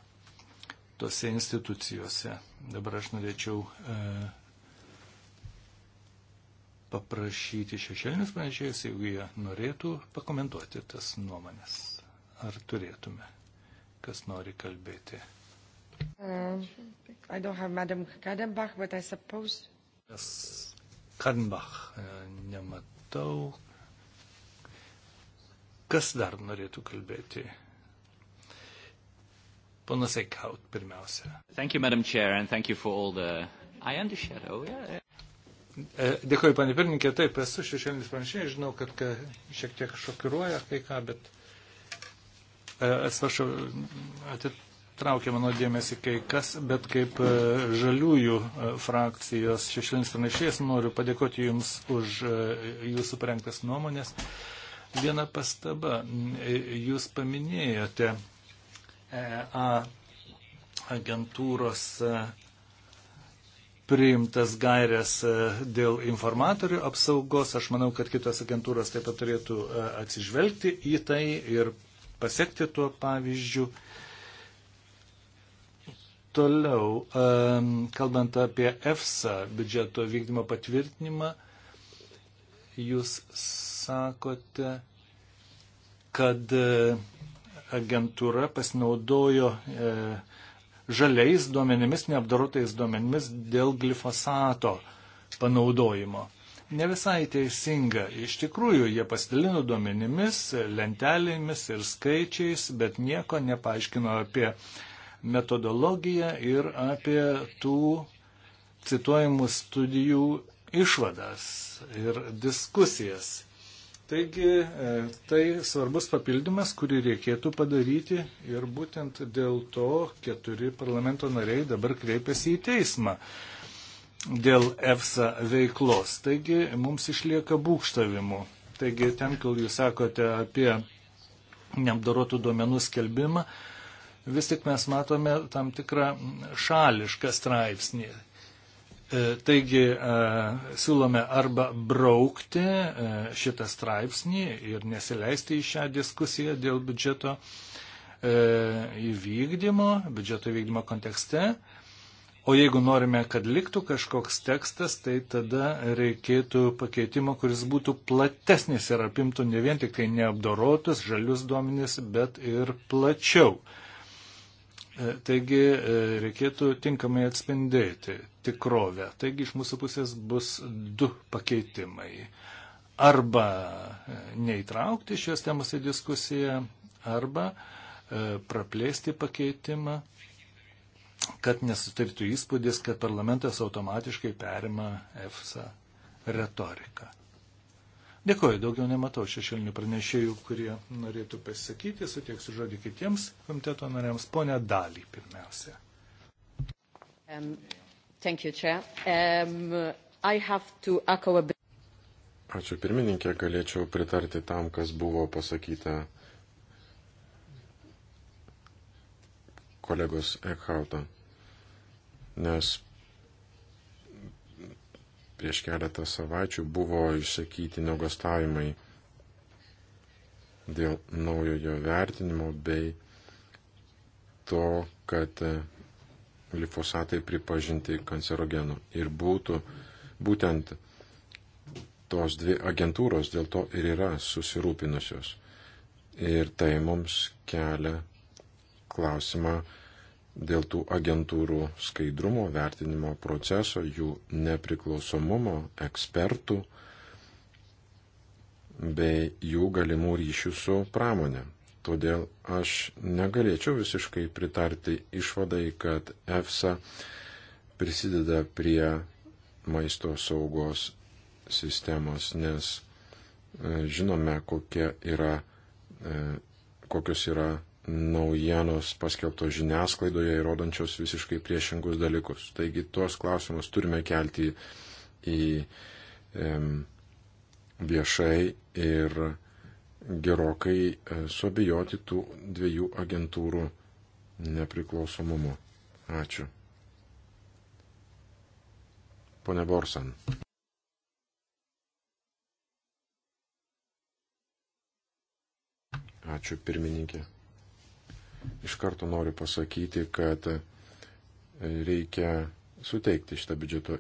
tose institucijose. Dabar aš norėčiau e, paprašyti šešėlinius pranešėjus, jeigu jie norėtų pakomentuoti tas nuomonės. Ar turėtume, kas nori kalbėti? Uh, I don't have Madam Kadenbach, but I suppose. Yes, Kadenbach, uh, nematau. Kas dar norėtų kalbėti? Ponas Eikaut, pirmiausia. Thank you, Madam Chair, and thank you for all the... I am the shadow, oh, yeah. E, Dėkuoju, panė pirmininkė, taip, esu šešėlinis pranešėjas, žinau, kad šiek tiek šokiruoja kai ką, bet e, atsiprašau, atitraukė mano dėmesį kai kas, bet kaip e, žaliųjų frakcijos šešėlinis pranešėjas noriu padėkoti Jums už Jūsų parengtas nuomonės. Viena pastaba, Jūs paminėjote EA agentūros priimtas gairias e, dėl informatorių apsaugos. Aš manau, kad kitos agentūros taip pat turėtų e, atsižvelgti į tai ir pasiekti tuo pavyzdžiu. Toliau, e, kalbant apie EFSA biudžeto vykdymo patvirtinimą, jūs sakote, kad agentūra pasinaudojo e, žaliais duomenimis, neapdarotais duomenimis dėl glifosato panaudojimo. Ne visai teisinga. Iš tikrųjų, jie pasidalino duomenimis, lentelėmis ir skaičiais, bet nieko nepaaiškino apie metodologiją ir apie tų cituojamų studijų išvadas ir diskusijas. Taigi e, tai svarbus papildymas, kurį reikėtų padaryti ir būtent dėl to keturi parlamento nariai dabar kreipiasi į teismą dėl EFSA veiklos. Taigi mums išlieka būkštavimų. Taigi ten, kol jūs sakote apie neapdorotų duomenų skelbimą, vis tik mes matome tam tikrą šališką straipsnį. E, taigi e, siūlome arba braukti e, šitą straipsnį ir nesileisti į šią diskusiją dėl biudžeto įvykdymo, biudžeto įvykdymo kontekste. O jeigu norime, kad liktų kažkoks tekstas, tai tada reikėtų pakeitimo, kuris būtų platesnis ir apimtų ne vien tik tai neapdorotus žalius duomenis, bet ir plačiau. Uh, E, taigi e, reikėtų tinkamai atspindėti tikrovę. Taigi iš mūsų pusės bus du pakeitimai. Arba e, neįtraukti šios temos į diskusiją, arba praplėsti pakeitimą, kad nesutartų įspūdis, kad parlamentas automatiškai perima EFSA retoriką. Dėkuoju, daugiau nematau šešėlinių pranešėjų, kurie norėtų pasisakyti, suteiksiu žodį kitiems komiteto nariams, ponę dalį pirmiausia. Um, you, um, to... Ačiū pirmininkė, galėčiau pritarti tam, kas buvo pasakyta kolegos Ekhauto, nes Prieš keletą savaičių buvo išsakyti nuogastavimai dėl naujojo vertinimo bei to, kad glifosatai pripažinti kancerogenų. Ir būtų būtent tos dvi agentūros dėl to ir yra susirūpinusios. Ir tai mums kelia klausimą, dėl tų agentūrų skaidrumo, vertinimo proceso, jų nepriklausomumo, ekspertų bei jų galimų ryšių su pramonė. Todėl aš negalėčiau visiškai pritarti išvadai, kad EFSA prisideda prie maisto saugos sistemos, nes e, žinome, kokia yra, e, kokios yra naujienos paskelbtos žiniasklaidoje įrodančios visiškai priešingus dalykus. Taigi tuos klausimus turime kelti į em, viešai ir gerokai e, sobijoti tų dviejų agentūrų nepriklausomumu. Ačiū. Pone Borsan. Ačiū pirmininkė. Iš karto noriu pasakyti, kad reikia suteikti šitą biudžeto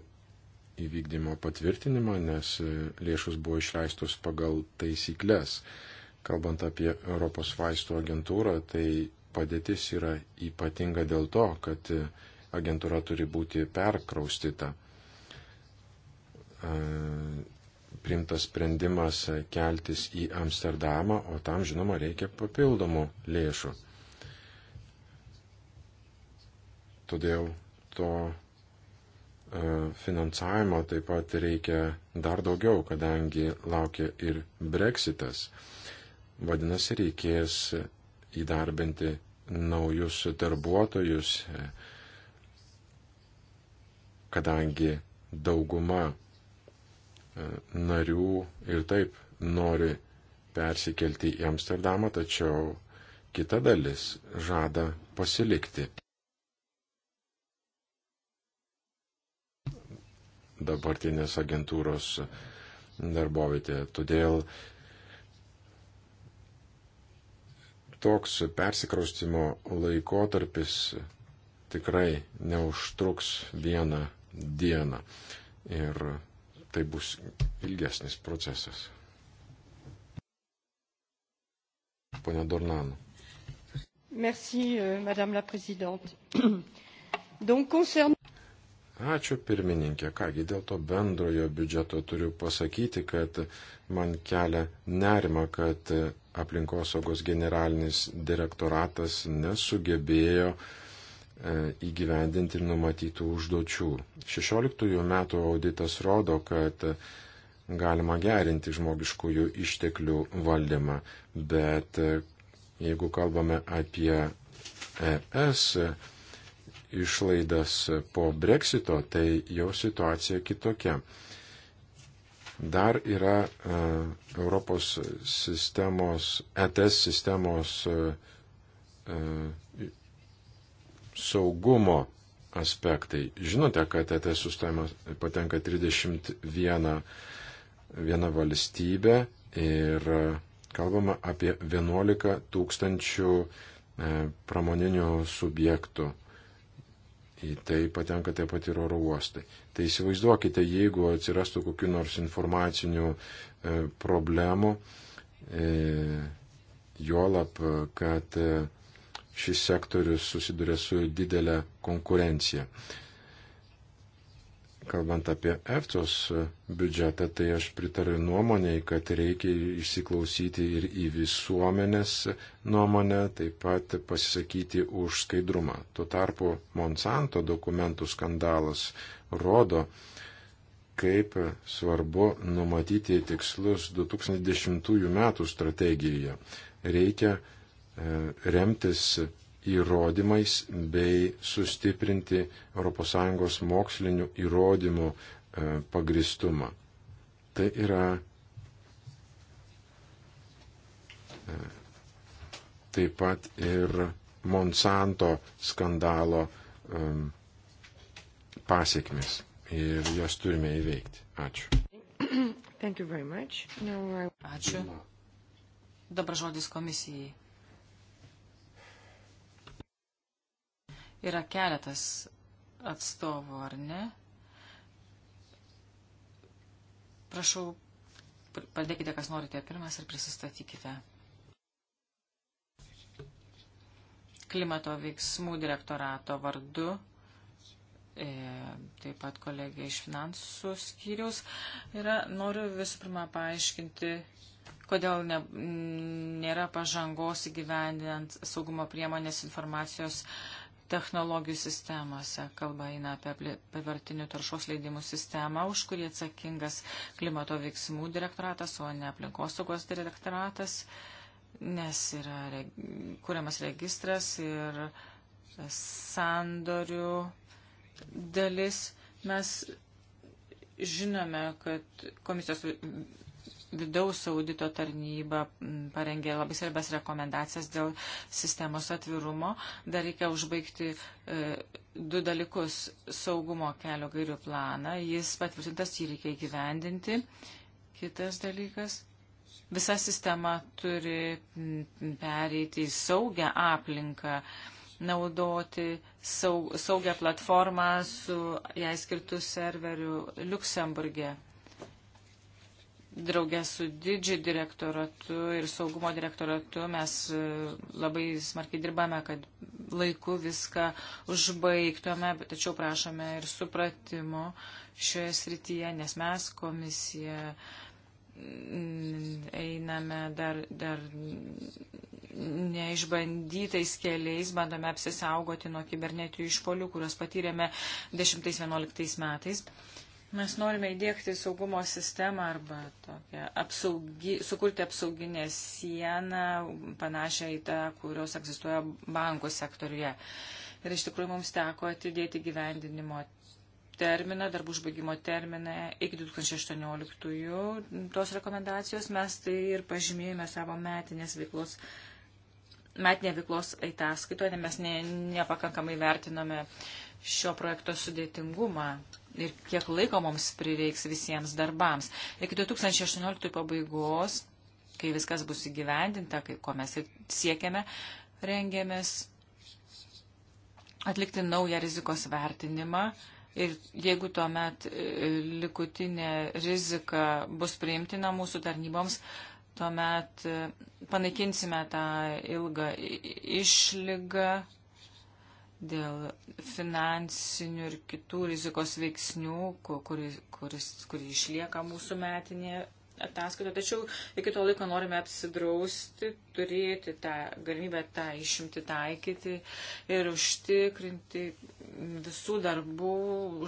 įvykdymo patvirtinimą, nes lėšus buvo išleistos pagal taisyklės. Kalbant apie Europos vaistų agentūrą, tai padėtis yra ypatinga dėl to, kad agentūra turi būti perkraustita. Primtas sprendimas keltis į Amsterdamą, o tam žinoma reikia papildomų lėšų. Todėl to e, finansavimo taip pat reikia dar daugiau, kadangi laukia ir breksitas. Vadinasi, reikės įdarbinti naujus darbuotojus, e, kadangi dauguma e, narių ir taip nori persikelti į Amsterdamą, tačiau kita dalis žada pasilikti. dabartinės agentūros darbovietė. Todėl toks persikraustimo laikotarpis tikrai neužtruks vieną dieną. Ir tai bus ilgesnis procesas. Pone Dornanu. Merci, euh, Madame la Présidente. Donc, concernant... Ačiū pirmininkė. Kągi dėl to bendrojo biudžeto turiu pasakyti, kad man kelia nerima, kad aplinkosaugos generalinis direktoratas nesugebėjo e, įgyvendinti numatytų užduočių. 16 metų auditas rodo, kad galima gerinti žmogiškųjų išteklių valdymą, bet e, jeigu kalbame apie ES, išlaidas po breksito, tai jau situacija kitokia. Dar yra e, Europos sistemos, ETS sistemos e, e, saugumo aspektai. Žinote, kad ETS sistemas patenka 31 viena valstybė ir kalbama apie 11 tūkstančių pramoninių subjektų į tai patenka taip pat ir oro uostai. Tai įsivaizduokite, jeigu atsirastų kokiu nors informacinių e, problemų, e, juolap, kad e, šis sektorius susiduria su didelė konkurencija. E, Kalbant apie EFTOS biudžetą, tai aš pritariu nuomonėj, kad reikia išsiklausyti ir į visuomenės nuomonę, taip pat pasisakyti už skaidrumą. Tuo tarpu Monsanto dokumentų skandalas rodo, kaip svarbu numatyti tikslus 2010 metų strategijoje. Reikia e, remtis įrodymais bei sustiprinti ES mokslinių įrodymų e, pagristumą. Tai yra e, taip pat ir Monsanto skandalo pasiekmes ir jas turime įveikti. Ačiū. Now... Ačiū. Dabar žodis komisijai. Yra keletas atstovų, ar ne? Prašau, pradėkite, kas norite pirmas ir prisistatykite. Klimato veiksmų direktorato vardu, e, taip pat kolegė iš finansų skyriaus, yra, noriu visų pirma paaiškinti, kodėl ne, nėra pažangos įgyvendinant saugumo priemonės informacijos e, technologijų sistemose. Kalba eina apie pavartinių taršos leidimų sistemą, už kurį atsakingas klimato veiksmų direktoratas, o ne aplinkosaugos direktoratas, nes yra reg kuriamas registras ir sandorių dalis. Mes žinome, kad komisijos vidaus audito tarnyba parengė labai svarbias rekomendacijas dėl sistemos atvirumo. Dar reikia užbaigti e, du dalykus - saugumo kelio gairių planą. Jis patvirtintas, jį reikia įgyvendinti. Kitas dalykas - visa sistema turi pereiti į saugią aplinką naudoti saug, saugią platformą su jai skirtų serveriu Luksemburgė draugę su didžiu direktoratu ir saugumo direktoratu mes e, labai smarkiai dirbame, kad laiku viską užbaigtume, tačiau prašome ir supratimo šioje srityje, nes mes komisija einame dar, dar neišbandytais keliais, bandome apsisaugoti nuo kibernetinių išpolių, kuriuos patyrėme 10-11 metais. Mes norime įdėkti saugumo sistemą arba tokią apsaugi, sukurti apsauginę sieną, panašią į tą, kurios egzistuoja bankų sektoriuje. Ir iš tikrųjų mums teko atidėti gyvendinimo terminą, darbų užbaigimo terminą iki 2018-ųjų. Tos rekomendacijos mes tai ir pažymėjome savo metinės veiklos, metinė veiklos ataskaitoje, nes mes ne, nepakankamai vertiname šio projekto sudėtingumą ir kiek laiko mums prireiks visiems darbams. Iki 2018 pabaigos, kai viskas bus įgyvendinta, kai, ko mes ir siekiame, rengiamės atlikti naują rizikos vertinimą. Ir jeigu tuomet e, likutinė rizika bus priimtina mūsų tarnyboms, tuomet e, panaikinsime tą ilgą išlygą dėl finansinių ir kitų rizikos veiksnių, kuris, kuris, kuris išlieka mūsų metinėje ataskaitoje. Tačiau iki to laiko norime apsidrausti, turėti tą galimybę tą išimti taikyti ir užtikrinti visų darbų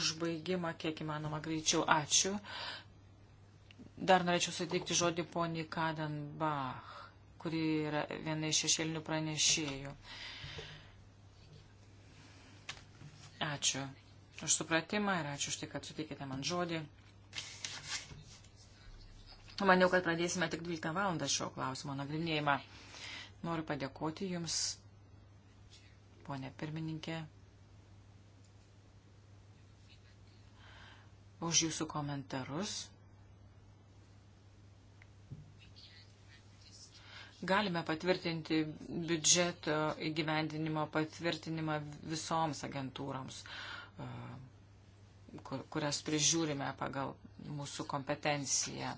užbaigimą kiek įmanoma greičiau. Ačiū. Dar norėčiau suteikti žodį poniai Kadenbach, kuri yra viena iš šešėlinių pranešėjų. Uh, Ačiū už supratimą ir ačiū už tai, kad suteikėte man žodį. Maniau, kad pradėsime tik 12 valandą šio klausimo nagrinėjimą. Noriu padėkoti Jums, ponė pirmininkė, už Jūsų komentarus. Galime patvirtinti biudžeto įgyvendinimo patvirtinimą visoms agentūroms, e, kurias prižiūrime pagal mūsų kompetenciją.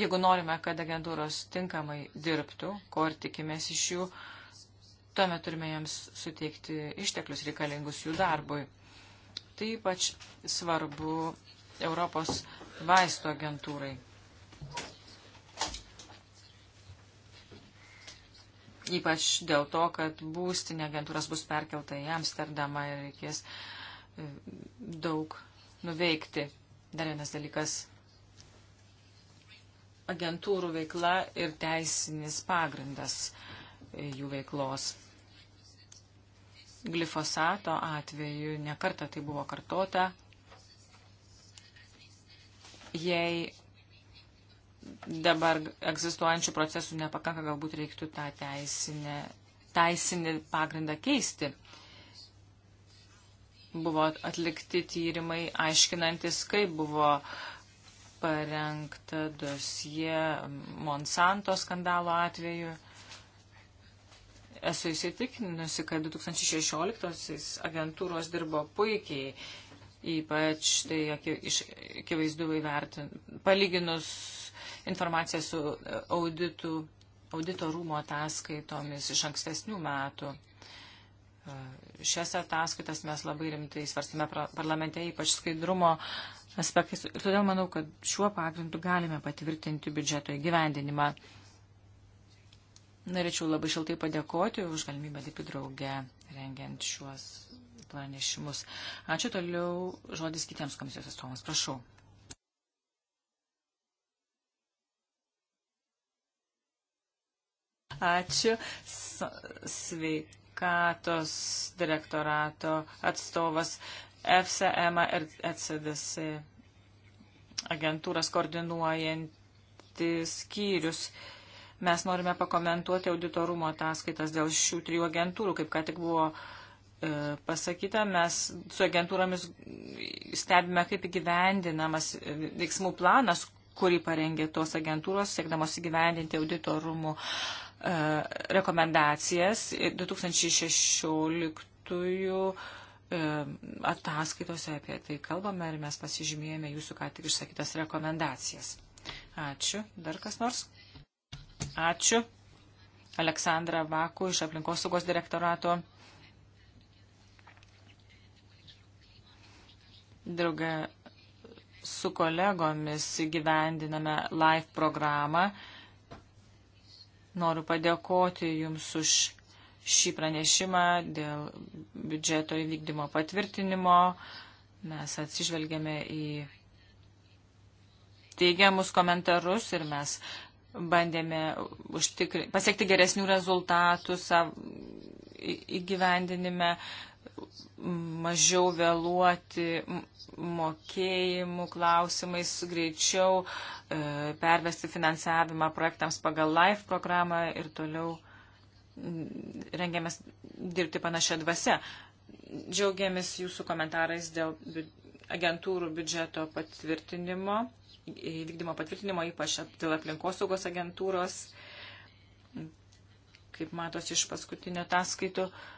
Jeigu norime, kad agentūros tinkamai dirbtų, ko ir tikimės iš jų, tuomet turime jiems suteikti išteklius reikalingus jų darbui. Tai ypač svarbu Europos vaistų agentūrai. Ypač dėl to, kad būstinė agentūros bus perkelta į Amsterdamą ir reikės e, daug nuveikti. Dar vienas dalykas - agentūrų veikla ir teisinis pagrindas e, jų veiklos. Glifosato atveju nekarta tai buvo kartota. Jei dabar egzistuojančių procesų nepakanka, galbūt reiktų tą teisinę, teisinį pagrindą keisti. Buvo atlikti tyrimai aiškinantis, kaip buvo parengta dosie Monsanto skandalo atveju esu įsitikinusi, kad 2016-aisiais agentūros dirbo puikiai, ypač tai akivaizdu įvertin, palyginus informaciją su e, auditu, audito rūmo ataskaitomis iš ankstesnių metų. E, šias ataskaitas mes labai rimtai svarstame parlamente, ypač skaidrumo aspektais. Ir todėl manau, kad šiuo pagrindu galime patvirtinti biudžeto įgyvendinimą. Norėčiau labai šiltai padėkoti už galimybę dirbti drauge, rengiant šiuos pranešimus. Ačiū toliau žodis kitiems komisijos atstovams. Prašau. Ačiū. Sveikatos direktorato atstovas FCM ir ECDC agentūras koordinuojantis skyrius. Mes norime pakomentuoti auditorumo ataskaitas dėl šių trijų agentūrų, kaip ką tik buvo e, pasakyta, mes su agentūromis stebime, kaip įgyvendinamas e, veiksmų planas, kurį parengė tos agentūros, siekdamos įgyvendinti auditorumų uh, rekomendacijas 2016 e, ataskaitose apie tai kalbame ir mes pasižymėjome jūsų ką tik išsakytas rekomendacijas. Ačiū. Dar kas nors? Ačiū. Aleksandra Vaku iš aplinkosaugos direktorato. Draugė su kolegomis gyvendiname live programą Noriu padėkoti Jums už šį pranešimą dėl biudžeto įvykdymo patvirtinimo. Mes atsižvelgėme į teigiamus komentarus ir mes bandėme užtikri, pasiekti geresnių rezultatų sav, įgyvendinime mažiau vėluoti mokėjimų klausimais, greičiau e, pervesti finansavimą projektams pagal LIFE programą ir toliau rengiamės dirbti panašią dvasę. Džiaugiamės jūsų komentarais dėl agentūrų biudžeto patvirtinimo, įvykdymo patvirtinimo, ypač dėl aplinkosaugos agentūros, kaip matos iš paskutinio ataskaitų. E,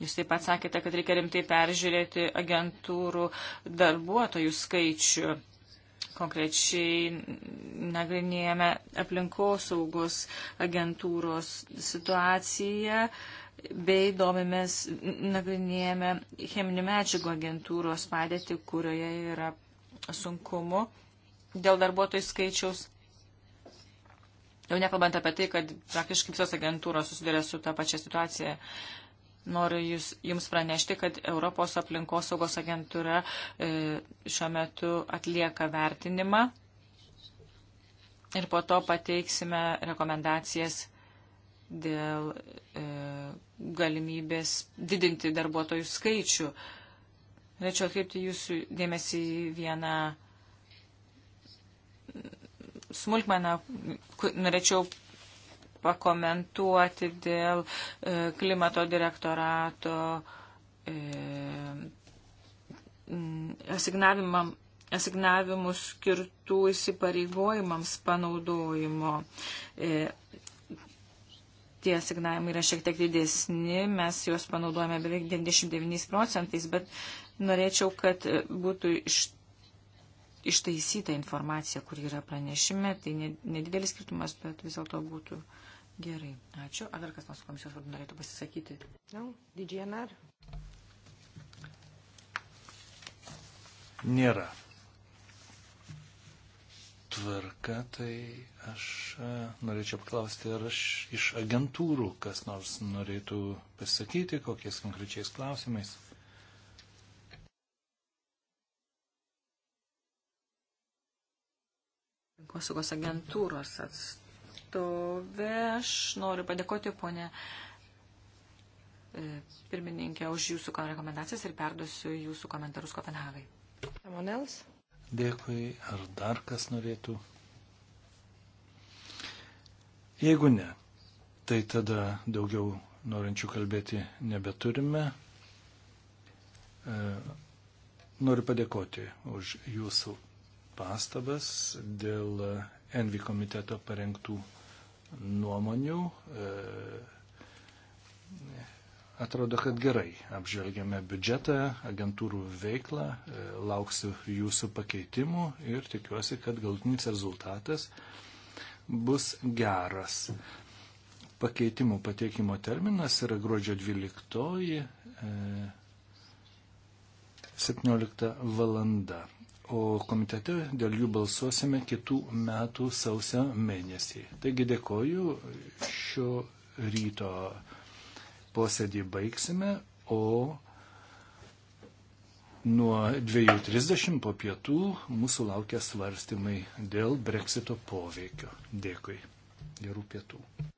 Jūs taip pat sakėte, kad reikia rimtai peržiūrėti agentūrų darbuotojų skaičių. Konkrečiai nagrinėjame aplinkosaugos agentūros situaciją bei domimės, nagrinėjame cheminių medžiagų agentūros padėtį, kurioje yra sunkumu dėl darbuotojų skaičiaus. Jau nekalbant apie tai, kad praktiškai visos agentūros susiduria su tą pačią situaciją. Noriu jūs, Jums pranešti, kad Europos aplinkosaugos agentūra e, šiuo metu atlieka vertinimą ir po to pateiksime rekomendacijas dėl e, galimybės didinti darbuotojų skaičių. Norėčiau atkreipti jūsų dėmesį į vieną smulkmeną, norėčiau pakomentuoti dėl e, klimato direktorato e, asignavimų skirtų įsipareigojimams panaudojimo. E, tie asignavimai yra šiek tiek didesni, mes juos panaudojame beveik 99 procentais, bet norėčiau, kad būtų iš, ištaisyta informacija, kur yra pranešime. Tai nedidelis skirtumas, bet vis dėlto būtų. Uh, Gerai, ačiū. Ar dar kas nors komisijos vardu norėtų pasisakyti? No, nu, DGNR. Nėra. Tvarka, tai aš norėčiau paklausti, ar aš iš agentūrų kas nors norėtų pasisakyti, kokiais konkrečiais klausimais. aplinkosaugos agentūros atstovas atstovė. Aš noriu padėkoti ponė e, pirmininkė už jūsų rekomendacijas ir perduosiu jūsų komentarus Kopenhagai. Dėkui. Ar dar kas norėtų? Jeigu ne, tai tada daugiau norinčių kalbėti nebeturime. E, noriu padėkoti už jūsų pastabas dėl Envi komiteto parengtų nuomonių. E, atrodo, kad gerai apžvelgėme biudžetą, agentūrų veiklą, e, lauksiu jūsų pakeitimų ir tikiuosi, kad galtinis rezultatas bus geras. Pakeitimų pateikimo terminas yra gruodžio 12. 17 e, valanda o komitete dėl jų balsuosime kitų metų sausio mėnesį. Taigi dėkoju, šio ryto posėdį baigsime, o nuo 2.30 po pietų mūsų laukia svarstymai dėl breksito poveikio. Dėkui. Gerų pietų.